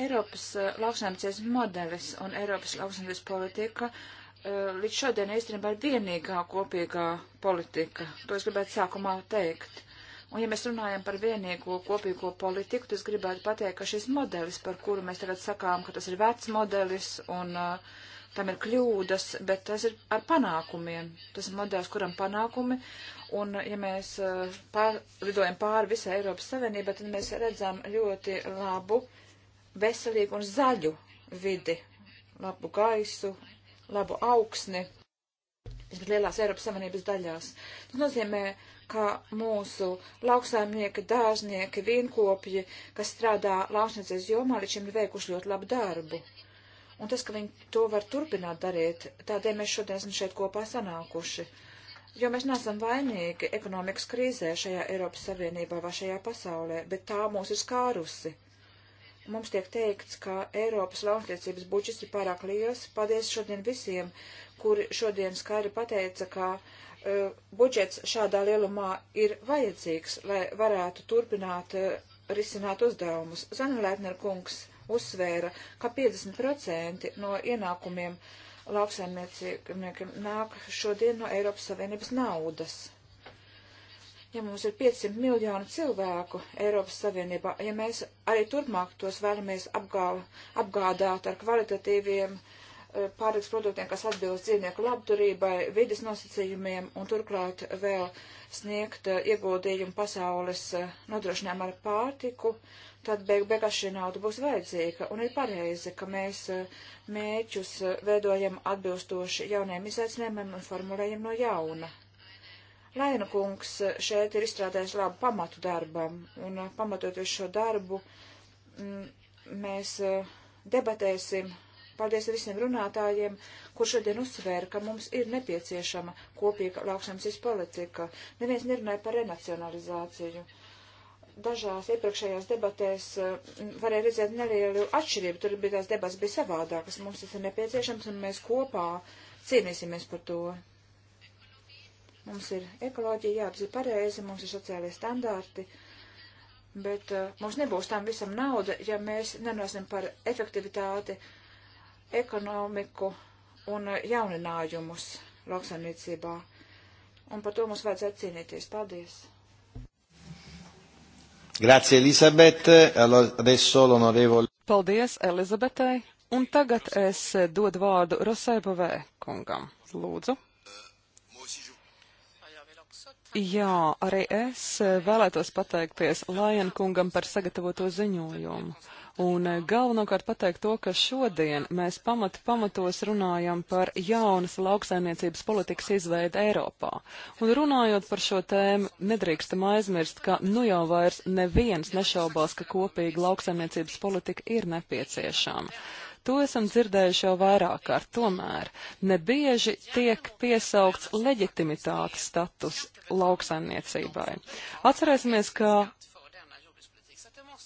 [SPEAKER 4] Eiropas uh, lauksaimniecības modelis un Eiropas lauksaimniecības politika uh, līdz šodien īstenībā ir vienīgā kopīgā politika. To es gribētu sākumā teikt. Un ja mēs runājam par vienīgo kopīgo politiku, tad es gribētu pateikt, ka šis modelis, par kuru mēs tagad sakām, ka tas ir vecs modelis un uh, tam ir kļūdas, bet tas ir ar panākumiem. Tas ir modelis, kuram panākumi. Un, ja mēs eh, pār, lidojam pāri visai Eiropas Savienībai, tad mēs redzam ļoti labu, veselīgu un zaļu vidi, labu gaisu, labu augsni vismaz lielās Eiropas Savienības daļās. Tas nozīmē, ka mūsu lauksaimnieki, dārznieki, vīnkopji, kas strādā lauksniecības jomā, līdz šim ir veikuši ļoti labu darbu. Un tas, ka viņi to var turpināt darīt, tādēļ mēs šodien esam šeit kopā sanākuši. Jo mēs neesam vainīgi ekonomikas krīzē šajā Eiropas Savienībā vai šajā pasaulē, bet tā mūs ir skārusi. Mums tiek teikts, ka Eiropas lauksniecības budžets ir pārāk liels. Paldies šodien visiem, kuri šodien skaidri pateica, ka uh, budžets šādā lielumā ir vajadzīgs, lai varētu turpināt uh, risināt uzdevumus. Zanulētner kungs uzsvēra, ka 50% no ienākumiem lauksaimniekiem nāk šodien no Eiropas Savienības naudas. Ja mums ir 500 miljoni cilvēku Eiropas Savienībā, ja mēs arī turpmāk tos vēlamies apgā, apgādāt ar kvalitatīviem eh, pārtiks produktiem, kas atbilst dzīvnieku labturībai, vidas nosacījumiem un turklāt vēl sniegt eh, ieguldījumu pasaules eh, nodrošinājumu ar pārtiku, tad beig beigās šī nauda būs vajadzīga. Un ir pareizi, ka mēs eh, mēķus eh, veidojam atbilstoši jauniem izaicinājumiem un formulējam no jauna. Laina kungs eh, šeit ir izstrādājis labu pamatu darbam, un pamatoties šo darbu, m, mm, mēs debatēsim. Paldies visiem runātājiem, kur šodien uzsvēra, ka mums ir nepieciešama kopīga lauksaimniecības politika. Neviens nerunāja par renacionalizāciju. Uh, dažās iepriekšējās debatēs eh, varēja redzēt nelielu atšķirību. Tur bija tās debats bija savādākas. Mums tas ir nepieciešams un mēs kopā cīnīsimies par to. Mums ir ekoloģija, jā, tas ir pareizi, mums ir sociālie standārti, bet uh, mums nebūs tam visam nauda, ja mēs nenosim par efektivitāti, ekonomiku un eh, jauninājumus lauksaimniecībā. Un par to mums vajadzētu cīnīties. Paldies!
[SPEAKER 2] Grazie, Elisabete. Adesso l'onorevole.
[SPEAKER 1] Paldies, Elizabetei. Un tagad es dodu vārdu Rosēbavē kungam. Lūdzu. Jā, arī es vēlētos pateikties Lajan kungam par sagatavoto ziņojumu un eh, galvenokārt pateikt to, ka šodien mēs pamatu pamatos runājam par jaunas lauksaimniecības politikas izveidu Eiropā. Un runājot par šo tēmu, nedrīkstam aizmirst, ka nu jau vairs neviens nešaubās, ka kopīga lauksaimniecības politika ir nepieciešama. To esam dzirdējuši jau vairāk kārt, tomēr nebieži tiek piesaukts leģitimitātes status lauksaimniecībai. Atcerēsimies, ka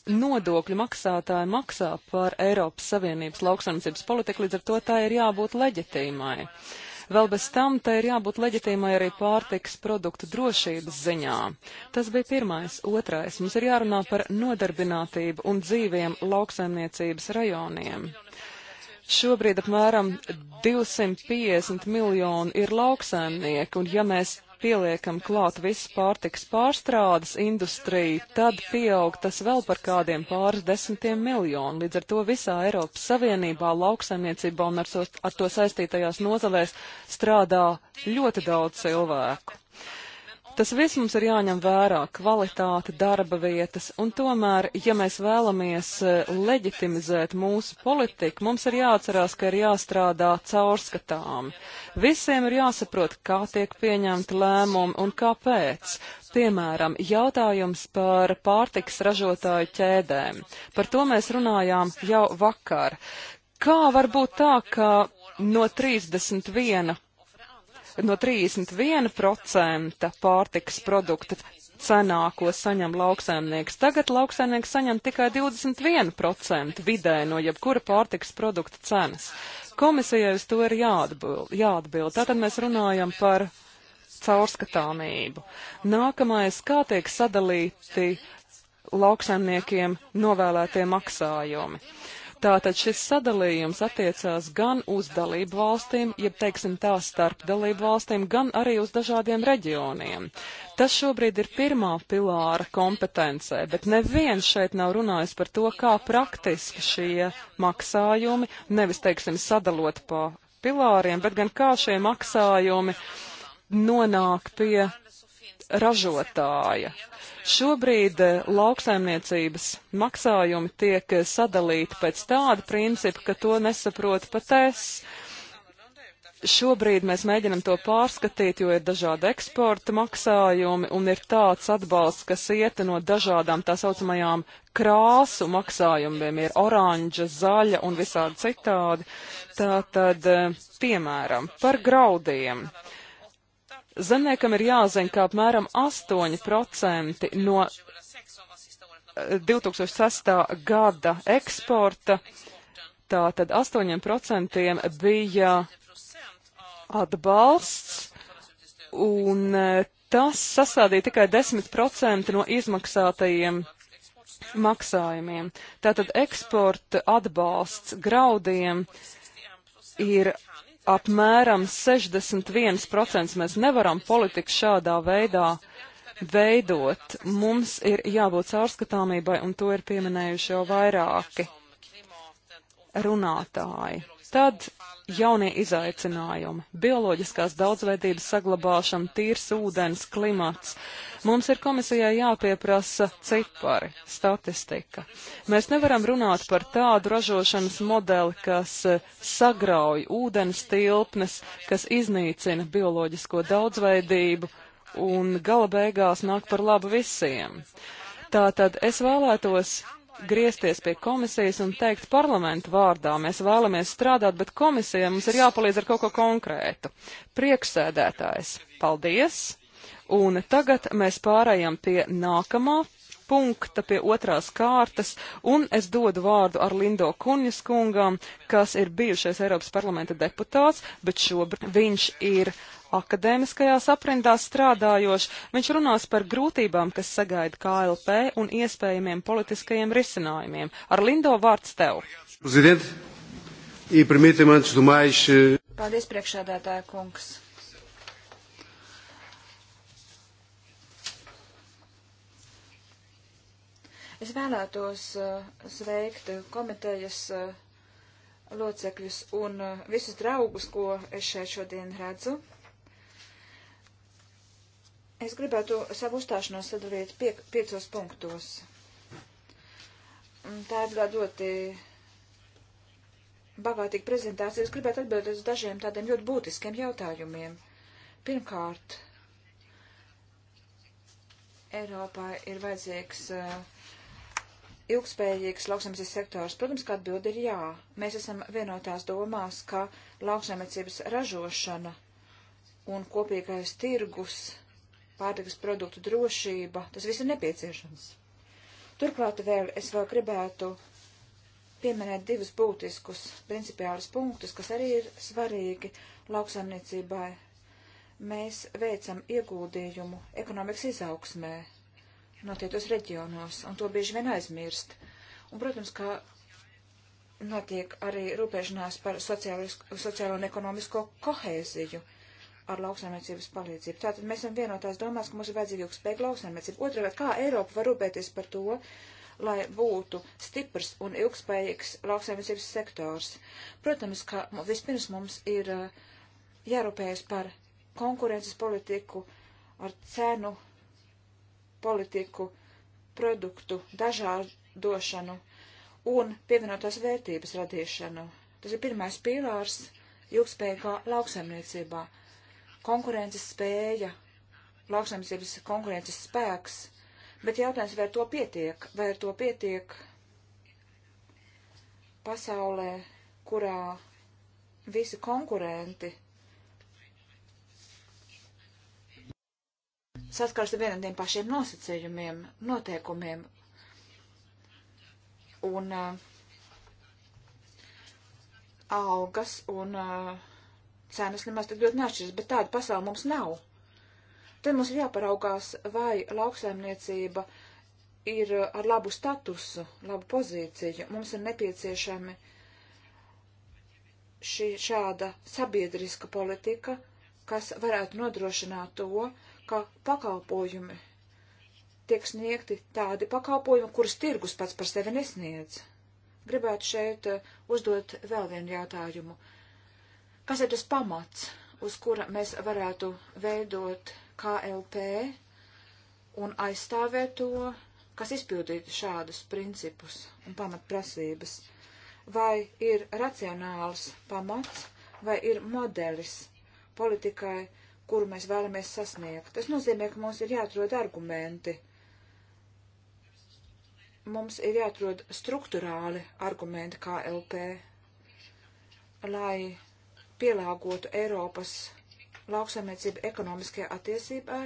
[SPEAKER 1] nodokļu maksātāji maksā par Eiropas Savienības lauksaimniecības politiku, līdz ar to tā ir jābūt leģitīmai. Vēl bez tam tai ir jābūt leģitīmai arī pārtiks produktu drošības ziņā. Tas bija pirmais. Otrais. Mums ir jārunā par nodarbinātību un dzīviem lauksaimniecības rajoniem. Šobrīd apmēram 250 miljoni ir lauksaimnieki, un ja mēs pieliekam klāt visu pārtiks pārstrādes industriju, tad pieaug tas vēl par kādiem pāris desmitiem miljonu. Līdz ar to visā Eiropas Savienībā, lauksaimniecībā un ar, so, ar to saistītajās nozalēs strādā ļoti daudz cilvēku. Tas viss mums ir jāņem vērā - kvalitāte, darba vietas, un tomēr, ja mēs vēlamies e, leģitimizēt mūsu politiku, mums ir jāatcerās, ka ir jāstrādā caurskatāmi. Visiem ir jāsaprot, kā tiek pieņemti lēmumi un kāpēc. Piemēram, jautājums par pārtiks ražotāju ķēdēm. Par to mēs runājām jau vakar. Kā var būt tā, ka no 31 no 31% pārtikas produkta cenā, ko saņem lauksaimnieks. Tagad lauksaimnieks saņem tikai 21% vidē no jebkura pārtikas produkta cenas. Komisijai uz to ir jāatbild. jāatbild. Tātad mēs runājam par caurskatāmību. Nākamais, kā tiek sadalīti lauksaimniekiem novēlētie maksājumi. Tātad šis sadalījums attiecās gan uz dalību valstīm, jeb teiksim tā starp dalību valstīm, gan arī uz dažādiem reģioniem. Tas šobrīd ir pirmā pilāra kompetencē, bet neviens šeit nav runājis par to, kā praktiski šie maksājumi, nevis, teiksim, sadalot pa pilāriem, bet gan kā šie maksājumi nonāk pie ražotāja. Šobrīd eh, lauksaimniecības maksājumi tiek eh, sadalīti pēc tāda principa, ka to nesaprot pat es. Šobrīd mēs mēģinam to pārskatīt, jo ir dažādi eksporta maksājumi un ir tāds atbalsts, kas iet no dažādām tā saucamajām krāsu maksājumiem, ir oranža, zaļa un visādi citādi. Tātad, eh, piemēram, par graudiem. Uh, Zemniekam ir jāzina, ka apmēram 8% no 2006. Eh, gada eksporta, tātad 8% bija atbalsts, un eh, tas sasādīja tikai 10% no izmaksātajiem maksājumiem. Tātad eksporta atbalsts graudiem ir apmēram 61% mēs nevaram politiku šādā veidā veidot. Mums ir jābūt caurskatāmībai, un to ir pieminējuši jau vairāki runātāji. Tad jaunie izaicinājumi - bioloģiskās daudzveidības saglabāšana, tīrs ūdens, klimats. Mums ir komisijai jāpieprasa cipari, statistika. Mēs nevaram runāt par tādu ražošanas modeli, kas eh, sagrauj ūdens tilpnes, kas iznīcina bioloģisko daudzveidību un gala beigās nāk par labu visiem. Tātad es vēlētos griezties pie komisijas un teikt parlamentu vārdā, mēs vēlamies strādāt, bet komisija mums ir jāpalīdz ar kaut ko konkrētu. Priekšsēdētājs, paldies! Un tagad mēs pārējām pie nākamā punkta pie otrās kārtas, un es dodu vārdu ar Lindo Kunjas kungam, kas ir bijušais Eiropas parlamenta deputāts, bet šobrīd viņš ir akadēmiskajās aprindās strādājošs, viņš runās par grūtībām, kas sagaida KLP un iespējamiem politiskajiem risinājumiem. Ar Lindo vārds tev.
[SPEAKER 2] Eh,
[SPEAKER 4] Paldies, priekšādātāja kungs. Es vēlētos uh, sveikt komitejas uh, locekļus un uh, visus draugus, ko es šeit šodien redzu. Es gribētu savu uzstāšanos sadalīt pie, piecos punktos. Tā ir ļoti bagātīga prezentācija. Es gribētu atbildēt uz dažiem tādiem ļoti būtiskiem jautājumiem. Pirmkārt, Eiropā ir vajadzīgs uh, ilgspējīgs lauksaimniecības sektors? Protams, ka atbildi ir jā. Mēs esam vienotās domās, ka lauksaimniecības ražošana un kopīgais tirgus pārtikas produktu drošība, tas viss ir nepieciešams. Turklāt vēl es vēl gribētu pieminēt divus būtiskus principiālus punktus, kas arī ir svarīgi lauksaimniecībai. Mēs veicam ieguldījumu ekonomikas izaugsmē notiektos reģionos, un to bieži vien aizmirst. Un, protams, kā notiek arī rūpēšanās par sociālo un ekonomisko kohēziju ar lauksaimniecības palīdzību. Tātad mēs esam vienotās domās, ka mums ir vajadzīga ilgspējīga lauksaimniecība. Otrakārt, kā Eiropa var rūpēties par to, lai būtu stiprs un ilgspējīgs lauksaimniecības sektors? Protams, ka vispirms mums ir eh, jārūpējas par konkurences politiku, ar cenu politiku, produktu dažādošanu un pievienotās vērtības radīšanu. Tas ir pirmais pīlārs ilgspējīgā lauksaimniecībā konkurences spēja, lauksaimniecības konkurences spēks, bet jautājums, vai ar to pietiek, vai ar to pietiek pasaulē, kurā visi konkurenti saskars ar vieniem tiem pašiem nosacījumiem, noteikumiem. Un uh, algas un uh, cenas nemaz tik ļoti nešķiras, bet tāda pasaule mums nav. Tad mums ir jāparaugās, vai lauksaimniecība ir ar labu statusu, labu pozīciju. Mums ir nepieciešami šī šāda sabiedriska politika, kas varētu nodrošināt to, ka pakalpojumi tiek sniegti tādi pakalpojumi, kurus tirgus pats par sevi nesniedz. Gribētu šeit eh, uzdot vēl vienu jautājumu. Kas ir tas pamats, uz kura mēs varētu veidot KLP un aizstāvēt to, kas izpildītu šādus principus un pamatprasības? Vai ir racionāls pamats, vai ir modelis politikai, kuru mēs vēlamies sasniegt? Tas nozīmē, ka mums ir jāatrod argumenti. Mums ir jāatrod struktūrāli argumenti KLP, lai pielāgotu Eiropas lauksaimniecību ekonomiskajai attiecībai,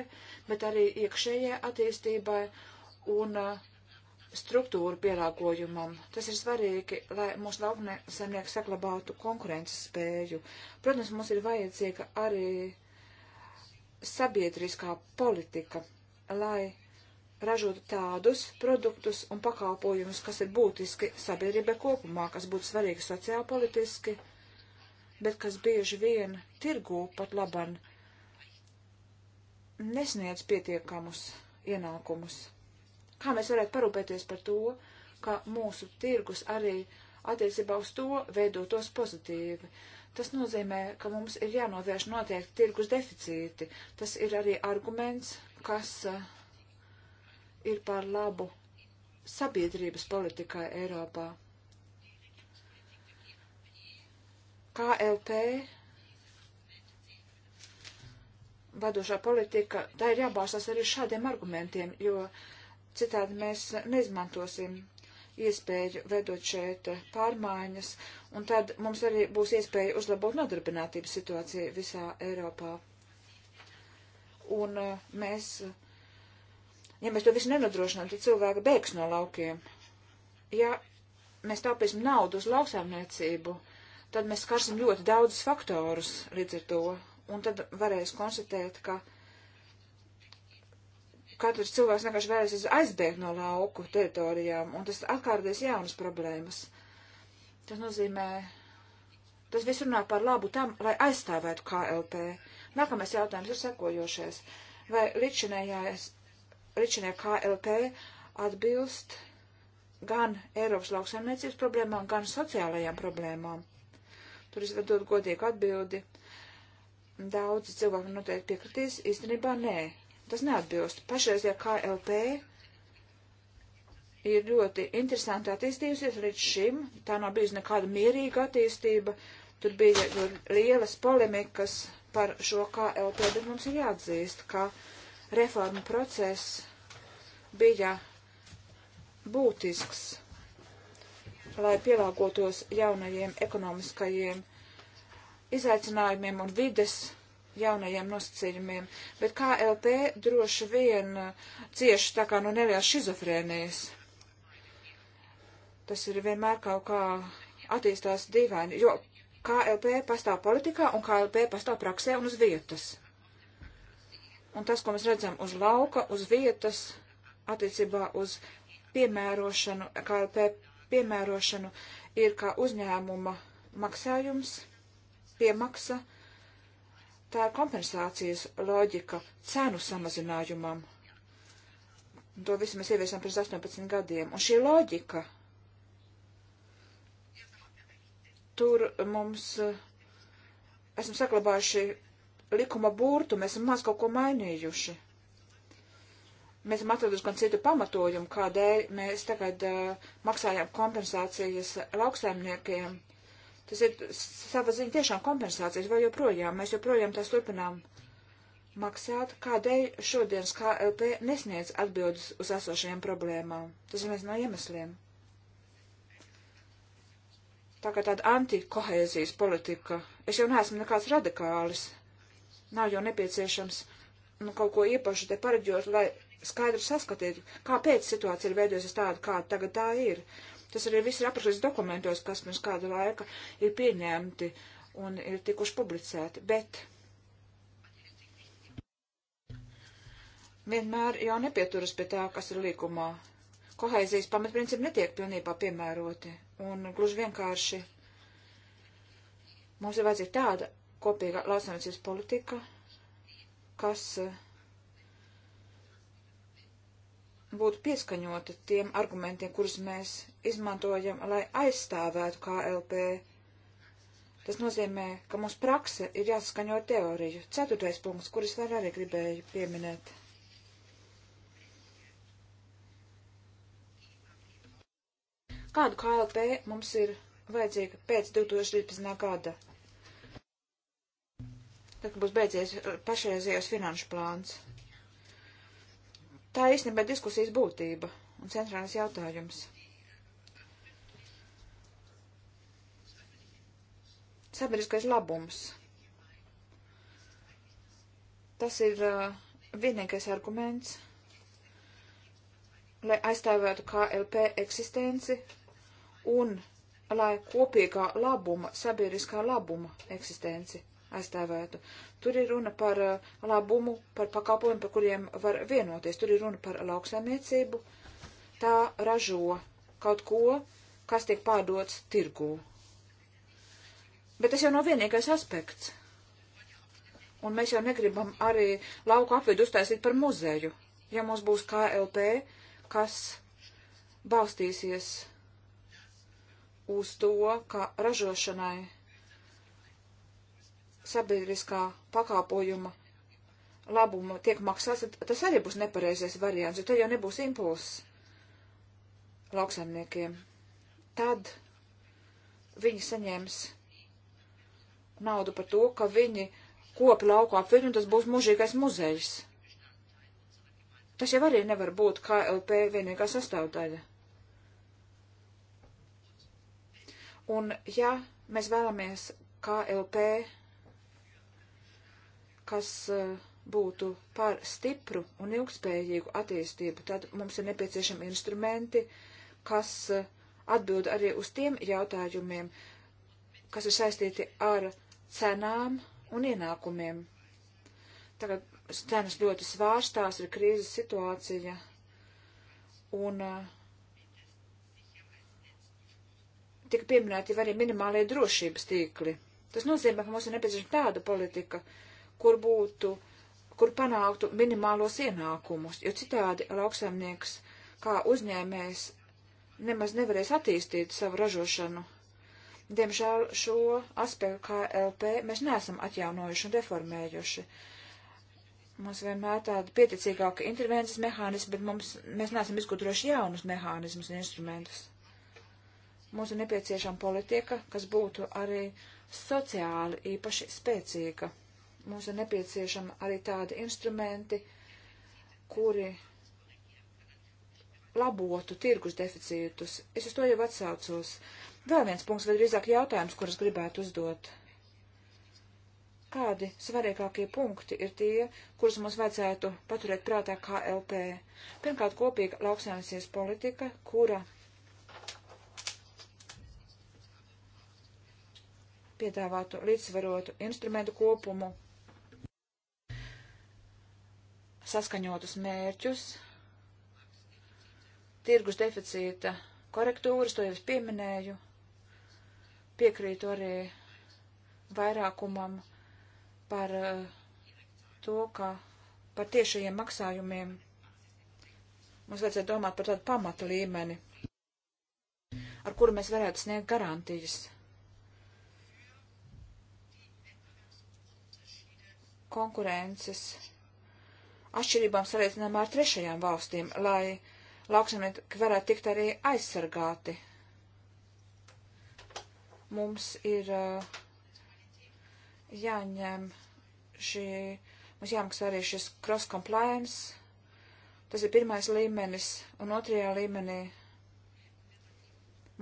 [SPEAKER 4] bet arī iekšējai attīstībai un uh, struktūru pielāgojumam. Tas ir svarīgi, lai mūsu lauksaimnieki saglabātu konkurences spēju. Protams, mums ir vajadzīga arī sabiedriskā politika, lai ražotu tādus produktus un pakalpojumus, kas ir būtiski sabiedrībai kopumā, kas būtu svarīgi sociālpolitiski. politiski bet kas bieži vien tirgū pat laban nesniedz pietiekamus ienākumus. Kā mēs varētu parūpēties par to, ka mūsu tirgus arī attiecībā uz to veidotos pozitīvi? Tas nozīmē, ka mums ir jānovērš noteikti tirgus deficīti. Tas ir arī arguments, kas eh, ir par labu sabiedrības politikai Eiropā. KLP vadošā politika, tā ir jābāsās arī šādiem argumentiem, jo citādi mēs neizmantosim iespēju veidot šeit pārmaiņas, un tad mums arī būs iespēja uzlabot nodarbinātības situāciju visā Eiropā. Un eh, mēs, ja mēs to visu nenodrošinām, tad cilvēki bēgs no laukiem. Ja mēs taupīsim naudu uz lauksaimniecību, uh, tad mēs skarsim ļoti daudzus faktorus līdz ar to, un tad varēs konstatēt, ka katrs cilvēks vienkārši vēlēsies aizbēgt no lauku teritorijām, un tas atkārtēs jaunas problēmas. Tas nozīmē, tas viss runā par labu tam, lai aizstāvētu KLP. Nākamais jautājums ir sekojošais. Vai ličinējā KLP atbilst gan Eiropas lauksaimniecības problēmām, gan sociālajām problēmām? Tur es varu dot godīgu atbildi. Daudzi cilvēki noteikti piekritīs, īstenībā nē. Tas neatbilst. Pašreizie KLP ir ļoti interesanti attīstījusies līdz šim. Tā nav bijusi nekāda mierīga attīstība. Tur bija lielas polemikas par šo KLP, bet mums ir jāatzīst, ka reforma process bija būtisks lai pielāgotos jaunajiem ekonomiskajiem izaicinājumiem un vides jaunajiem nosacījumiem, bet KLP droši vien uh, cieši tā kā no nelielas šizofrēnijas. Tas ir vienmēr kaut kā attīstās dīvaini, jo KLP pastāv politikā un KLP pastāv praksē un uz vietas. Un tas, ko mēs redzam uz lauka, uz vietas, attiecībā uz piemērošanu KLP piemērošanu ir kā uzņēmuma maksājums, piemaksa, tā ir kompensācijas loģika cenu samazinājumam. To visu mēs ieviesām pirms 18 gadiem. Un šī loģika tur mums esam saglabājuši likuma burtu, mēs esam maz kaut ko mainījuši. Mēs esam atraduši gan citu pamatojumu, kādēļ mēs tagad uh, maksājām kompensācijas lauksaimniekiem. Tas ir sava ziņa tiešām kompensācijas, vai joprojām, mēs joprojām tās turpinām maksāt, kādēļ šodienas KLP nesniedz atbildes uz esošajām problēmām. Tas ir viens no iemesliem. Tā kā tāda antikohēzijas politika. Es jau neesmu nekāds radikālis. Nav jau nepieciešams nu, kaut ko īpaši te pareģot, lai skaidri saskatīt, kāpēc situācija ir veidojusies tāda, kāda tagad tā ir. Tas arī viss ir aprakstīts dokumentos, kas pirms kāda laika ir pieņemti un ir tikuši publicēti. Bet vienmēr jau nepieturas pie tā, kas ir līkumā. Kohēzijas pamatprincipi netiek pilnībā piemēroti. Un gluži vienkārši mums ir vajadzīga tāda kopīga lauksaimniecības politika, kas uh, būtu pieskaņoti tiem argumentiem, kurus mēs izmantojam, lai aizstāvētu KLP. Tas nozīmē, ka mums prakse ir jāsaskaņo teoriju. Ceturtais punkts, kurus vēl arī gribēju pieminēt. Kādu KLP mums ir vajadzīga pēc 2013. gada? Tad, kad būs beidzies pašreizējais finanšu plāns. Tā īstenībā diskusijas būtība un centrālais jautājums. Sabiedriskais labums. Tas ir uh, vienīgais arguments, lai aizstāvētu KLP eksistenci un lai kopīgā labuma, sabiedriskā labuma eksistenci aizstāvētu. Tur ir runa par uh, labumu, par pakalpojumu, par kuriem var vienoties. Tur ir runa par lauksaimniecību. Tā ražo kaut ko, kas tiek pārdots tirgū. Bet tas jau nav vienīgais aspekts. Un mēs jau negribam arī lauku apvidu uztaisīt par muzeju. Ja mums būs KLP, kas balstīsies uz to, ka ražošanai sabiedriskā pakāpojuma labumu tiek maksāts, tas arī būs nepareizais variants, jo te jau nebūs impulss lauksaimniekiem. Tad viņi saņems naudu par to, ka viņi kopi lauku ap viņu, un tas būs mūžīgais muzejs. Tas jau arī nevar būt KLP vienīgā sastāvdaļa. Un ja mēs vēlamies KLP kas eh, būtu par stipru un ilgspējīgu attīstību, tad mums ir nepieciešami instrumenti, kas eh, atbild arī uz tiem jautājumiem, kas ir saistīti ar cenām un ienākumiem. Tagad cenas ļoti svārstās, ir krīzes situācija, un eh, tika pieminēti arī minimālie drošības tīkli. Tas nozīmē, ka mums ir nepieciešama tāda politika, uh, kur būtu, kur panāktu minimālos ienākumus, jo citādi lauksaimnieks kā uzņēmējs nemaz nevarēs attīstīt savu ražošanu. Diemžēl šo aspektu KLP mēs neesam atjaunojuši un reformējuši. Mums vienmēr tāda pieticīgāka intervences mehānismi, bet mums, mēs neesam izgudrojuši jaunus mehānismus un instrumentus. Mums ir nepieciešama politika, kas būtu arī sociāli īpaši spēcīga. Mums ir nepieciešama arī tādi instrumenti, kuri labotu tirgus deficītus. Es uz to jau atsaucos. Vēl viens punkts, vai drīzāk jautājums, kurus gribētu uzdot. Kādi svarīgākie punkti ir tie, kurus mums vajadzētu paturēt prātā KLP? Pirmkārt, kopīga lauksainicijas politika, kura piedāvātu līdzsvarotu instrumentu kopumu saskaņotus mērķus, tirgus deficīta korektūras, to jau es pieminēju, piekrītu arī vairākumam par eh, to, ka par tiešajiem maksājumiem mums vajadzētu domāt par tādu pamata līmeni, ar kuru mēs varētu sniegt garantijas. konkurences atšķirībām salīdzinājumā ar trešajām valstīm, lai lauksamnieki varētu tikt arī aizsargāti. Mums ir jāņem šī, mums jāmaksā arī šis cross compliance. Tas ir pirmais līmenis, un otrajā līmenī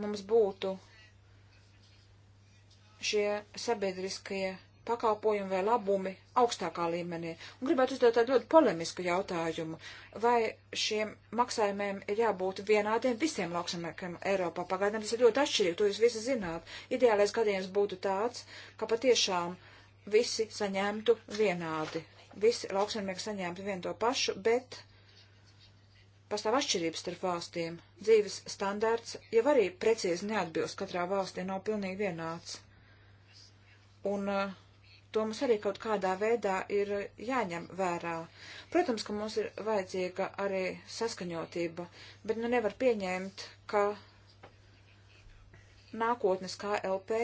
[SPEAKER 4] mums būtu šie sabiedriskie pakalpojumi vai labumi augstākā līmenī. Un gribētu uzdot tādu ļoti polemisku jautājumu, vai šiem maksājumiem ir jābūt vienādiem visiem lauksamniekiem Eiropā. Pagaidām tas ir ļoti atšķirīgi, to jūs visi zināt. Ideālais gadījums būtu tāds, ka patiešām visi saņemtu vienādi. Visi lauksamnieki saņemtu vienu to pašu, bet pastāv atšķirības starp valstīm. Dzīves standārts jau arī precīzi neatbilst katrā valstī, nav pilnīgi vienāds. Un uh, to mums arī kaut kādā veidā ir jāņem vērā. Protams, ka mums ir vajadzīga arī saskaņotība, bet nu nevar pieņemt, ka nākotnes KLP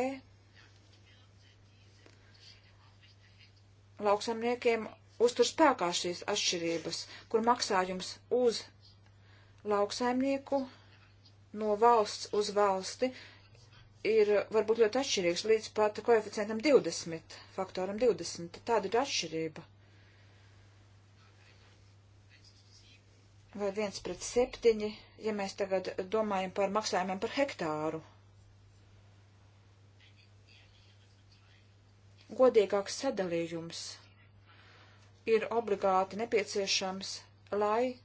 [SPEAKER 4] lauksamniekiem uztur spēkā šīs atšķirības, kur maksājums uz lauksaimnieku no valsts uz valsti ir varbūt ļoti atšķirīgs līdz pat koeficientam 20, faktoram 20. Tāda ir atšķirība. Vai viens pret septiņi, ja mēs tagad domājam par maksājumiem par hektāru. Godīgāks sadalījums ir obligāti nepieciešams, lai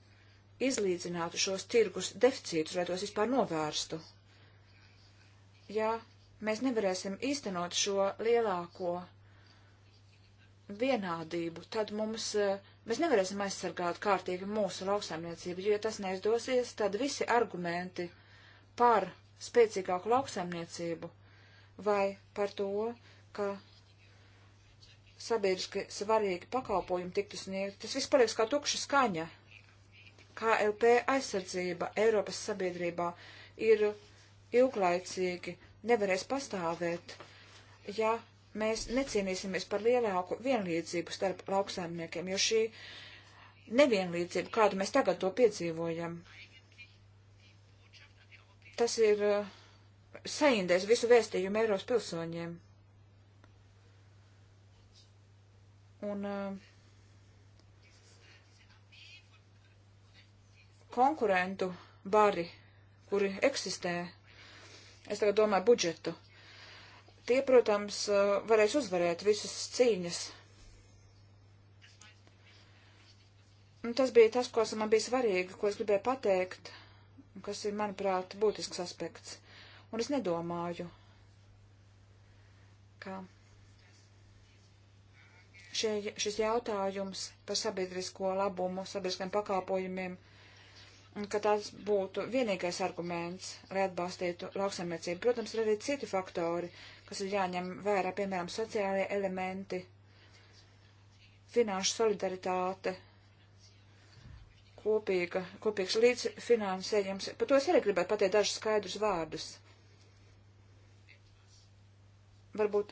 [SPEAKER 4] izlīdzinātu šos tirgus deficītus, lai tos vispār novērstu ja mēs nevarēsim īstenot šo lielāko vienādību, tad mums, eh, mēs nevarēsim aizsargāt kārtīgi mūsu lauksaimniecību, jo, ja tas neizdosies, tad visi argumenti par spēcīgāku lauksaimniecību vai par to, ka sabiedriski svarīgi pakalpojumi tiktu sniegti, tas viss paliks kā tukša skaņa. KLP aizsardzība Eiropas sabiedrībā ir ilglaicīgi nevarēs pastāvēt, ja mēs necīnīsimies par lielāku vienlīdzību starp lauksaimniekiem, jo šī nevienlīdzība, kādu mēs tagad to piedzīvojam, tas ir eh, saindēs visu vēstījumu Eiros pilsoņiem. Un eh, konkurentu bari, kuri eksistē Es tagad domāju budžetu. Tie, protams, varēs uzvarēt visas cīņas. Un tas bija tas, kas man bija svarīgi, ko es gribēju pateikt, kas ir, manuprāt, būtisks aspekts. Un es nedomāju, ka šie, šis jautājums par sabiedrisko labumu, sabiedriskiem pakāpojumiem ka tas būtu vienīgais arguments, lai atbalstītu lauksaimniecību. Protams, ir arī citi faktori, kas ir jāņem vērā, piemēram, sociālie elementi, finanšu solidaritāte, kopīga, kopīgs līdzfinansējums. Par to es arī gribētu pateikt dažus skaidrus vārdus. Varbūt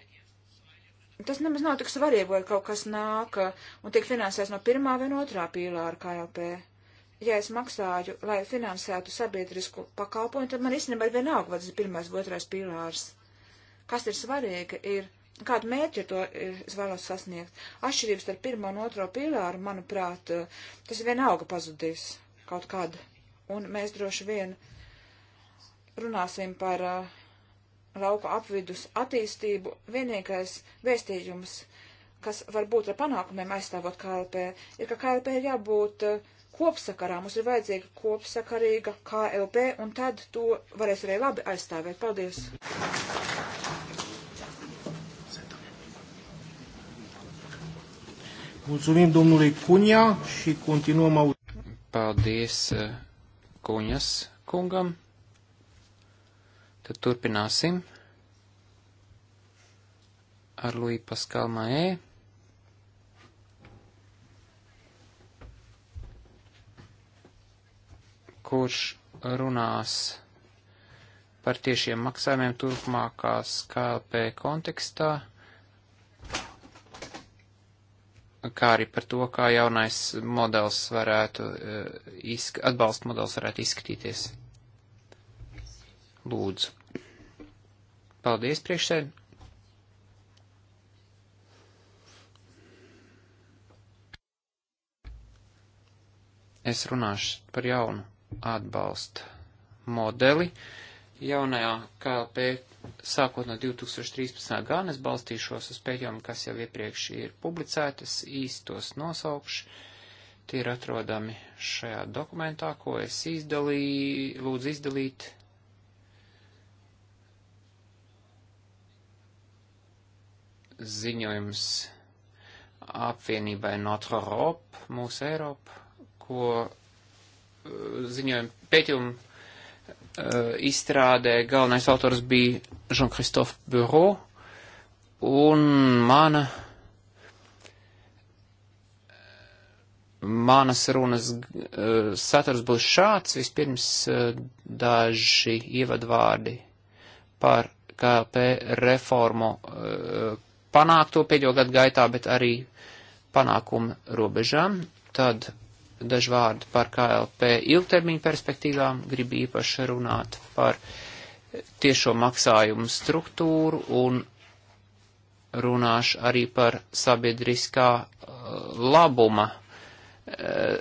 [SPEAKER 4] tas nemaz nav tik svarīgi, vai kaut kas nāk un tiek finansēts no pirmā vai no otrā pīlāra KLP ja es maksāju, lai finansētu sabiedrisku pakalpojumu, tad man īstenībā ir vienalga, vai tas ir pirmais vai otrais pīlārs. Kas ir svarīgi, ir, kādu mērķi to es vēlos sasniegt. Atšķirības starp pirmo un otro pīlāru, manuprāt, tas ir vienalga pazudīs kaut kad. Un mēs droši vien runāsim par uh, lauka apvidus attīstību. Vienīgais vēstījums, kas var būt ar panākumiem aizstāvot KLP, ir, ka KLP ir jābūt uh, kopsakarā. Mums ir vajadzīga kopsakarīga KLP, un tad to varēs arī labi aizstāvēt. Paldies!
[SPEAKER 2] Mulțumim domnului Cunia și continuăm au...
[SPEAKER 3] Paldies eh, Cunias kungam. Tad turpināsim ar Lui Pascal Mae. kurš runās par tiešiem maksājumiem turpmākās KLP kontekstā, kā arī par to, kā jaunais modelis varētu, eh, atbalsta modelis varētu izskatīties. Lūdzu. Paldies priekšsēd. Es runāšu par jaunu atbalsta modeli. Jaunajā KLP sākot no 2013. gada es balstīšos uz pētījumiem, kas jau iepriekš ir publicētas, īstos nosaukšu. Tie ir atrodami šajā dokumentā, ko es izdalīju, lūdzu izdalīt. Ziņojums apvienībai Notre Europe, mūsu Eiropa, ko ziņojuma pētījumu uh, izstrādē galvenais autors bija Jean-Christophe Bureau, un mana, manas runas uh, saturs būs šāds, vispirms uh, daži ievadvārdi par KLP reformu panākto pēdējo gadu gaitā, bet arī panākumu robežām, tad daži vārdi par KLP ilgtermiņu perspektīvām, gribu īpaši runāt par tiešo maksājumu struktūru un runāšu arī par sabiedriskā uh, labuma uh,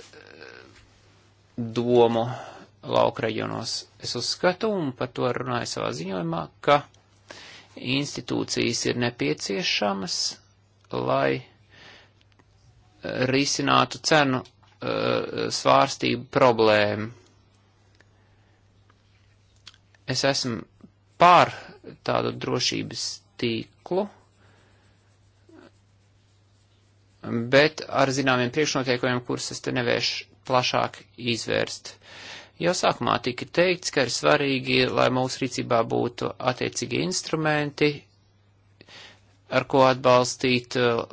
[SPEAKER 3] domu laukreģionos. Es uzskatu, un par to runāju savā ziņojumā, ka institūcijas ir nepieciešamas, lai risinātu cenu Uh, svārstību problēmu. Es esmu pār tādu drošības tīklu, bet ar zināmiem priekšnoteikumiem, kurus es te nevēršu plašāk izvērst. Jau sākumā tika teikts, ka ir svarīgi, lai mūsu rīcībā būtu attiecīgi instrumenti, ar ko atbalstīt uh,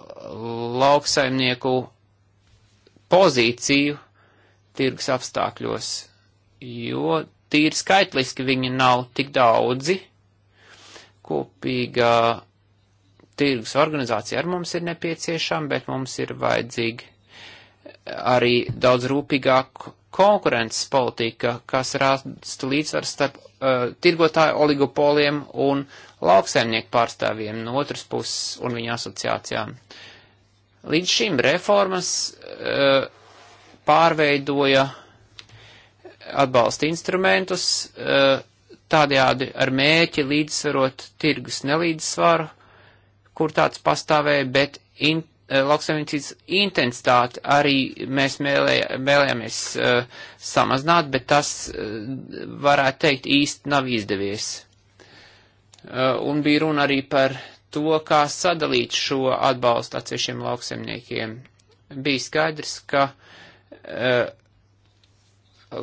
[SPEAKER 3] lauksaimnieku pozīciju tirgus apstākļos, jo tīri skaitliski viņi nav tik daudzi. Kopīga tirgus organizācija ar mums ir nepieciešama, bet mums ir vajadzīga arī daudz rūpīgāka konkurences politika, kas rastu līdzsvaru starp uh, tirgotāju oligopoliem un lauksaimnieku pārstāvjiem no otras puses un viņa asociācijām. Uh, Līdz šim reformas uh, pārveidoja atbalsta instrumentus uh, tādējādi ar mēķi līdzsvarot tirgus nelīdzsvaru, kur tāds pastāvēja, bet in, eh, lauksaimniecības intensitāti arī mēs mēlēja, mēlējāmies uh, samazināt, bet tas, uh, varētu teikt, īsti nav izdevies. Uh, un bija runa arī par to, kā sadalīt šo atbalstu atsevišķiem lauksemniekiem. Bija skaidrs, ka uh,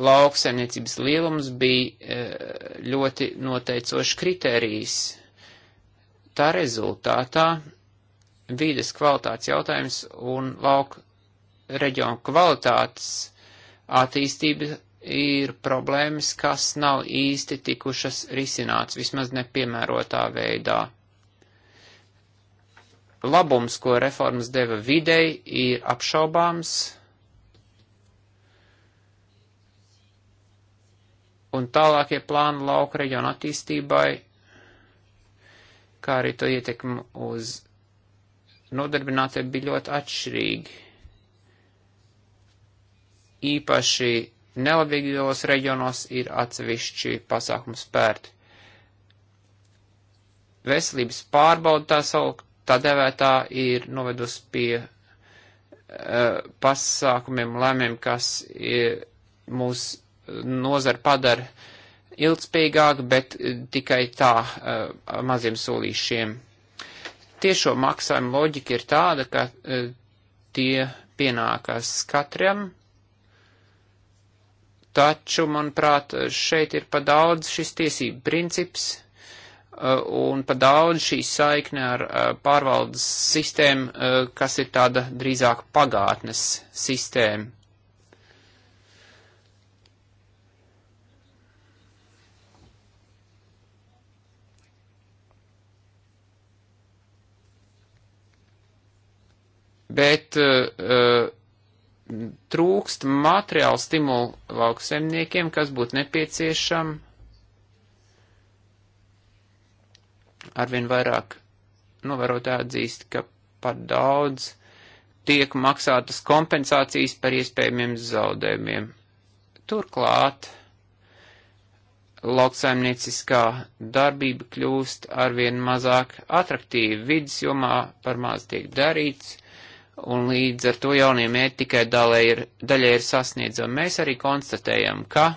[SPEAKER 3] lauksemniecības lielums bija uh, ļoti noteicošs kritērijs. Tā rezultātā vīdes kvalitātes jautājums un lauku reģionu kvalitātes attīstība ir problēmas, kas nav īsti tikušas risināts, vismaz nepiemērotā veidā labums, ko reformas deva videi, ir apšaubāms. Un tālākie plāni lauka reģiona attīstībai, kā arī to ietekmu uz nodarbinātie bija ļoti atšķirīgi. Īpaši nelabīgajos reģionos ir atsevišķi pasākumu spērti. Veselības pārbauda tā saukt tā devētā ir novedus pie uh, pasākumiem, lēmiem, kas uh, mūs nozar padara ilgspējīgāk, bet tikai tā e, maziem solīšiem. Tiešo maksājumu loģika ir tāda, ka e, tie pienākas katram, taču, manuprāt, šeit ir pa daudz šis tiesību princips Eh, un pa daudz šī saikne ar eh, pārvaldes sistēmu, eh, kas ir tāda drīzāk pagātnes sistēma. Bet uh, trūkst materiālu stimulu lauksemniekiem, kas būtu nepieciešama arvien vairāk novērotāji atzīst, ka par daudz tiek maksātas kompensācijas par iespējamiem zaudējumiem. Turklāt lauksaimnieciskā darbība kļūst arvien mazāk atraktīva, vidas jomā par maz tiek darīts, un līdz ar to jaunie mērķi tikai daļai ir, daļai ir sasniedzami. Mēs arī konstatējam, ka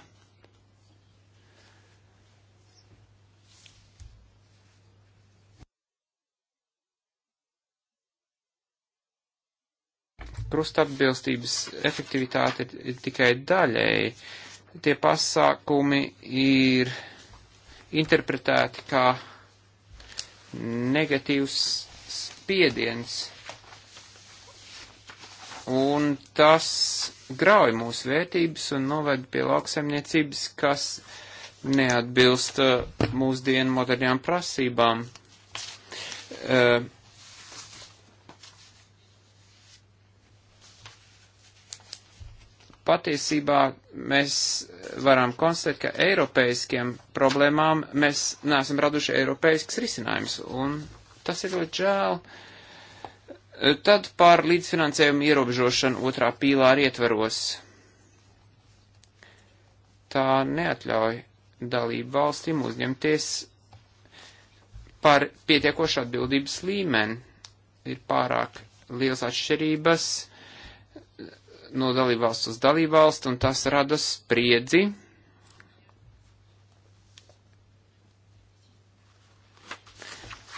[SPEAKER 3] krustapbilstības efektivitāte ir tikai daļēji. Tie pasākumi ir interpretēti kā negatīvs spiediens, un tas grauj mūsu vērtības un noved pie lauksaimniecības, kas neatbilst uh, mūsdienu modernām prasībām. Uh, Patiesībā mēs varam konstatēt, ka eiropeiskiem problēmām mēs neesam raduši eiropeisks risinājums, un tas ir ļoti žēl. Tad par līdzfinansējumu ierobežošanu otrā pīlāra ietveros. Tā neatļauj dalību valstīm uzņemties par pietiekošu atbildības līmeni. Ir pārāk liels atšķirības no dalībvalsts uz dalībvalstu, un tas rada spriedzi.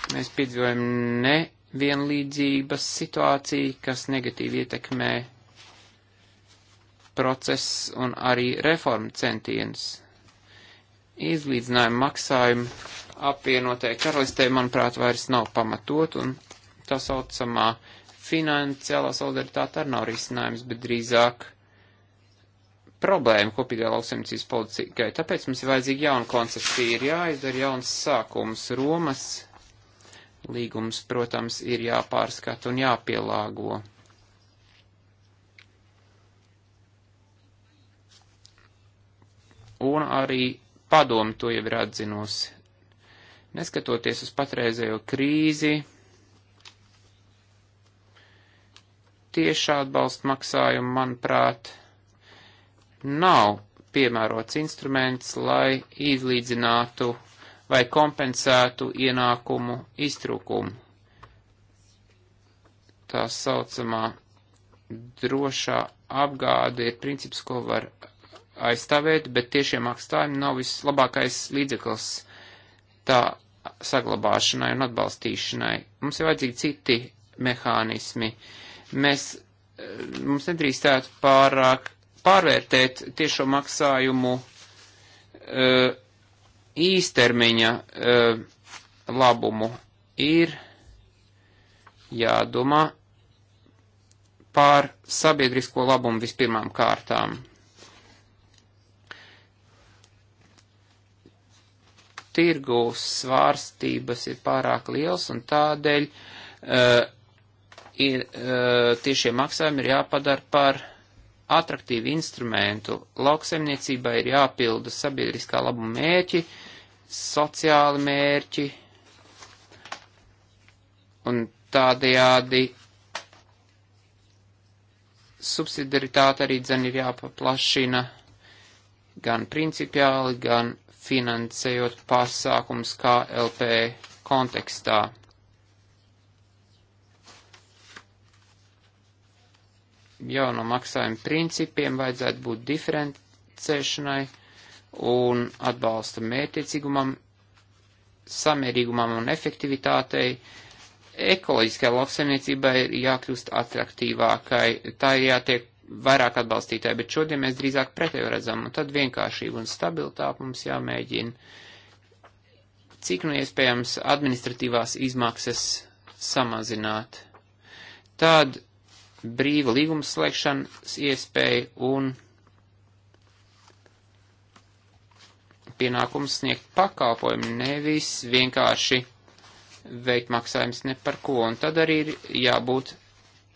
[SPEAKER 3] Mēs piedzīvojam nevienlīdzības situāciju, kas negatīvi ietekmē procesus un arī reformu centienus. Izlīdzinājumu maksājumu apvienotai karalistē, manuprāt, vairs nav pamatot, un tā saucamā uh, Finansiālā solidaritāte arī nav risinājums, bet drīzāk problēma kopīgā lauksemcības politikai. Tāpēc mums ir vajadzīga jauna koncepcija, ir jāizdara jauns sākums. Romas līgums, protams, ir jāpārskata un jāpielāgo. Un arī padomu to jau ir atzinusi. Neskatoties uz patreizējo krīzi, tiešā atbalsta maksājuma, manuprāt, nav piemērots instruments, lai izlīdzinātu vai kompensētu ienākumu iztrūkumu. Tā saucamā drošā apgāde ir princips, ko var aizstāvēt, bet tiešie maksājumi nav vislabākais līdzeklis tā saglabāšanai un atbalstīšanai. Mums ir vajadzīgi citi mehānismi. Uh, Mēs, eh, mums nedrīkstētu pārāk pārvērtēt tiešo maksājumu eh, īstermiņa eh, labumu. Ir jādomā pār sabiedrisko labumu vispirmām kārtām. Tirgus svārstības ir pārāk liels un tādēļ uh, ir eh, tiešie maksājumi ir jāpadara par atraktīvu instrumentu. Lauksaimniecībai ir jāpilda sabiedriskā labuma mērķi, sociāli mērķi, un tādējādi subsidiaritāte arī dzen ir jāpaplašina gan principiāli, gan finansējot pasākums KLP kontekstā. jauno maksājumu principiem vajadzētu būt diferencēšanai un atbalsta mērķiecīgumam, samērīgumam un efektivitātei. Ekoloģiskai lauksaimniecībai ir jākļūst attraktīvākai, tā ir jātiek vairāk atbalstītāji, bet šodien mēs drīzāk pretēju redzam, un tad vienkāršība un stabilitāte mums jāmēģina, cik nu iespējams administratīvās izmaksas samazināt. Tad brīva līguma slēgšanas iespēja un pienākums sniegt pakalpojumu, nevis vienkārši veikt maksājums ne par ko. Un tad arī ir jābūt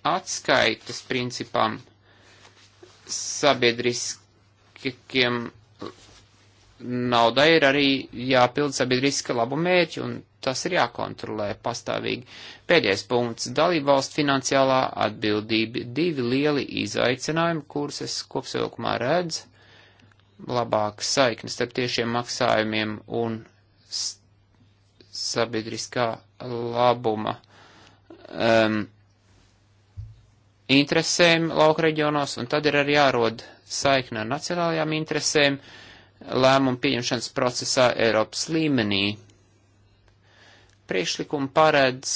[SPEAKER 3] atskaitas principam sabiedriskiem naudai ir arī jāpild sabiedriska labu mērķi, un tas ir jākontrolē pastāvīgi. Pēdējais punkts - dalībvalsts finansiālā atbildība. Divi lieli izaicinājumi, kurus es kopsavilkumā redzu - labāka saikne starp tiešiem maksājumiem un sabiedriskā labuma um, interesēm lauka reģionos, un tad ir arī jārod saikne ar nacionālajām interesēm lēmumu pieņemšanas procesā Eiropas līmenī priekšlikuma paredz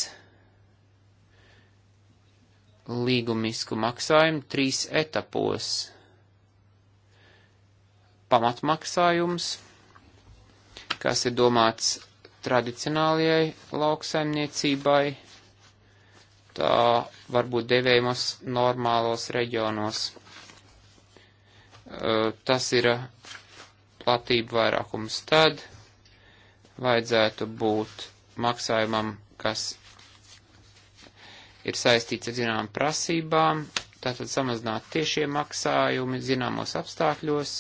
[SPEAKER 3] līgumisku maksājumu trīs etapos. Pamatmaksājums, kas ir domāts tradicionālajai lauksaimniecībai, tā varbūt devējumos normālos reģionos. Tas ir platība vairākums tad, vajadzētu būt maksājumam, kas ir saistīts ar zināmām prasībām, tātad samazināt tiešie maksājumi zināmos apstākļos,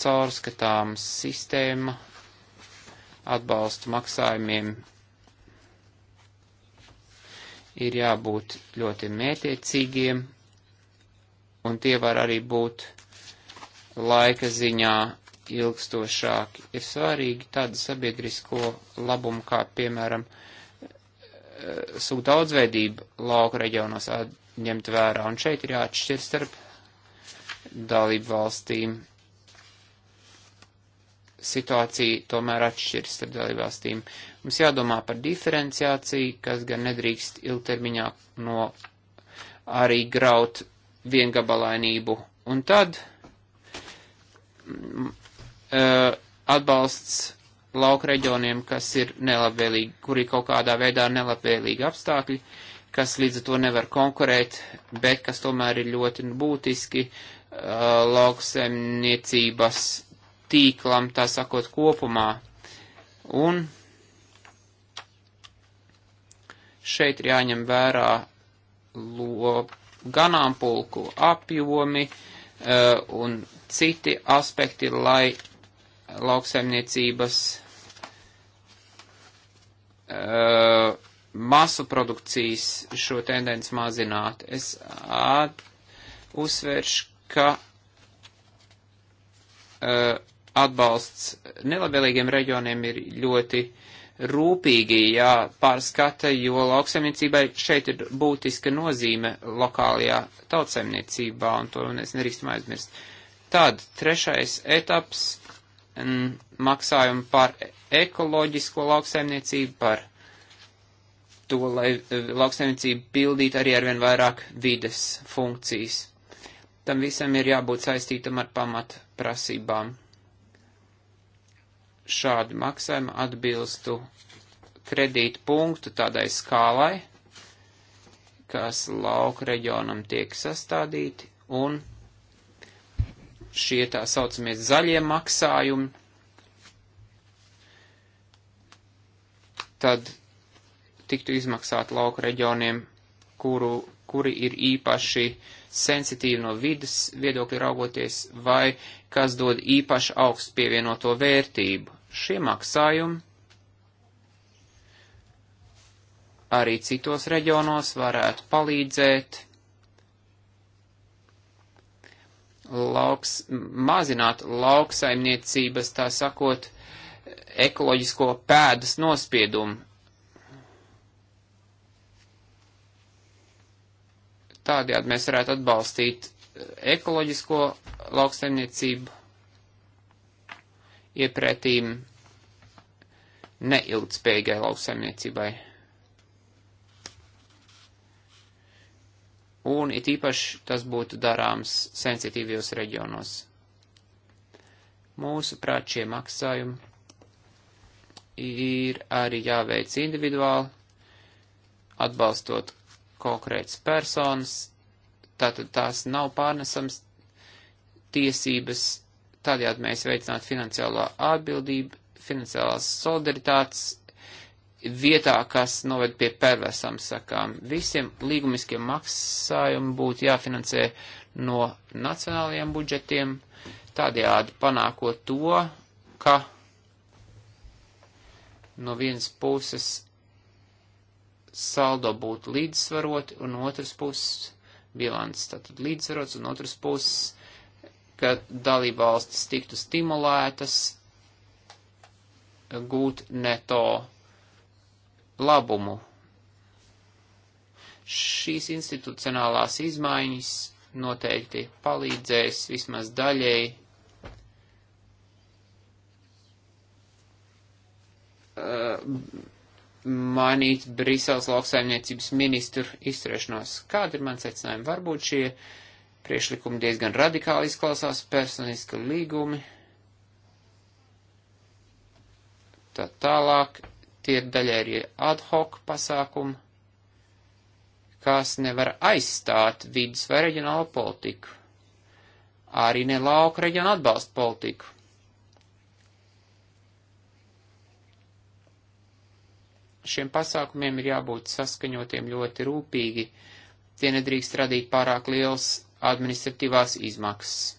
[SPEAKER 3] caurskatāms sistēma atbalstu maksājumiem ir jābūt ļoti mētiecīgiem, un tie var arī būt laika ziņā ilgstošāki. Ir svarīgi tāda sabiedrisko labumu, kā piemēram eh, sūta daudzveidība lauka reģionos ņemt vērā, un šeit ir jāatšķir starp dalību valstīm. Situācija tomēr atšķiras starp dalību valstīm. Mums jādomā par diferenciāciju, kas gan nedrīkst ilgtermiņā no arī graut viengabalainību. Un tad mm, Uh, atbalsts lauka reģioniem, kas ir nelabvēlīgi, kuri kaut kādā veidā ir nelabvēlīgi apstākļi, kas līdz ar to nevar konkurēt, bet kas tomēr ir ļoti būtiski uh, lauksaimniecības tīklam, tā sakot, kopumā. Un šeit ir jāņem vērā lo, ganāmpulku apjomi uh, un citi aspekti, lai lauksaimniecības uh, masu produkcijas šo tendenci mazināt. Es at, uzsveršu, ka uh, atbalsts nelabvēlīgiem reģioniem ir ļoti rūpīgi jāpārskata, jo lauksaimniecībai šeit ir būtiska nozīme lokālajā tautsaimniecībā, un to mēs nerīkstam aizmirst. Tad trešais etaps maksājumu par ekoloģisko lauksaimniecību, par to, lai e, lauksaimniecība pildītu arī arvien vairāk vides funkcijas. Tam visam ir jābūt saistītam ar pamat prasībām. Šādi maksājumi atbilstu kredītu punktu tādai skālai, kas lauka reģionam tiek sastādīti, un šie tā saucamie zaļie maksājumi, tad tiktu izmaksāt lauku reģioniem, kuru, kuri ir īpaši sensitīvi no vidas viedokļa raugoties, vai kas dod īpaši augstu pievienoto vērtību. Šie maksājumi arī citos reģionos varētu palīdzēt lauks, mazināt lauksaimniecības, tā sakot, ekoloģisko pēdas nospiedumu. Tādējādi mēs varētu atbalstīt ekoloģisko lauksaimniecību iepretīm neilgtspējīgai lauksaimniecībai. un it īpaši tas būtu darāms sensitīvajos reģionos. Mūsu prāt šie maksājumi ir arī jāveic individuāli, atbalstot konkrētas personas, tātad tās nav pārnesams tiesības, tādējādi mēs veicinātu finansiālā atbildību, finansiālās solidaritātes vietā, kas noved pie perversām sakām. Visiem līgumiskiem maksājumiem būtu jāfinansē no nacionālajiem budžetiem, tādējādi panākot to, ka no vienas puses saldo būtu līdzsvaroti, un otras puses bilants tātad līdzsvarots, un otras puses, ka dalībvalstis tiktu stimulētas gūt neto labumu. Šīs institucionālās izmaiņas noteikti palīdzēs vismaz daļēji eh, mainīt Brīseles lauksaimniecības ministru izturēšanos. Kāda ir mans secinājuma? Varbūt šie priešlikumi diezgan radikāli izklausās, personiski līgumi. Tā tālāk tie ir daļai arī ad hoc pasākumi, kas nevar aizstāt vidas vai reģionālo politiku, arī ne lauka reģionu atbalstu politiku. Šiem pasākumiem ir jābūt saskaņotiem ļoti rūpīgi, tie nedrīkst radīt pārāk liels administratīvās izmaksas.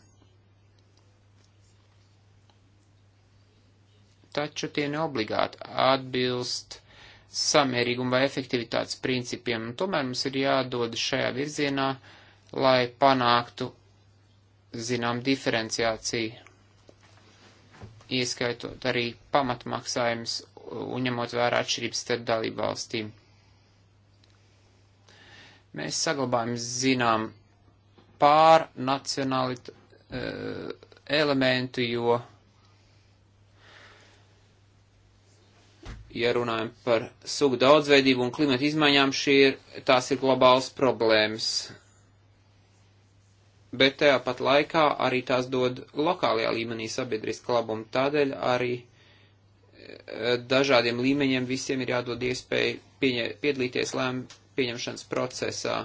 [SPEAKER 3] taču tie neobligāti atbilst samērīguma vai efektivitātes principiem, un tomēr mums ir jādod šajā virzienā, lai panāktu, zinām, diferenciāciju, ieskaitot arī pamatmaksājumus un ņemot vērā atšķirības starp dalību valstīm. Mēs saglabājam, zinām, pārnacionalitāti eh, elementu, jo ja runājam par sugu daudzveidību un klimata izmaiņām, ir, tās ir globālas problēmas. Bet tajā pat laikā arī tās dod lokālajā līmenī sabiedrisku labumu. Tādēļ arī e, dažādiem līmeņiem visiem ir jādod iespēja pieņa, piedalīties lēmumu pieņemšanas procesā.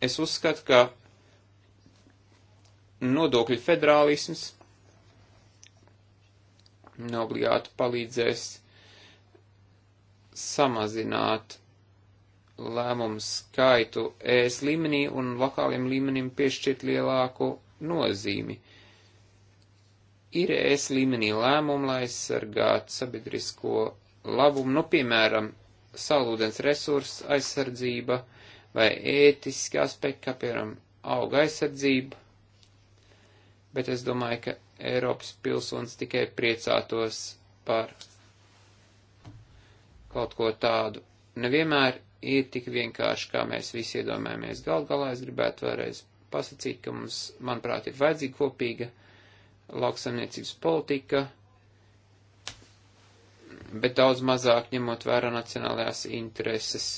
[SPEAKER 3] Es uzskatu, ka nodokļu federālisms neobligāti palīdzēs samazināt lēmumu skaitu ES līmenī un lokāliem līmenim piešķirt lielāku nozīmi. Ir ES līmenī lēmumu, lai aizsargātu sabiedrisko labumu, nu, piemēram, salūdens resursu aizsardzība vai ētiski aspekti, kā, piemēram, auga aizsardzība, bet es domāju, ka Eiropas pilsonis tikai priecātos par kaut ko tādu. Nevienmēr ir tik vienkārši, kā mēs visi iedomājamies. Gal galā es gribētu vēlreiz pasakīt, ka mums, manuprāt, ir vajadzīga kopīga lauksaimniecības politika, bet daudz mazāk ņemot vērā nacionālajās intereses.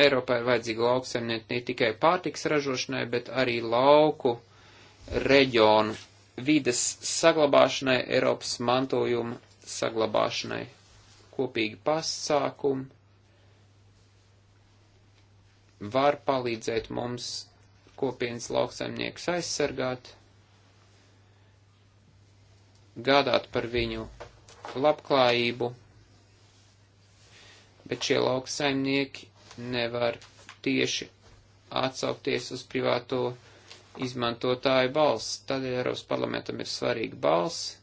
[SPEAKER 3] Eiropai ir vajadzīga lauksaimnieka ne tikai pārtiks ražošanai, bet arī lauku reģionu vides saglabāšanai, Eiropas mantojuma saglabāšanai, kopīgi pasākumi var palīdzēt mums kopienas lauksaimniekus aizsargāt, gādāt par viņu labklājību, bet šie lauksaimnieki nevar tieši atsaukties uz privāto izmantotāju balss. Tādēļ Eiropas parlamentam ir svarīga balss,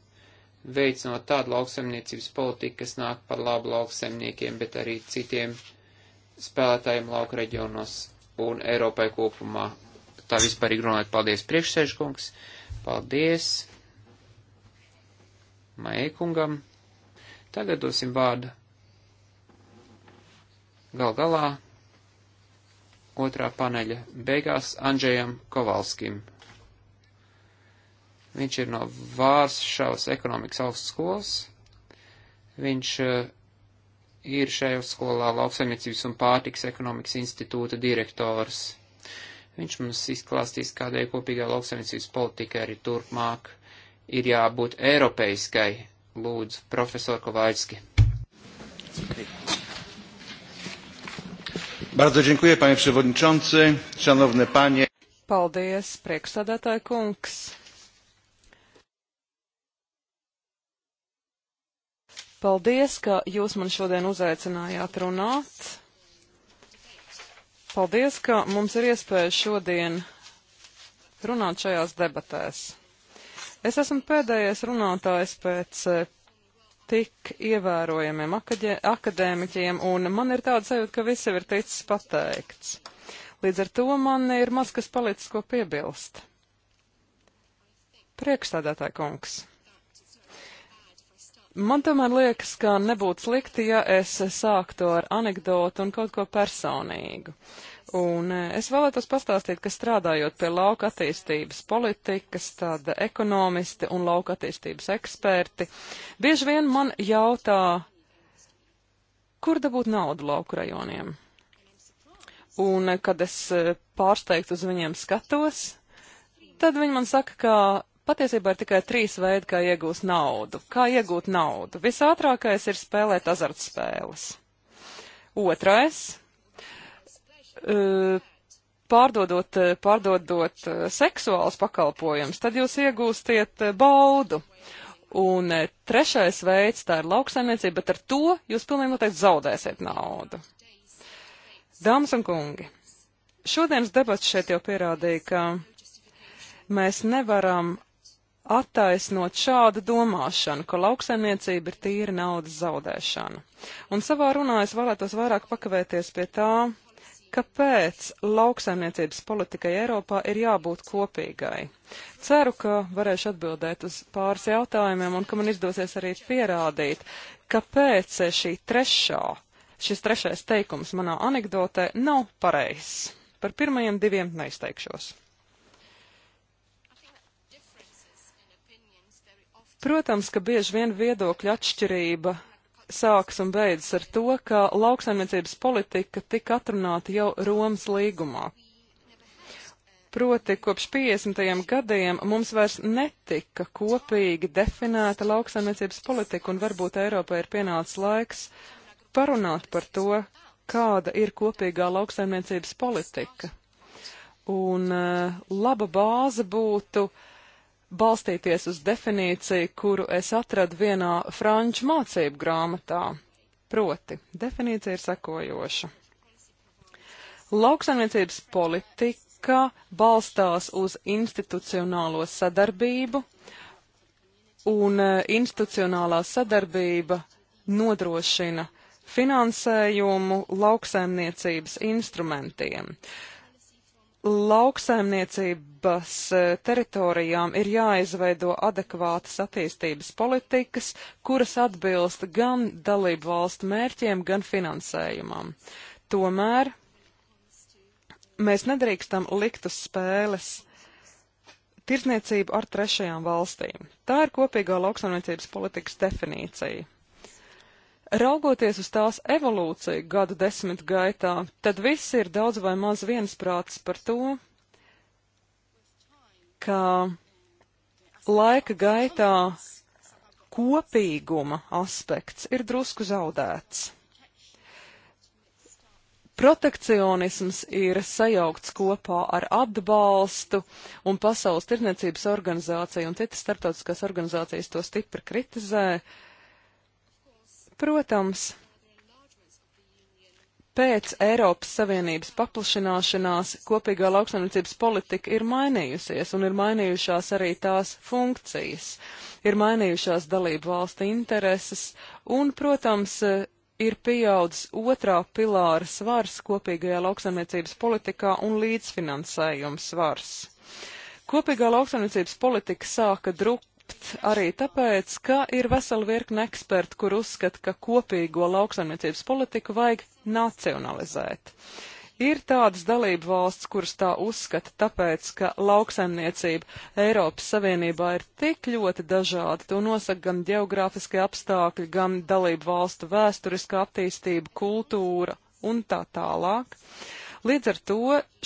[SPEAKER 3] veicinot tādu lauksaimniecības politiku, kas nāk par labu lauksaimniekiem, bet arī citiem spēlētājiem lauka reģionos un Eiropai kopumā. Tā vispār runājot, paldies priekšsēžkungs, paldies Maikungam. Tagad dosim vārdu Gal galā otrā paneļa beigās Andžejam Kovalskim. Viņš ir no Vāršavas ekonomikas augstskolas. Viņš eh, ir šajā skolā lauksaimniecības un pārtiks ekonomikas institūta direktors. Viņš mums izklāstīs, kādēļ kopīgā lauksaimniecības politika arī turpmāk ir jābūt eiropeiskai. Lūdzu, profesor Kovaļski. Okay.
[SPEAKER 2] Bardzo dziękuję, panie przewodniczący, szanowne panie.
[SPEAKER 1] Paldies, priekšsādātāja kungs. Paldies, ka jūs man šodien uzaicinājāt runāt. Paldies, ka mums ir iespēja šodien runāt šajās debatēs. Es esmu pēdējais runātājs pēc eh, tik ievērojamiem akadēmiķiem, un man ir tāda sajūta, ka viss jau ir ticis pateikts. Līdz ar to man ir maz kas palicis, ko piebilst. Priekšstādātāja kungs. Man tomēr liekas, ka nebūtu slikti, ja es sāktu ar anekdotu un kaut ko personīgu. Un e, es vēlētos pastāstīt, ka strādājot pie lauka attīstības politikas, tad ekonomisti un lauka attīstības eksperti bieži vien man jautā, kur dabūt naudu lauku rajoniem. Un e, kad es e, pārsteigt uz viņiem skatos, tad viņi man saka, ka patiesībā ir tikai trīs veidi, kā iegūst naudu. Kā iegūt naudu? Visātrākais ir spēlēt azartspēles. Otrais Eh, pārdodot, eh, pārdodot eh, seksuālus pakalpojumus, tad jūs iegūstiet baudu. Un trešais veids, tā ir lauksaimniecība, bet ar to jūs pilnīgi noteikti zaudēsiet naudu. Dāmas un kungi, šodienas debats šeit jau pierādīja, ka mēs nevaram attaisnot šādu domāšanu, ka lauksaimniecība ir tīra naudas zaudēšana. Un savā runā es vēlētos vairāk pakavēties pie tā, kāpēc lauksaimniecības politikai Eiropā ir jābūt kopīgai. Ceru, ka varēšu atbildēt uz pāris jautājumiem un ka man izdosies arī pierādīt, kāpēc šī trešā, šis trešais teikums manā anekdotē nav pareizs. Par pirmajiem diviem neizteikšos. Protams, ka bieži vien viedokļa atšķirība sāks un beidzas ar to, ka lauksaimniecības politika tika atrunāta jau Romas līgumā. Proti, kopš 50. gadiem mums vairs netika kopīgi definēta lauksaimniecības politika, un varbūt Eiropai ir pienācis laiks parunāt par to, kāda ir kopīgā lauksaimniecības politika. Un uh, laba bāze būtu uh, balstīties uz definīciju, kuru es atradu vienā franču mācību grāmatā. Proti, definīcija ir sekojoša. Lauksaimniecības politika balstās uz institucionālo sadarbību, un e, institucionālā sadarbība nodrošina finansējumu lauksaimniecības instrumentiem. Uh, lauksaimniecības eh, teritorijām ir jāizveido adekvātas attīstības politikas, kuras atbilst gan dalību valstu mērķiem, gan finansējumam. Tomēr mēs nedrīkstam likt uz spēles tirzniecību ar trešajām valstīm. Tā ir kopīgā lauksaimniecības politikas definīcija. Raugoties uz tās evolūciju gadu desmit gaitā, tad viss ir daudz vai maz viensprāts par to, ka laika gaitā kopīguma aspekts ir drusku zaudēts. Protekcionisms ir sajaukts kopā ar atbalstu, un Pasaules tirniecības organizācija un citas starptautiskās organizācijas to stipri kritizē. Uh, Protams, pēc Eiropas Savienības paplašināšanās kopīgā lauksaimniecības politika ir mainījusies un ir mainījušās arī tās funkcijas, ir mainījušās dalību valstu intereses un, protams, ir pieaudzis otrā pilāra svars kopīgajā lauksaimniecības politikā un līdzfinansējums svars. Kopīgā lauksaimniecības politika sāka druk, slēpt arī tāpēc, ka ir vesela virkne eksperti, kur uzskata, ka kopīgo lauksaimniecības politiku vajag nacionalizēt. Ir tādas dalību valsts, kuras tā uzskata, tāpēc, ka lauksaimniecība Eiropas Savienībā ir tik ļoti dažāda, to nosaka gan geogrāfiskie apstākļi, gan dalību valstu vēsturiskā attīstība, kultūra un tā tālāk. Līdz ar to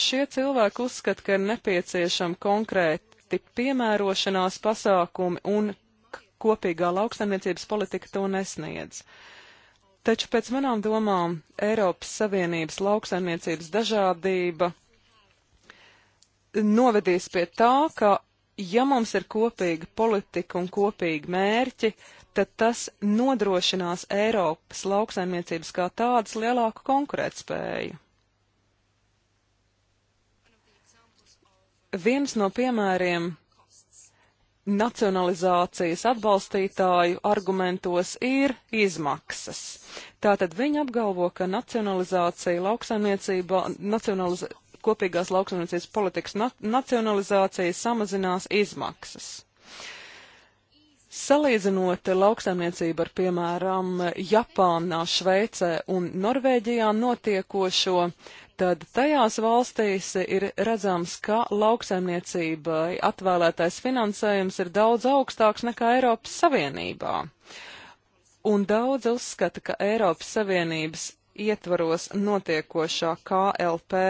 [SPEAKER 1] šie cilvēki uzskata, ka ir nepieciešama konkrēta konkrēti piemērošanās pasākumi un kopīgā lauksaimniecības politika to nesniedz. Taču pēc manām domām Eiropas Savienības lauksaimniecības dažādība novedīs pie tā, ka ja mums ir kopīga politika un kopīgi mērķi, tad tas nodrošinās Eiropas lauksaimniecības kā tādas lielāku konkurētspēju. viens no piemēriem nacionalizācijas atbalstītāju argumentos ir izmaksas. Tātad viņi apgalvo, ka nacionalizācija lauksaimniecībā, nacionaliz, kopīgās lauksaimniecības politikas na, nacionalizācija samazinās izmaksas. Salīdzinot lauksaimniecību ar, piemēram, Japānā, Šveicē un Norvēģijā notiekošo, uh, tad tajās valstīs ir redzams, ka lauksaimniecībai atvēlētais finansējums ir daudz augstāks nekā Eiropas Savienībā. Un daudz uzskata, ka Eiropas Savienības ietvaros notiekošā KLP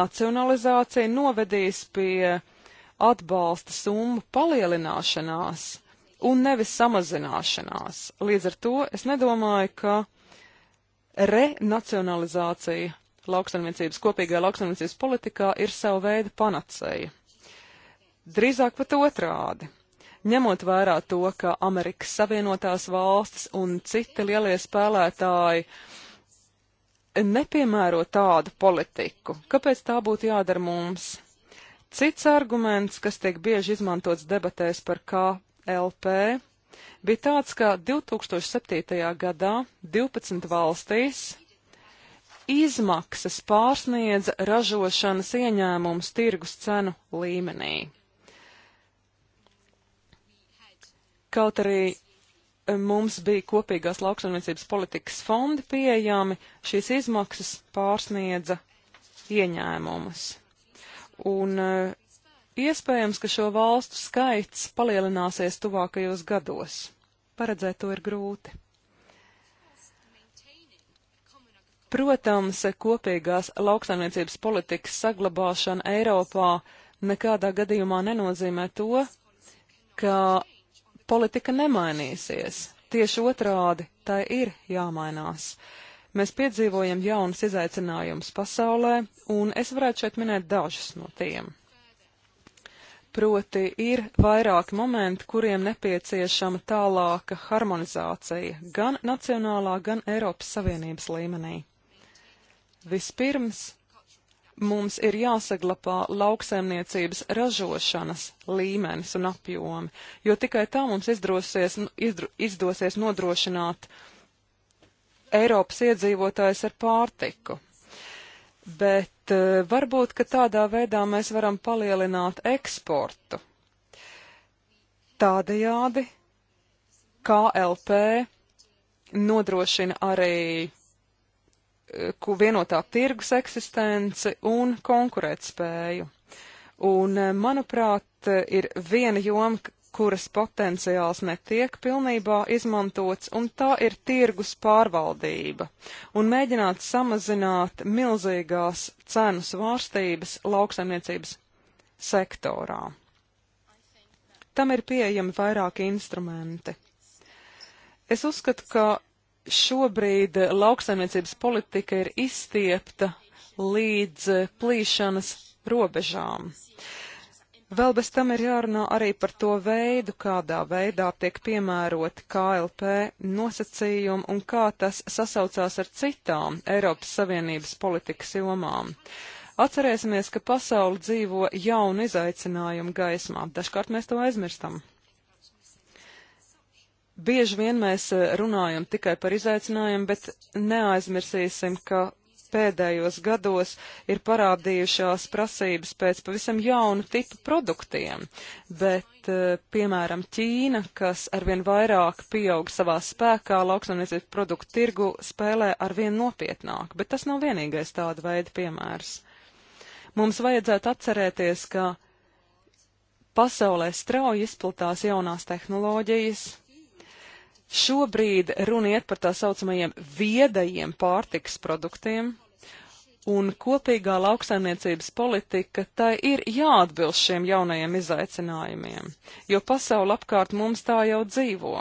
[SPEAKER 1] nacionalizācija novedīs pie atbalsta summu palielināšanās un nevis samazināšanās. Līdz ar to es nedomāju, ka renacionalizācija lauksaimniecības kopīgā lauksaimniecības politikā ir sava veida panacēja. Drīzāk pat otrādi. Ņemot vērā to, ka Amerikas Savienotās valstis un citi lielie spēlētāji nepiemēro tādu politiku, kāpēc tā būtu jādara mums? Cits arguments, kas tiek bieži izmantots debatēs par KLP, bija tāds, ka 2007. gadā 12 valstīs izmaksas pārsniedza ražošanas ieņēmums tirgus cenu līmenī. Kaut arī e, mums bija kopīgās lauksaimniecības politikas fondi pieejami, šīs izmaksas pārsniedza ieņēmumus. Un e, iespējams, ka šo valstu skaits palielināsies tuvākajos gados. Paredzēt to ir grūti. Protams, kopīgās lauksaimniecības politikas saglabāšana Eiropā nekādā gadījumā nenozīmē to, ka politika nemainīsies. Tieši otrādi, tai ir jāmainās. Mēs piedzīvojam jaunas izaicinājumus pasaulē, un es varētu šeit minēt dažus no tiem. Proti ir vairāki momenti, kuriem nepieciešama tālāka harmonizācija gan nacionālā, gan Eiropas Savienības līmenī. Vispirms mums ir jāsaglabā lauksaimniecības ražošanas līmenis un apjomi, jo tikai tā mums izdrosies, izdru, izdosies nodrošināt Eiropas iedzīvotājs ar pārtiku. Bet e, varbūt, ka tādā veidā mēs varam palielināt eksportu. Tādējādi KLP nodrošina arī vienotā tirgus eksistenci un konkurētspēju. Un, eh, manuprāt, ir viena joma, kuras potenciāls netiek pilnībā izmantots, un tā ir tirgus pārvaldība, un mēģināt samazināt milzīgās cenu svārstības lauksaimniecības sektorā. Tam ir pieejami vairāki instrumenti. Es uzskatu, ka šobrīd lauksaimniecības politika ir izstiepta līdz plīšanas robežām. Vēl bez tam ir jārunā arī par to veidu, kādā veidā tiek piemēroti KLP nosacījumi un kā tas sasaucās ar citām Eiropas Savienības politikas jomām. Atcerēsimies, ka pasauli dzīvo jaunu izaicinājumu gaismā. Dažkārt mēs to aizmirstam. Bieži vien mēs eh, runājam tikai par izaicinājumiem, bet neaizmirsīsim, ka pēdējos gados ir parādījušās prasības pēc pavisam jaunu tipu produktiem, bet, eh, piemēram, Ķīna, kas arvien vairāk pieaug savā spēkā, lauksaimniecības produktu tirgu spēlē arvien nopietnāk, bet tas nav vienīgais tāda veida piemērs. Mums vajadzētu atcerēties, ka pasaulē strauji izplatās jaunās tehnoloģijas, Šobrīd runa iet par tā saucamajiem viedajiem pārtiks produktiem, un kopīgā lauksaimniecības politika tai ir jāatbilst šiem jaunajiem izaicinājumiem, jo pasauli apkārt mums tā jau dzīvo.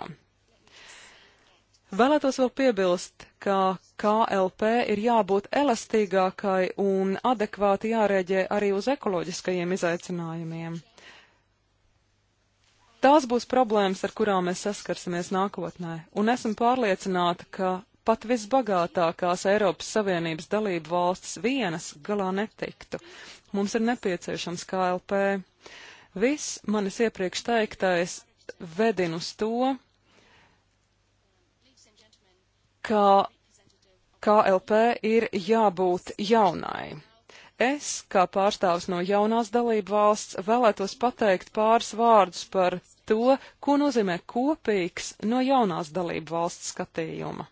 [SPEAKER 1] Vēlētos vēl piebilst, ka KLP ir jābūt elastīgākai un adekvāti jārēģē arī uz ekoloģiskajiem izaicinājumiem. Tās būs problēmas, ar kurām mēs saskarsimies nākotnē, un esmu pārliecināta, ka pat visbagātākās Eiropas Savienības dalību valstis vienas galā netiktu. Mums ir nepieciešams KLP. Viss manis iepriekš teiktais vedin uz to, ka KLP ir jābūt jaunai. Es, kā pārstāvis no jaunās dalību valsts, vēlētos pateikt pāris vārdus par to, ko nozīmē kopīgs no jaunās dalību valsts skatījuma.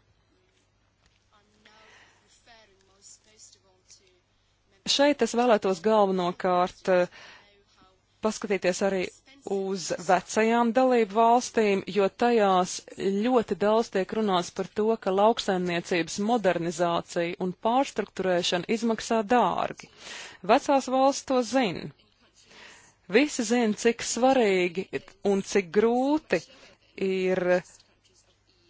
[SPEAKER 1] Šeit es vēlētos galvenokārt eh, paskatīties arī uz vecajām dalību valstīm, jo tajās ļoti daudz tiek runāts par to, ka lauksaimniecības modernizācija un pārstruktūrēšana izmaksā dārgi. Vecās valsts to zina. Visi zina, cik svarīgi un cik grūti ir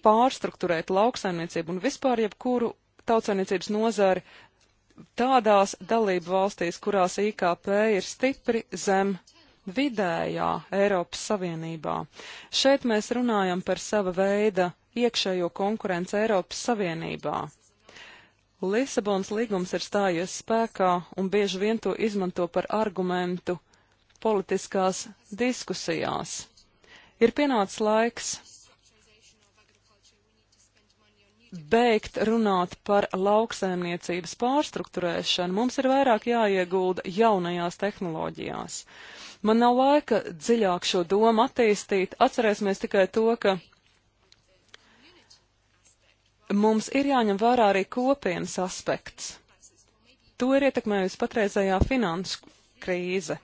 [SPEAKER 1] pārstruktūrēt lauksaimniecību un vispār jebkuru tautsaimniecības nozari tādās dalību valstīs, kurās IKP ir stipri zem vidējā Eiropas Savienībā. Šeit mēs runājam par sava veida iekšējo konkurenci Eiropas Savienībā. Lisabonas līgums ir stājies spēkā un bieži vien to izmanto par argumentu politiskās diskusijās. Ir pienācis laiks beigt runāt par lauksaimniecības pārstruktūrēšanu, mums ir vairāk jāiegulda jaunajās tehnoloģijās. Man nav laika dziļāk šo domu attīstīt, atcerēsimies tikai to, ka mums ir jāņem vērā arī kopienas aspekts. To ir ietekmējusi patreizējā finansu krīze.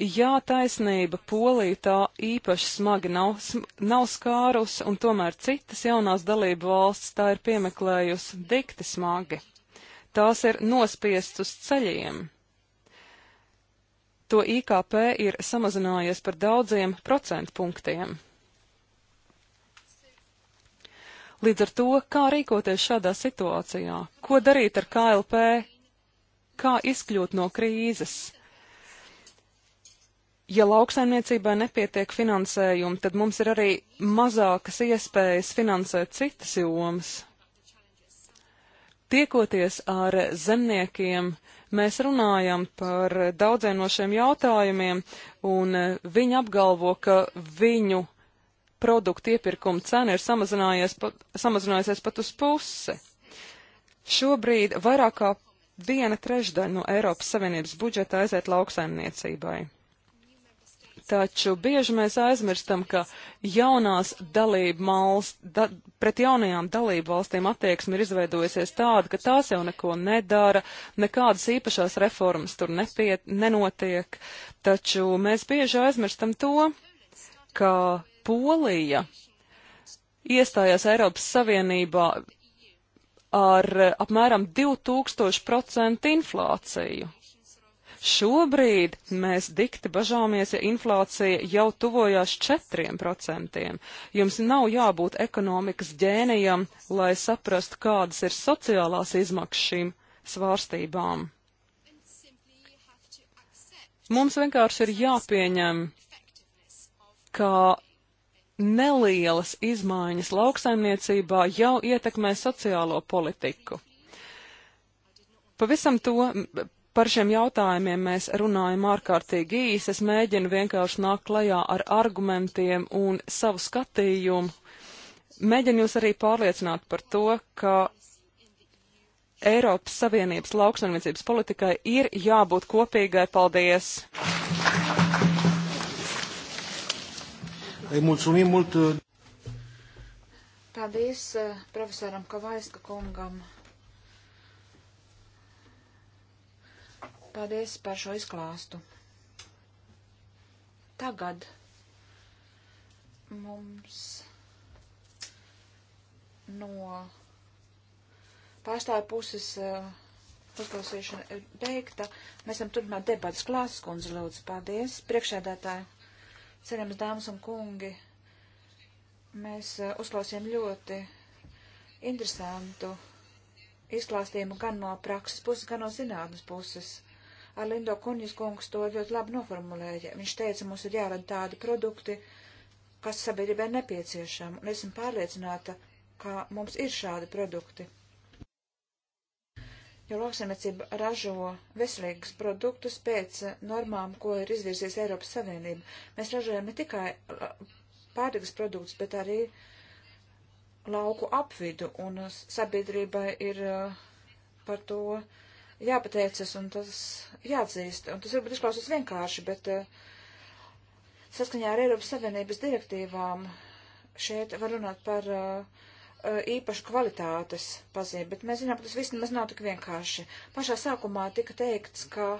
[SPEAKER 1] Jā, taisnība, Polija tā īpaši smagi nav, nav skārus, un tomēr citas jaunās dalību valsts tā ir piemeklējusi dikti smagi. Tās ir nospiestas uz ceļiem. To IKP ir samazinājies par daudziem procentpunktiem. Līdz ar to, kā rīkoties šādā situācijā, ko darīt ar KLP, kā izkļūt no krīzes Ja lauksaimniecībai nepietiek finansējumi, tad mums ir arī mazākas iespējas finansēt citas jomas. Tiekoties ar zemniekiem, mēs runājam par daudziem no šiem jautājumiem, un eh, viņi apgalvo, ka viņu produktu iepirkuma cena ir samazinājies pat, samazinājusies pat uz pusi. Šobrīd vairāk kā viena trešdaļa no Eiropas Savienības budžeta aiziet lauksaimniecībai. Taču bieži mēs aizmirstam, ka jaunās dalību malst, da, pret jaunajām dalību valstīm attieksme ir izveidojusies tāda, ka tās jau neko nedara, nekādas īpašās reformas tur nepiet, nenotiek. Taču mēs bieži aizmirstam to, ka Polija iestājās Eiropas Savienībā ar apmēram 2000% inflāciju. Šobrīd mēs dikti bažāmies, ja inflācija jau tuvojās 4%. Jums nav jābūt ekonomikas ģēnijam, lai saprastu, kādas ir sociālās izmaksas šīm svārstībām. Mums vienkārši ir jāpieņem, ka nelielas izmaiņas lauksaimniecībā jau ietekmē sociālo politiku. Pavisam to, Par šiem jautājumiem mēs runājam ārkārtīgi īsi. Es mēģinu vienkārši nākt klajā ar argumentiem un savu skatījumu. Mēģinu jūs arī pārliecināt par to, ka Eiropas Savienības lauksaimniecības politikai ir jābūt kopīgai.
[SPEAKER 2] Paldies! Mulțumim mult! Uh,
[SPEAKER 4] Paldies uh, profesoram Kavaiska kungam Paldies par šo izklāstu. Tagad mums no pārstāju puses uh, uzklausīšana ir beigta. Mēs esam turpināt debatas klāsas kundze, lūdzu, paldies. Priekšēdētāji, cerams, dāmas un kungi, mēs uh, uzklausījām ļoti interesantu izklāstījumu gan no prakses puses, gan no zinātnes puses. Arlindo Kuņas kungs to ļoti labi noformulēja. Viņš teica, mums ir jārada tādi produkti, kas sabiedrībai nepieciešami, un esmu pārliecināta, ka mums ir šādi produkti. Jo lauksaimniecība ražo veselīgus produktus pēc normām, ko ir izvirsies Eiropas Savienība. Mēs ražojam ne tikai uh, pārtikas produktus, bet arī lauku apvidu, un sabiedrībai ir uh, par to uh, jāpateicas un tas jāatzīst. Un tas varbūt izklausās vienkārši, bet eh, saskaņā ar Eiropas Savienības direktīvām šeit var runāt par eh, īpašu kvalitātes pazīmi, bet mēs zinām, ka tas viss nemaz nav tik vienkārši. Pašā sākumā tika teikts, ka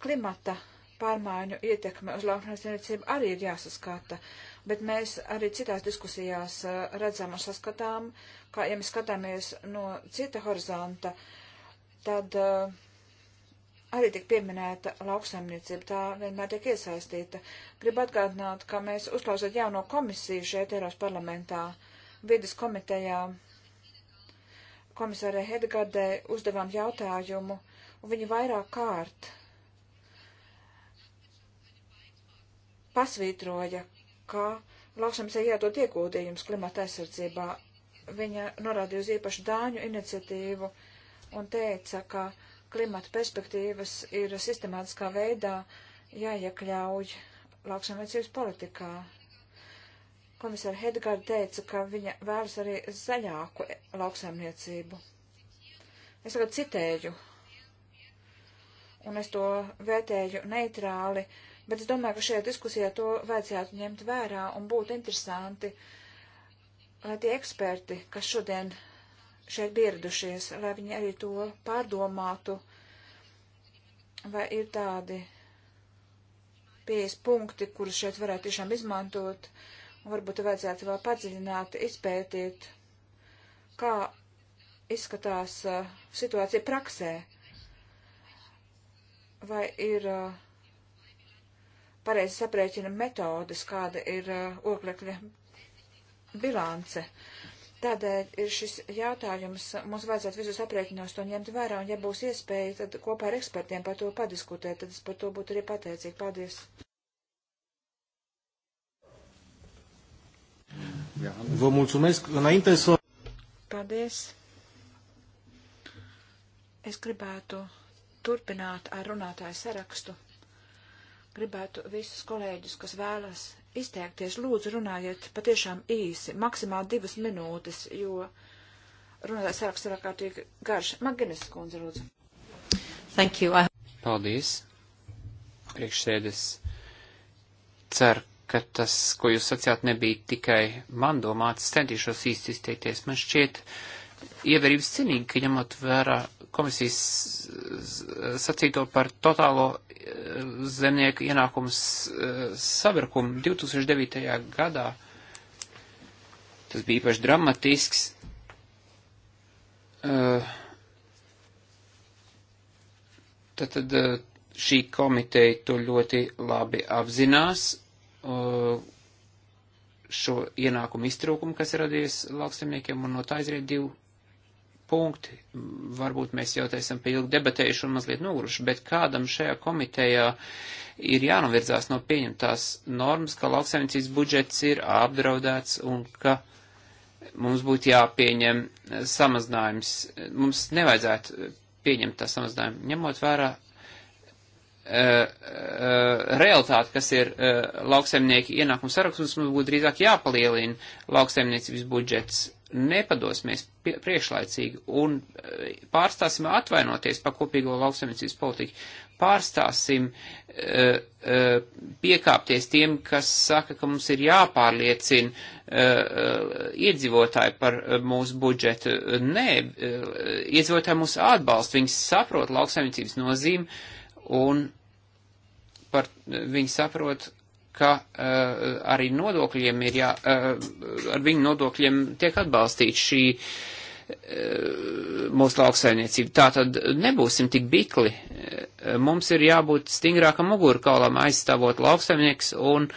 [SPEAKER 4] klimata pārmaiņu ietekme uz lauksnēsniecību arī ir jāsaskata. Uh, bet mēs arī citās diskusijās eh, redzam un saskatām, kā ja mēs skatāmies no cita horizonta, tad uh, arī tik pieminēta lauksaimniecība, tā vienmēr tiek iesaistīta. Gribu atgādināt, ka mēs uzklausot jauno komisiju šeit Eiropas parlamentā, vidas komitejā, komisārē Hedegardē uzdevām jautājumu, un viņi vairāk kārt pasvītroja, ka lauksamīsai jādod iegūdījums klimata aizsardzībā. Viņa norādīja uz īpašu dāņu iniciatīvu un teica, ka klimata perspektīvas ir sistemātiskā veidā jāiekļauj lauksamniecības politikā. Komisāra Hedgārda teica, ka viņa vēlas arī zaļāku lauksamniecību. Es tagad citēju, un es to vērtēju neitrāli. Uh, Bet es domāju, ka šajā diskusijā to vajadzētu ņemt vērā un būtu interesanti, lai tie eksperti, kas šodien šeit ieradušies, lai viņi arī to pārdomātu, vai ir tādi pieejas punkti, kurus šeit varētu tiešām izmantot, un varbūt vajadzētu vēl padziļināt, izpētīt, kā izskatās uh, situācija praksē, vai ir uh, pareizi saprēķina metodas, kāda ir uh, oglekļa bilance. Tādēļ ir šis jautājums, uh, mums vajadzētu visus aprēķinos to ņemt vērā, un ja būs iespēja, tad kopā ar ekspertiem par to padiskutēt, tad es par to būtu arī pateicīgi. Paldies!
[SPEAKER 2] Vă mulțumesc. Înainte să...
[SPEAKER 4] Paldies. Es gribētu turpināt ar runātāju sarakstu gribētu visus kolēģus, kas vēlas izteikties, lūdzu runājiet patiešām īsi, maksimāli divas minūtes, jo runātājs sāks ir ārkārtīgi garš. Maginis kundze, lūdzu.
[SPEAKER 3] Thank you. I... Paldies. Priekšsēdes. Ceru, ka tas, ko jūs sacījāt, nebija tikai man domāts. Centīšos īsti izteikties. Man šķiet, uh, ievērības cienīgi, ka ņemot vērā komisijas sacīto par totālo eh, zemnieku ienākumus eh, sabrakumu 2009. gadā. Tas bija īpaši dramatisks. Eh, tad, tad šī komiteja to ļoti labi apzinās šo ienākumu iztrūkumu, kas radies lauksemniekiem, un no tā izriet divi punkti, varbūt mēs jau te esam pilgi debatējuši un mazliet noguruši, bet kādam šajā komitejā ir jānovirzās no pieņemtās normas, ka lauksaimniecības budžets ir apdraudēts un ka mums būtu jāpieņem samazinājums. Mums nevajadzētu pieņemt tā samazinājumu, ņemot vērā eh, eh, realitāti, kas ir eh, lauksaimnieki ienākums saraksts, mums būtu drīzāk jāpalielina lauksaimniecības budžets nepadosimies priekšlaicīgi un e, pārstāsim atvainoties par kopīgo lauksaimniecības politiku, pārstāsim uh, uh, piekāpties tiem, kas saka, ka mums ir jāpārliecina uh, iedzīvotāji par mūsu budžetu. Nē, iedzīvotāji mūs atbalsta, viņi saprot lauksaimniecības nozīmi un par, viņi saprot, ka uh, arī nodokļiem ir jā, uh, ar viņu nodokļiem tiek atbalstīta šī uh, mūsu lauksaimniecība. Tā tad nebūsim tik bikli. Uh, mums ir jābūt stingrākam mugurkaulam aizstāvot lauksaimnieks un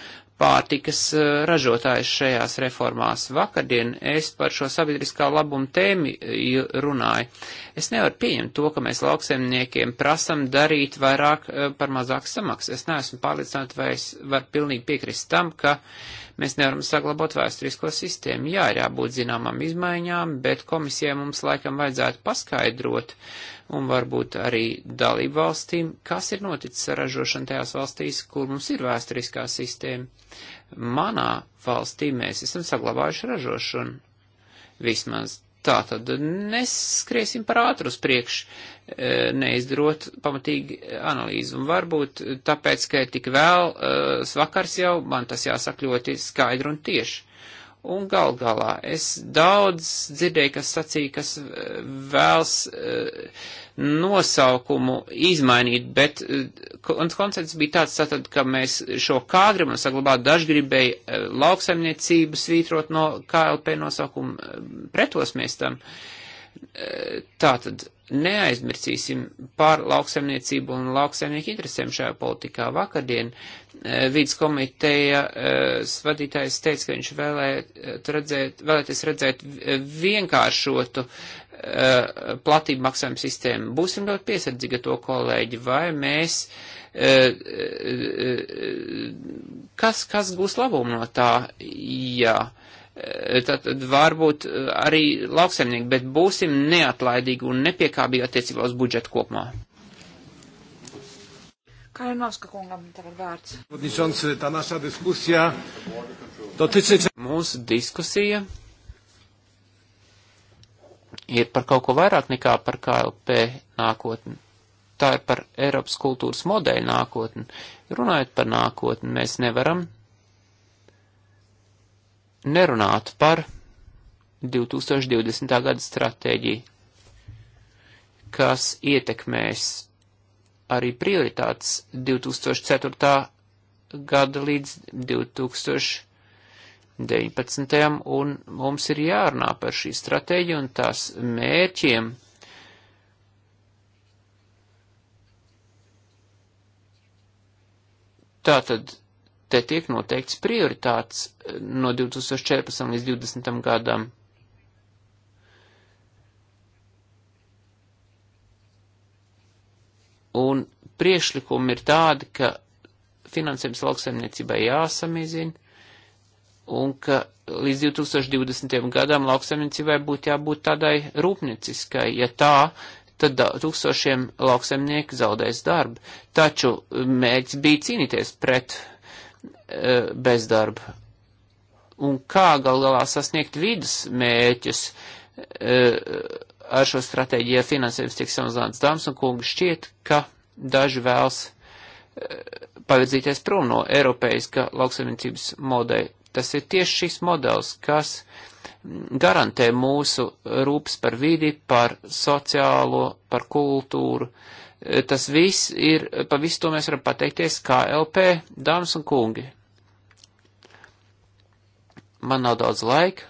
[SPEAKER 3] pārtikas eh, ražotājus šajās reformās. Vakardien es par šo sabiedriskā labuma tēmu eh, runāju. Es nevaru pieņemt to, ka mēs lauksaimniekiem prasam darīt vairāk eh, par mazāk samaksas. Es neesmu pārliecināta, vai es varu pilnīgi piekrist tam, ka mēs nevaram saglabāt vēsturisko sistēmu. Jā, ir jābūt zināmām izmaiņām, bet komisijai mums laikam vajadzētu paskaidrot, uh, un varbūt arī dalību valstīm, kas ir noticis ar ražošanu tajās valstīs, kur mums ir vēsturiskā sistēma. Manā valstī mēs esam saglabājuši ražošanu. Vismaz tā tad neskriesim par ātru uz priekšu, e, neizdarot pamatīgi analīzi. Un varbūt tāpēc, ka ir tik vēl, e, vakars jau, man tas jāsaka ļoti skaidri un tieši. Un gal galā es daudz dzirdēju, kas sacīja, kas eh, vēls eh, nosaukumu izmainīt, bet eh, koncepts bija tāds, tātad, ka mēs šo kādru man saglabāt dažgribēju lauksaimniecību svītrot no KLP nosaukumu pretosmies tam. Uh, E, tātad neaizmirsīsim par lauksaimniecību un lauksaimnieku interesēm šajā politikā. Vakardien e, vidas komiteja e, vadītājs teica, ka viņš vēlēt redzēt, vēlēties redzēt vienkāršotu platību maksājumu sistēmu. Būsim ļoti piesardzīgi to kolēģi, vai mēs, kas, kas gūs labumu no tā, jā. Ja Tātad eh, varbūt eh, arī lauksaimnieki, bet būsim neatlaidīgi un nepiekābīgi attiecībā uz budžetu kopumā.
[SPEAKER 4] Kalinovska kungam tagad vārds.
[SPEAKER 3] Mūsu diskusija ir par kaut ko vairāk nekā par KLP nākotni. Tā ir par Eiropas kultūras modeļu nākotni. Runājot par nākotni, mēs nevaram nerunātu par 2020. gada stratēģiju, kas ietekmēs arī prioritātes 2004. gada līdz 2019. un mums ir jārunā par šī stratēģija un tās mērķiem. Tātad te tiek noteikts prioritāts eh, no 2014 līdz 2020 gadam. Un priešlikumi ir tādi, ka finansējums lauksaimniecībai jāsamizina un ka līdz 2020. gadam lauksaimniecībai būtu jābūt tādai rūpnieciskai. Ja tā, tad tūkstošiem lauksaimnieku zaudēs darbu. Taču mērķis bija cīnīties pret E, bezdarbu. Un kā gal galā sasniegt vidas mēķus e, ar šo stratēģiju, ja finansējums tiek samazināts dāmas un kungi šķiet, ka daži vēlas e, pavirzīties prom no Eiropeiska lauksaimniecības modeļa. Tas ir tieši šis modelis, kas garantē mūsu rūpes par vidi, par sociālo, par kultūru, uh, Tas viss ir, pa visu to mēs varam pateikties KLP, dāmas un kungi. Man nav daudz laika,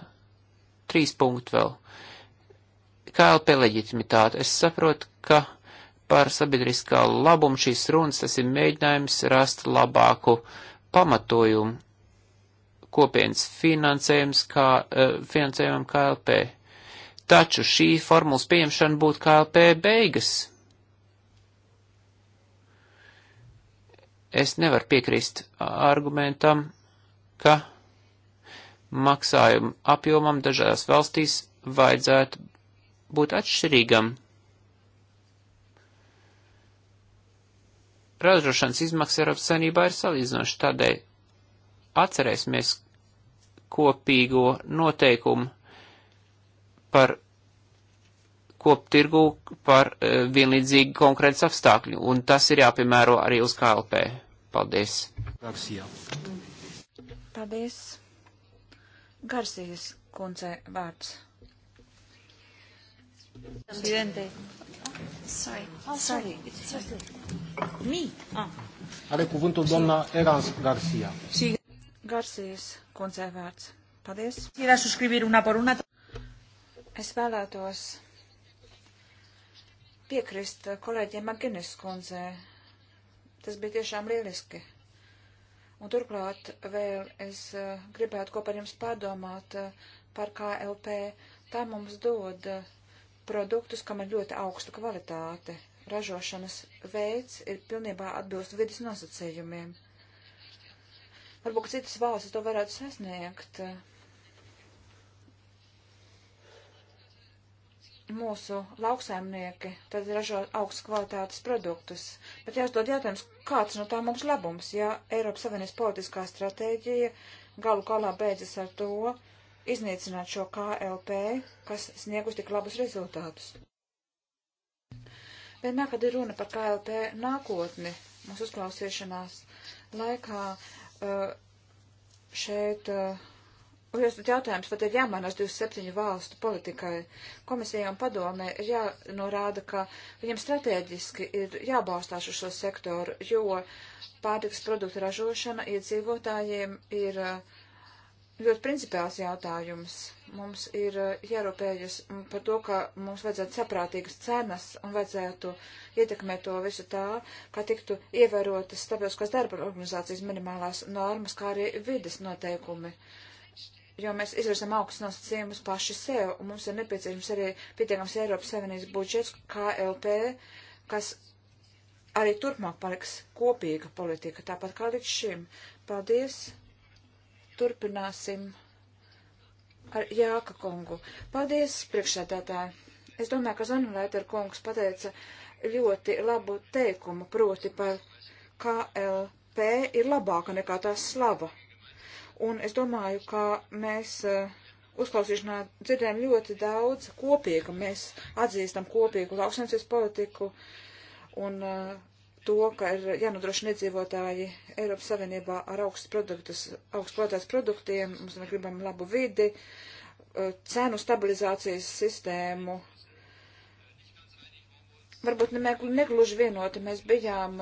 [SPEAKER 3] trīs punkti vēl. KLP leģitimitāte. Es saprotu, ka par sabiedriskā labumu šīs runas tas ir mēģinājums rast labāku pamatojumu kopienas finansējums kā, eh, finansējumam KLP. Taču šī formulas pieņemšana būtu KLP beigas es nevaru piekrist argumentam, ka maksājumu apjomam dažādās valstīs vajadzētu būt atšķirīgam. Ražošanas izmaksas Eiropas Savienībā ir salīdzinoši, tādēļ atcerēsimies kopīgo noteikumu par koptirgu par eh, vienlīdzīgi konkrētas apstākļu, un tas ir jāpiemēro arī uz KLP. Paldies! Garsijā.
[SPEAKER 4] Paldies! Garsijas kundze vārds. Presidente.
[SPEAKER 2] Sorry. Oh, sorry. sorry.
[SPEAKER 4] Me. Ah.
[SPEAKER 2] Are cuvântul doamna Erans Garcia.
[SPEAKER 4] Sí. Garcijas kundzei vārds. Paldies. Quiera suscribir una por una. Es vēlētos piekrist kolēģiem Maginis kundzei Tas bija tiešām lieliski. Un turklāt vēl es eh, gribētu kopā ar jums pārdomāt eh, par KLP. Tā mums dod eh, produktus, kam ir ļoti augsta kvalitāte. Ražošanas veids ir pilnībā atbilst vidas nosacījumiem. Varbūt citas valstis to varētu sasniegt. Uh, mūsu lauksaimnieki tad ražo augsts kvalitātes produktus. Bet jāuzdod jautājums, kāds no tā mums labums, ja Eiropas Savienības politiskā stratēģija galu galā beidzas ar to iznīcināt šo KLP, kas sniegus tik labus rezultātus. Vienmēr, kad ir runa par KLP nākotni, mūsu uzklausīšanās laikā eh, šeit uh, Un jūs tad jautājums, vai tad jāmainās 27 valstu politikai? Komisijā un padomē ir jānorāda, ka viņam strateģiski ir jābalstās uz šo sektoru, jo pārtiks produktu ražošana iedzīvotājiem ir uh, ļoti principāls jautājums. Mums ir uh, jārūpējas par to, ka mums vajadzētu saprātīgas cenas un vajadzētu ietekmēt to visu tā, ka tiktu ievērotas starptautiskās darba organizācijas minimālās normas, kā arī vides noteikumi. Uh, jo mēs izvirzam augstus nosacījumus paši sev, un mums ir nepieciešams arī pietiekams Eiropas Savienības budžets KLP, kas arī turpmāk paliks kopīga politika, tāpat kā līdz šim. Paldies! Turpināsim ar Jāka kungu. Paldies, priekšsēdētāji! Es domāju, ka Zanulēter kungs pateica ļoti labu teikumu, proti par KLP ir labāka nekā tās slava. Un es domāju, ka mēs eh, uzklausīšanā dzirdējām ļoti daudz kopīga. Mēs atzīstam kopīgu lauksaimniecības politiku un eh, to, ka ir jānodrošina iedzīvotāji Eiropas Savienībā ar augstas produktus, augstas kvalitātes produktiem, mums mēs gribam labu vidi, eh, cenu stabilizācijas sistēmu. Varbūt negluži vienoti mēs bijām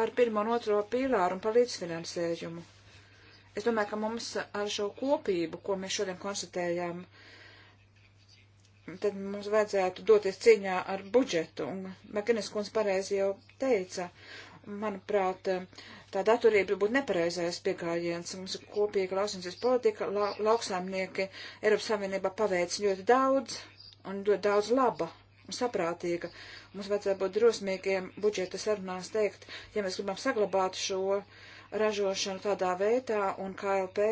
[SPEAKER 4] par pirmo un otro pīlāru un par līdzfinansējumu. Es domāju, ka mums ar šo kopību, ko mēs šodien konstatējām, tad mums vajadzētu doties cīņā ar budžetu. Un Makinis kundze pareizi jau teica, manuprāt, tā daturība būtu nepareizais piegājiens. Mums ir kopīga lauksnes politika, la, lauksēmnieki Eiropas Savienībā paveic ļoti daudz un ļoti daudz laba un saprātīga. Mums vajadzētu būt drosmīgiem budžeta sarunās teikt, ja mēs gribam saglabāt šo uh, ražošanu tādā veidā un KLP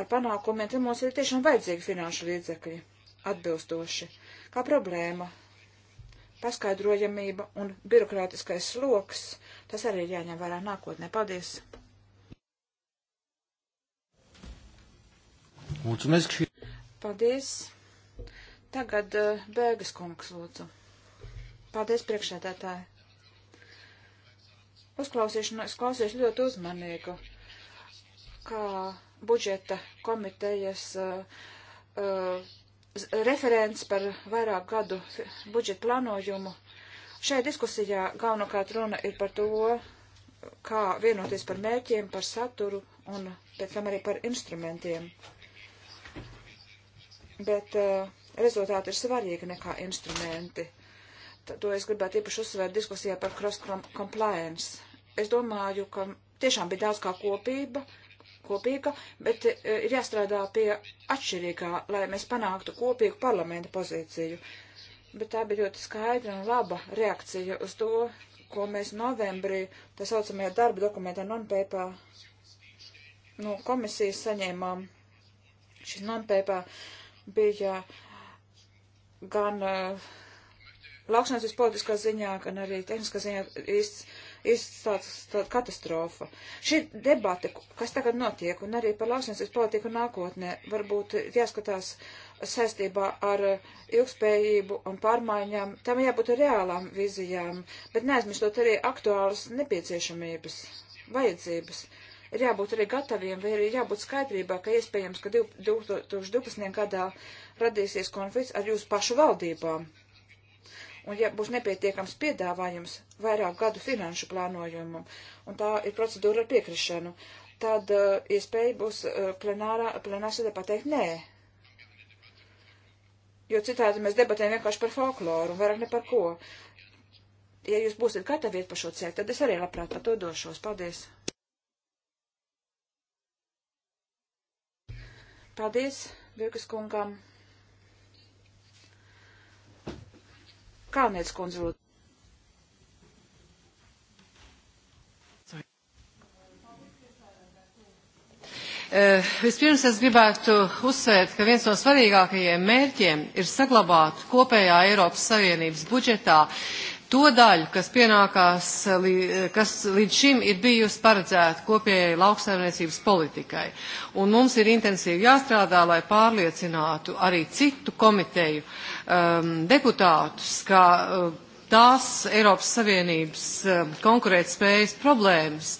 [SPEAKER 4] ar panākumiem, tad mums ir tiešām vajadzīgi finanšu līdzekļi atbilstoši. Kā problēma? Paskaidrojamība un birokrātiskais sloks, tas arī ir jāņem vērā nākotnē. Paldies!
[SPEAKER 2] Mulțumesc și...
[SPEAKER 4] Paldies! Tagad eh, Bēgas kungs lūdzu. Paldies priekšētātāji! uzklausīšanu es klausīšu ļoti uzmanīgu, kā budžeta komitejas uh, uh, referents par vairāk gadu budžeta plānojumu. Šajā diskusijā galvenokārt runa ir par to, kā vienoties par mērķiem, par saturu un pēc tam arī par instrumentiem. Bet uh, rezultāti ir svarīgi nekā instrumenti. Uh, to es gribētu īpaši uzsvērt diskusijā par cross compliance. Es domāju, ka tiešām bija daudz kā kopība, kopīga, bet e, ir jāstrādā pie atšķirīgā, lai mēs panāktu kopīgu parlamenta pozīciju. Bet tā bija ļoti skaidra un laba reakcija uz to, ko mēs novembrī, tā saucamajā darba dokumentā non-pēpā, no komisijas saņēmām. Šis non-pēpā bija gan uh, lauksaimniecības politiskā ziņā, gan arī tehniskā ziņā izstāsts tāda katastrofa. Šī debata, kas tagad notiek, un arī par lauksaimniecības politiku nākotnē, varbūt jāskatās saistībā ar ilgspējību un pārmaiņām. Tam jābūt reālām vizijām, bet neaizmirstot arī aktuālas nepieciešamības, vajadzības ir jābūt arī gataviem, vai ir jābūt skaidrībā, ka iespējams, ka 2012. gadā radīsies konflikts ar jūsu pašu valdībām un ja būs nepietiekams piedāvājums vairāk gadu finanšu plānojumam, un tā ir procedūra ar piekrišanu, tad uh, iespēja būs uh, plenārā, plenārsēdē pateikt nē. Jo citādi mēs debatējam vienkārši par folkloru un vairāk ne par ko. Ja jūs būsiet gatavi iet par šo ceļu, tad es arī labprāt par to došos. Paldies! Paldies, Vilkas kungam! Kalniec kundze lūdzu.
[SPEAKER 2] Eh, vispirms es gribētu uzsvērt, ka viens no svarīgākajiem mērķiem ir saglabāt kopējā Eiropas Savienības budžetā to daļu, kas pienākās, eh, eh, kas līdz šim ir bijusi paredzēta kopējai lauksaimniecības politikai. Un mums ir intensīvi jāstrādā, lai pārliecinātu arī citu komiteju um, deputātus, ka um, tās Eiropas Savienības um, konkurētspējas problēmas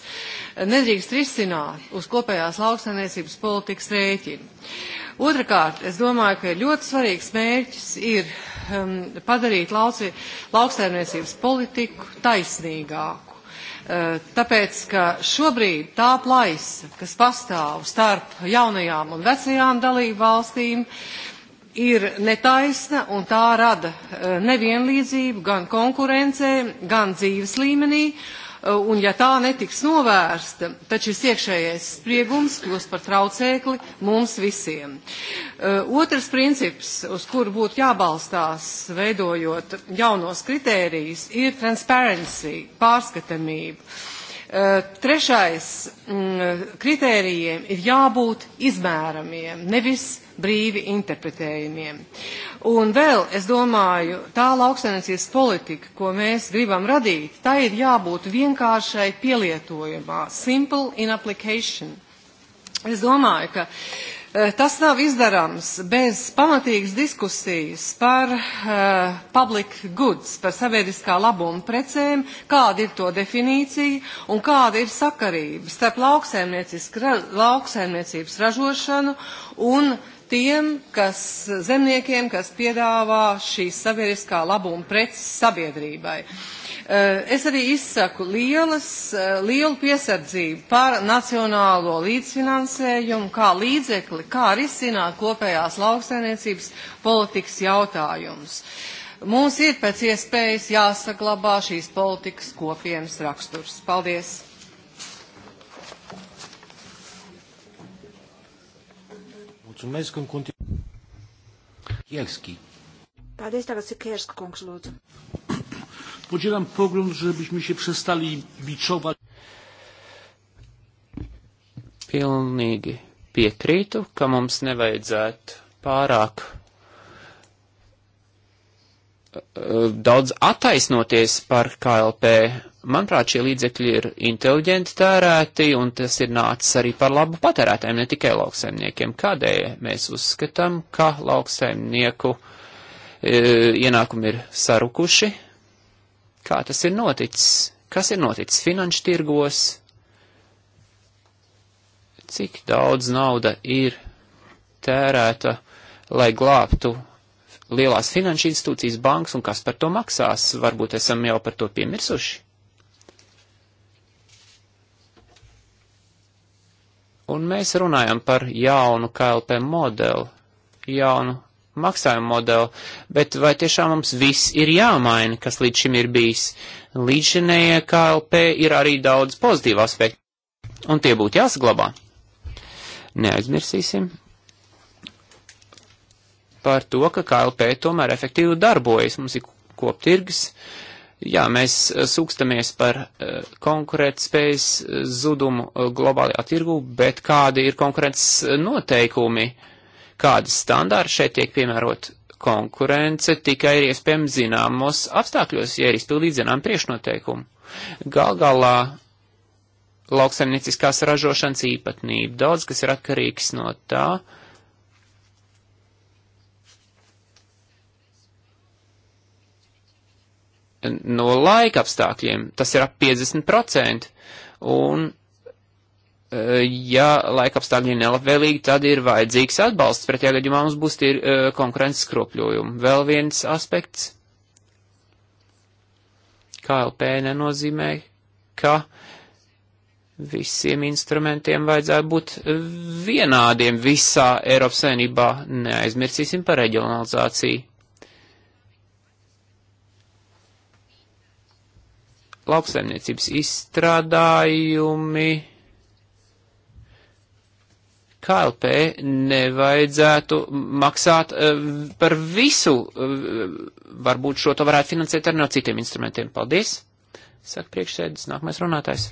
[SPEAKER 2] nedrīkst risināt uz kopējās lauksaimniecības politikas rēķina. Otrakārt, es domāju, ka ļoti svarīgs mērķis ir uh, um, padarīt lauci, lauksaimniecības politiku taisnīgāku. Uh, tāpēc, ka šobrīd tā plaisa, kas pastāv starp jaunajām un vecajām dalību valstīm, ir netaisna un tā rada uh, nevienlīdzību gan konkurencē, gan dzīves līmenī, uh, Eh, un ja tā netiks novērsta, tad šis iekšējais spriegums kļūs par traucēkli mums visiem. Eh, otrs princips, uz kuru būtu jābalstās, veidojot jaunos kritērijus, ir transparency, pārskatamība Eh, trešais mm, kritērijiem ir jābūt izmēramiem, nevis brīvi interpretējumiem. Un vēl, es domāju, tā lauksainiecības politika, ko mēs gribam radīt, tā ir jābūt vienkāršai pielietojumā, simple in application. Es domāju, ka uh, Eh, tas nav izdarams bez pamatīgas diskusijas par uh, public goods, par sabiedriskā labuma precēm, kāda ir to definīcija un kāda ir sakarība starp lauksaimniecības ražošanu un tiem, kas zemniekiem, kas piedāvā šīs sabiedriskā labuma preces sabiedrībai. Uh, Eh, es arī izsaku lielas, eh, lielu piesardzību par nacionālo līdzfinansējumu kā līdzekli, kā risināt kopējās lauksainiecības politikas jautājumus. Mums ir pēc iespējas jāsaglabā šīs politikas kopienas raksturs. Paldies! Mulțumesc în continuare.
[SPEAKER 4] Paldies, tagad Sikierska kungs, lūdzu
[SPEAKER 3] podzielam pogląd, żebyśmy się przestali biczować. Pilnīgi piekrītu, ka mums nevajadzētu pārāk e, daudz attaisnoties par KLP. Manuprāt, šie līdzekļi ir inteliģenti tērēti, un tas ir nācis arī par labu patērētājiem, ne tikai lauksaimniekiem. Kādēļ mēs uzskatām, ka lauksaimnieku e, ienākumi ir sarukuši? Kā tas ir noticis? Kas ir noticis finanšu tirgos? Cik daudz nauda ir tērēta, lai glābtu lielās finanšu institūcijas bankas un kas par to maksās? Varbūt esam jau par to piemirsuši. Un mēs runājam par jaunu KLP modeli, jaunu maksājuma modeli, bet vai tiešām mums viss ir jāmaina, kas līdz šim ir bijis? Līdzinējie KLP ir arī daudz pozitīvu aspektu, un tie būtu jāsaglabā. Neaizmirsīsim par to, ka KLP tomēr efektīvi darbojas. Mums ir koptirgs, jā, mēs eh, sūkstamies par uh, konkurētspējas eh, zudumu globālajā tirgu, bet kādi ir konkurēts noteikumi? Uh, kādas standārti šeit tiek piemērot konkurence tikai ir iespējams zināmos apstākļos, ja ir izpildīt zinām priešnoteikumu. Gal galā lauksaimnieciskās ražošanas īpatnība daudz, kas ir atkarīgs no tā, no laika apstākļiem, tas ir ap 50%, un ja laikapstākļi ir nelabvēlīgi, tad ir vajadzīgs atbalsts, pretējā gadījumā mums būs tie e, konkurences skropļojumi. Vēl viens aspekts. KLP nenozīmē, ka visiem instrumentiem vajadzētu būt vienādiem visā Eiropas savienībā. Neaizmirsīsim par reģionalizāciju. Lauksaimniecības izstrādājumi KLP nevajadzētu maksāt eh, par visu, eh, varbūt šo to varētu finansēt arī no citiem instrumentiem. Paldies! Saka priekšsēdis, nākamais runātājs.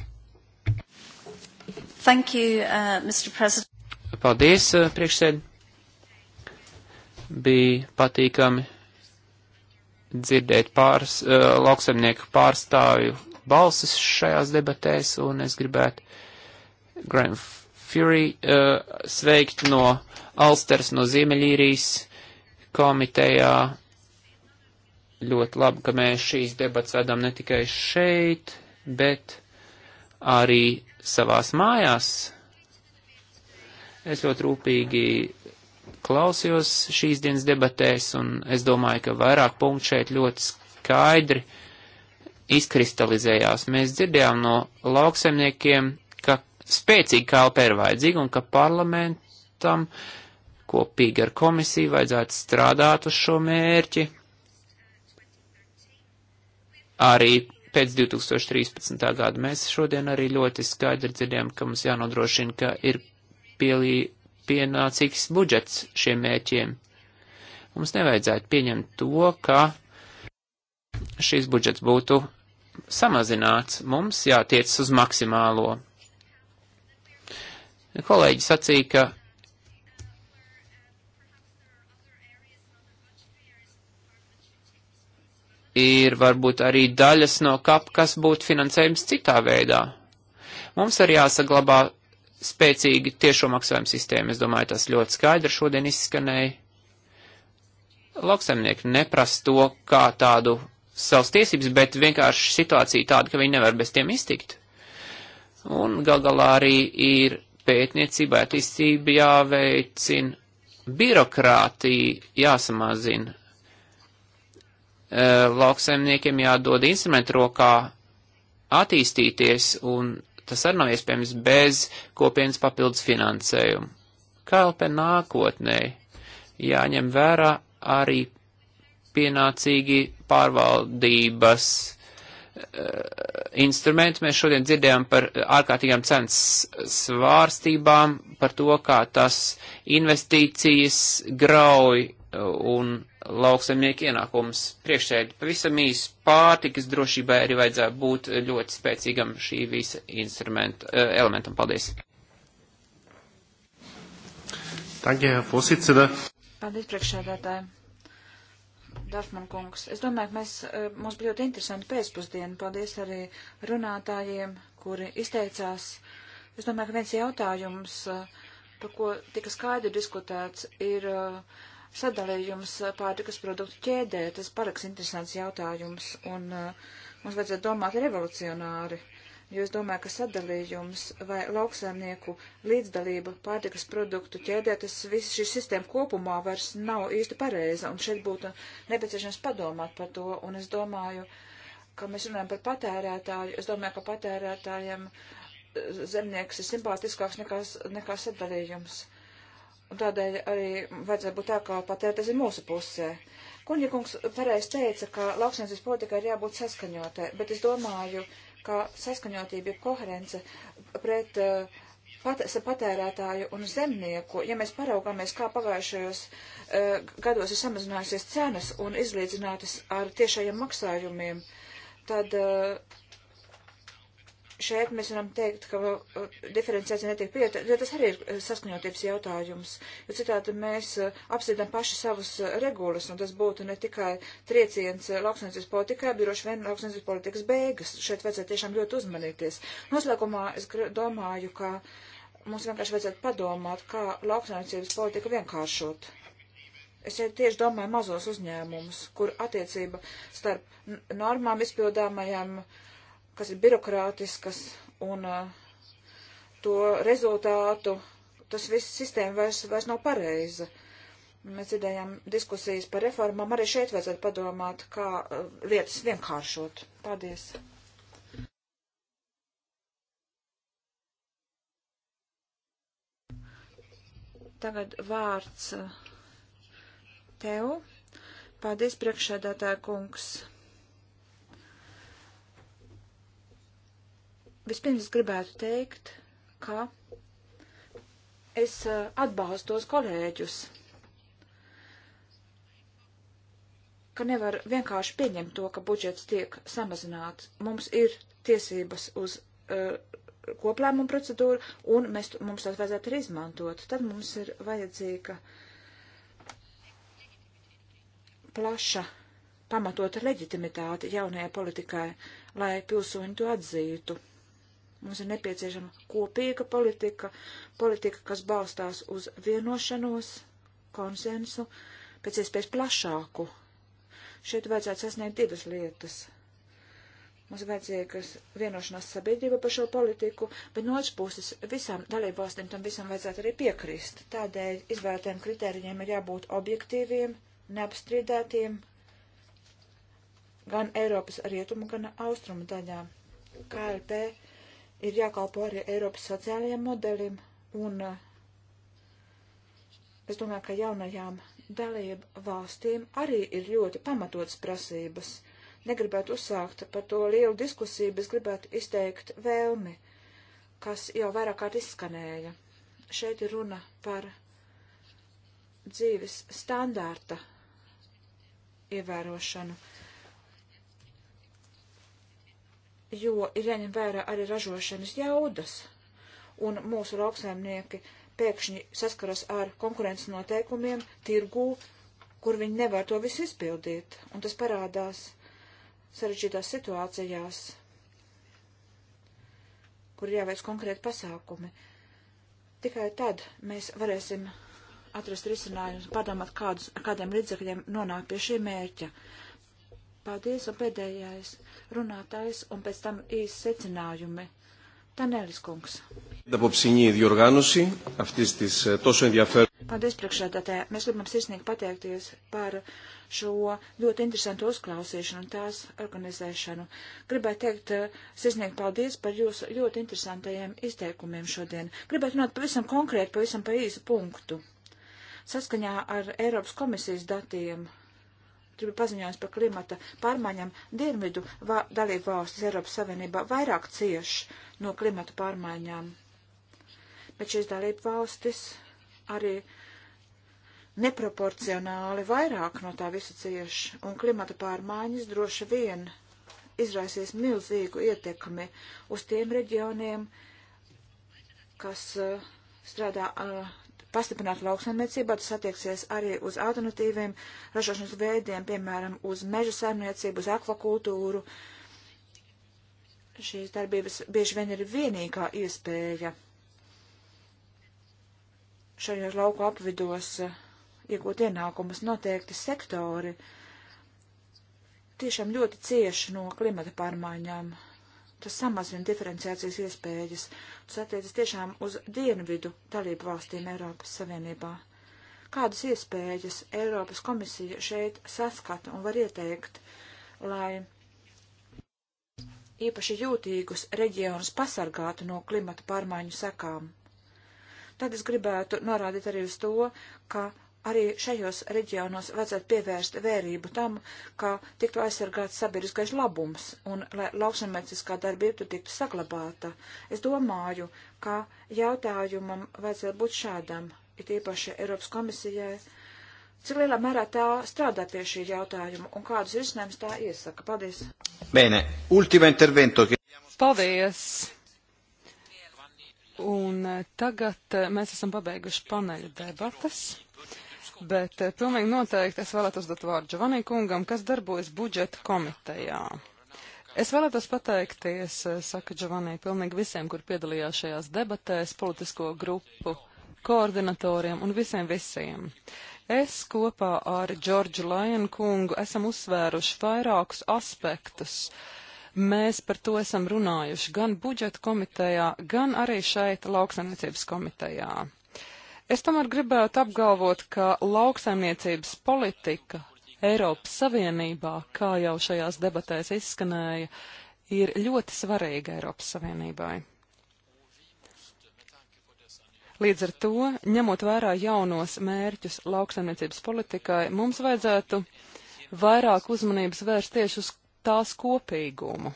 [SPEAKER 3] Thank you, uh, Mr. President. Paldies, eh, priekšsēdi. Bija patīkami dzirdēt pāris, uh, lauksemnieku pārstāvju balsis šajās debatēs, un es gribētu Graham Fury uh, sveikt no Alsters, no Ziemeļīrijas komitejā. Ļoti labi, ka mēs šīs debats vedam ne tikai šeit, bet arī savās mājās. Es ļoti rūpīgi klausījos šīs dienas debatēs, un es domāju, ka vairāk punktu šeit ļoti skaidri izkristalizējās. Mēs dzirdējām no lauksaimniekiem, ka spēcīga KLP ir vajadzīga un ka parlamentam kopīgi ar komisiju vajadzētu strādāt uz šo mērķi arī pēc 2013. gada. Mēs šodien arī ļoti skaidri dzirdējām, ka mums jānodrošina, ka ir pielī, pienācīgs budžets šiem mērķiem. Mums nevajadzētu pieņemt to, ka šīs budžets būtu samazināts. Mums jātiec uz maksimālo Kolēģi sacīja, ka ir varbūt arī daļas no kap, kas būtu finansējums citā veidā. Mums arī jāsaglabā spēcīgi tiešo maksājumu sistēmu. Es domāju, tas ļoti skaidri šodien izskanēja. Lauksaimnieki neprasa to kā tādu savas tiesības, bet vienkārši situācija tāda, ka viņi nevar bez tiem iztikt. Un gal galā arī ir pētniecība, attīstība jāveicina, birokrātija jāsamazina, eh, lauksaimniekiem jādod instrumentu rokā attīstīties, un tas arī nav iespējams bez kopienas papildus finansējuma. KLP nākotnē jāņem vērā arī pienācīgi pārvaldības Eh, instrumentu. Mēs šodien dzirdējām par ārkārtīgām cenas svārstībām, par to, kā tas investīcijas grauj eh, un lauksaimnieku ienākums priekšēdi. Pavisam īsi pārtikas drošībai arī vajadzētu būt ļoti spēcīgam šī visa instrumenta eh, elementam. Paldies! Tagad, Paldies,
[SPEAKER 4] priekšsēdētāji! Dafman kungs. Es domāju, ka mēs, eh, mums bija ļoti interesanti pēcpusdiena. Paldies arī runātājiem, kuri izteicās. Es domāju, ka viens jautājums, eh, par ko tika skaidri diskutēts, ir eh, sadalījums pārtikas produktu ķēdē. Tas paraks interesants jautājums, un mums vajadzētu domāt revolucionāri. Uh, jo es domāju, ka sadalījums vai lauksaimnieku līdzdalība pārtikas produktu ķēdē, tas viss šī sistēma kopumā vairs nav īsti pareiza, un šeit būtu nepieciešams padomāt par to, un es domāju, ka mēs runājam par patērētāju, es domāju, ka patērētājiem eh, zemnieks ir simpātiskāks nekā, nekā sadalījums. Un tādēļ arī vajadzētu būt tā, ka patērētājs ir mūsu pusē. Kuņģikungs pareiz teica, ka lauksainsības politikai ir jābūt saskaņotai, bet es domāju, ka kā saskaņotība, ja koherence pret uh, pat, patērētāju un zemnieku, ja mēs paraugāmies, kā pagājušajos uh, gados ir samazinājusies cenas un izlīdzinātas ar tiešajiem maksājumiem, tad uh, šeit mēs varam teikt, ka uh, diferenciācija netiek pieļauta, jo tas arī ir uh, saskaņotības jautājums, jo citādi mēs uh, apsēdam paši savus regulas, un tas būtu ne tikai trieciens lauksainicības politikā, bet droši vien lauksainicības politikas beigas. Šeit vajadzētu tiešām ļoti uzmanīties. Noslēgumā es domāju, ka mums vienkārši vajadzētu padomāt, kā lauksainicības politika vienkāršot. Es šeit tieši domāju mazos uzņēmumus, kur attiecība starp normām izpildāmajām uh, kas ir birokrātiskas un eh, to rezultātu, tas viss sistēma vairs, vairs nav pareiza. Mēs dzirdējām diskusijas par reformām, arī šeit vajadzētu padomāt, kā eh, lietas vienkāršot. Paldies! Tagad vārds eh, tev. Paldies, priekšsēdētāja kungs. Vispirms gribētu teikt, ka es eh, atbalstu tos kolēģus, ka nevar vienkārši pieņemt to, ka budžets tiek samazināts. Mums ir tiesības uz uh, koplēmumu procedūru, un mēs, mums tās vajadzētu arī izmantot. Tad mums ir vajadzīga plaša pamatota leģitimitāte jaunajai politikai, lai pilsoņi to atzītu. Mums ir nepieciešama kopīga politika, politika, kas balstās uz vienošanos, konsensu, pēc iespējas plašāku. Šeit vajadzētu sasniegt divas lietas. Mums vajadzīgas vienošanās sabiedrība par šo politiku, bet no otras puses visām dalībvalstīm tam visam vajadzētu arī piekrist. Tādēļ izvēlētiem kritērijiem ir jābūt objektīviem, neapstrīdētiem gan Eiropas rietumu, gan austrumu daļā. KLP ir jākalpo arī Eiropas sociālajiem modelim, un eh, es domāju, ka jaunajām dalību valstīm arī ir ļoti pamatotas prasības. Negribētu uzsākt par to lielu diskusiju, bet gribētu izteikt vēlmi, kas jau vairāk kārt izskanēja. Šeit ir runa par dzīves standārta ievērošanu jo ir jāņem vērā arī ražošanas jaudas, un mūsu lauksaimnieki pēkšņi saskaras ar konkurences noteikumiem tirgū, kur viņi nevar to visu izpildīt, un tas parādās sarežģītās situācijās, kur jāveic konkrēti pasākumi. Tikai tad mēs varēsim atrast risinājumus, padomāt, kādus, kādiem līdzekļiem nonākt pie šī mērķa. Uh, Paldies, un pēdējais runātājs, un pēc tam īsi secinājumi. Tanēlis kungs.
[SPEAKER 2] Eh,
[SPEAKER 4] paldies, priekšsēdētāji. Mēs gribam sirsnīgi pateikties par šo ļoti interesantu uzklausīšanu un tās organizēšanu. Gribētu teikt eh, sirsnīgi paldies par jūsu ļoti interesantajiem izteikumiem šodien. Gribētu runāt pavisam konkrēti, pavisam pa īsu punktu. Saskaņā ar Eiropas komisijas datiem ir paziņojums par klimata pārmaiņām, Dienvidu dalību valstis Eiropas Savienībā vairāk cieš no klimata pārmaiņām. Bet šīs dalību valstis arī neproporcionāli vairāk no tā visa cieš, un klimata pārmaiņas droši vien izraisīs milzīgu ietekmi uz tiem reģioniem, kas uh, strādā uh, pastiprinātu lauksaimniecību, tas attieksies arī uz alternatīviem ražošanas veidiem, piemēram, uz meža saimniecību, uz akvakultūru. Šīs darbības bieži vien ir vienīgā iespēja šajos lauku apvidos eh, iegūt ienākumus noteikti sektori tiešām ļoti cieši no klimata pārmaiņām. Tas samazina diferenciācijas iespējas. Tas attiecas tiešām uz dienvidu dalību valstīm Eiropas Savienībā. Kādas iespējas Eiropas komisija šeit saskata un var ieteikt, lai īpaši jūtīgus reģionus pasargātu no klimata pārmaiņu sekām? Tad es gribētu norādīt arī uz to, ka arī šajos reģionos vajadzētu pievērst vērību tam, ka tiktu aizsargāts sabiedriskais labums un lai lauksamnieciskā darbība tur tiktu saglabāta. Es domāju, ka jautājumam vajadzētu būt šādam, it īpaši Eiropas komisijai, cik lielā mērā tā strādā pie šī jautājuma un kādus risinājumus tā iesaka. Paldies!
[SPEAKER 2] Bene, ultimo intervento.
[SPEAKER 4] Paldies! Un tagad mēs esam
[SPEAKER 1] pabeiguši paneļa debatas bet eh, pilnīgi noteikti es vēlētu uzdot vārdu Giovanī kungam, kas darbojas budžeta komitejā. Es vēlētos pateikties, eh, saka Giovanī, pilnīgi visiem, kur piedalījās šajās debatēs, politisko grupu koordinatoriem un visiem visiem. Es kopā ar Džordžu Lajanu kungu esam uzsvēruši vairākus aspektus. Mēs par to esam runājuši gan budžeta komitejā, gan arī šeit lauksaimniecības komitejā. Es tomēr gribētu apgalvot, ka lauksaimniecības politika Eiropas Savienībā, kā jau šajās debatēs izskanēja, ir ļoti svarīga Eiropas Savienībai. Līdz ar to, ņemot vērā jaunos mērķus lauksaimniecības politikai, mums vajadzētu vairāk uzmanības vērst tieši uz tās kopīgumu.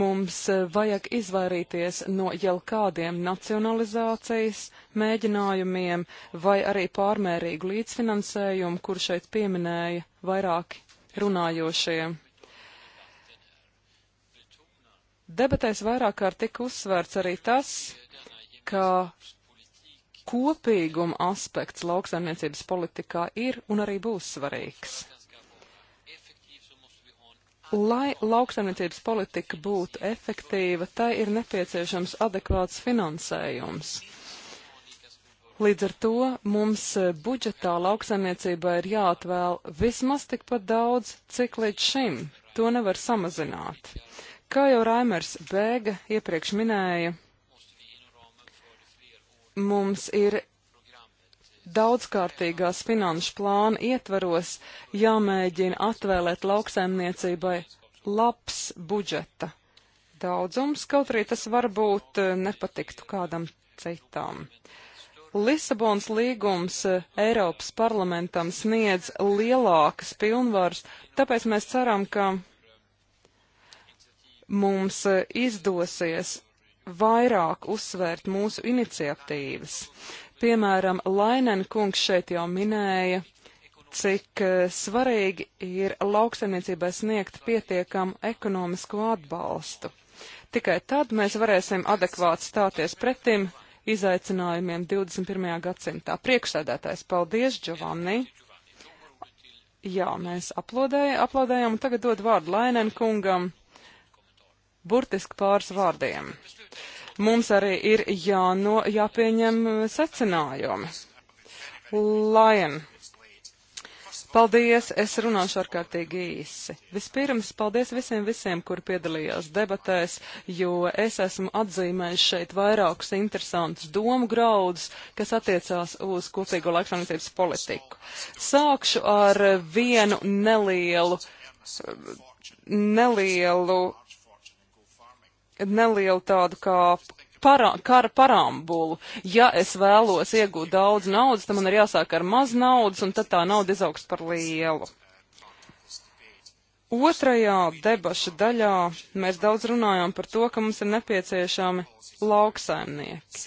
[SPEAKER 1] Mums e, vajag izvairīties no jau kādiem nacionalizācijas mēģinājumiem vai arī pārmērīgu līdzfinansējumu, kur šeit pieminēja vairāki runājošie. Debatēs vairāk kārt tika uzsvērts arī tas, ka kopīguma aspekts lauksaimniecības politikā ir un arī būs svarīgs. Lai lauksaimniecības politika būtu efektīva, tai ir nepieciešams adekvāts finansējums. Līdz ar to mums eh, budžetā lauksaimniecībā ir jāatvēl vismaz tikpat daudz, cik līdz šim. To nevar samazināt. Kā jau Raimers Bēga iepriekš minēja, mums ir daudzkārtīgās finanšu plāna ietvaros jāmēģina atvēlēt lauksaimniecībai labs budžeta daudzums, kaut arī tas varbūt eh, nepatiktu kādam citam. Lisabons līgums eh, Eiropas parlamentam sniedz lielākas pilnvaras, tāpēc mēs ceram, ka mums eh, izdosies vairāk uzsvērt mūsu iniciatīvas. Piemēram, Lainen kungs šeit jau minēja, cik eh, svarīgi ir lauksaimniecībai sniegt pietiekamu ekonomisko atbalstu. Tikai tad mēs varēsim adekvāti stāties pretim izaicinājumiem 21. gadsimtā. Priekšsēdētājs, paldies, Giovanni! Jā, mēs aplodēja, aplaudējam, un tagad dod vārdu Lainen kungam burtiski pāris vārdiem mums arī ir jāno, jāpieņem uh, secinājumi. Lajen. Paldies, es runāšu ārkārtīgi īsi. Vispirms, paldies visiem visiem, kur piedalījās debatēs, jo es esmu atzīmējis šeit vairākus interesantus domu graudus, kas attiecās uz kopīgo laiksaimniecības politiku. Sākšu ar vienu nelielu, nelielu nelielu tādu kā para, kara parambulu. Ja es vēlos iegūt daudz naudas, tad man ir jāsāk ar maz naudas, un tad tā nauda izaugs par lielu. Otrajā debaša daļā mēs daudz runājām par to, ka mums ir nepieciešami lauksaimnieki.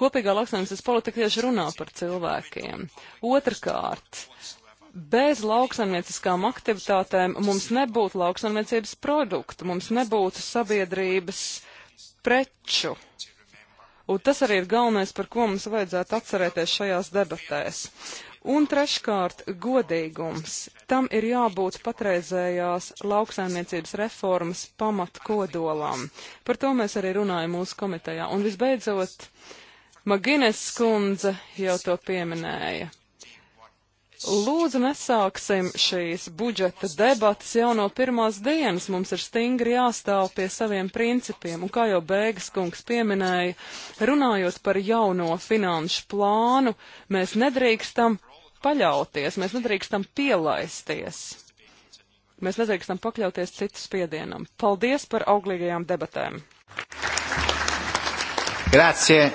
[SPEAKER 1] Kopīgā lauksaimniecības politika tieši runā par cilvēkiem. Otrakārt, bez lauksaimnieciskām aktivitātēm mums nebūtu lauksaimniecības produktu, mums nebūtu sabiedrības preču. Un tas arī ir galvenais, par ko mums vajadzētu atcerēties šajās debatēs. Un treškārt, godīgums. Tam ir jābūt patreizējās lauksaimniecības reformas pamatkodolam. Par to mēs arī runājam mūsu komitejā. Un visbeidzot, Magines skundze jau to pieminēja. Lūdzu, nesāksim šīs budžeta debatas jau no pirmās dienas. Mums ir stingri jāstāv pie saviem principiem. Un kā jau Bēgas kungs pieminēja, runājot par jauno finanšu plānu, mēs nedrīkstam paļauties, mēs nedrīkstam pielaisties. Mēs nedrīkstam pakļauties citu spiedienam. Paldies par auglīgajām debatēm!
[SPEAKER 2] Grazie!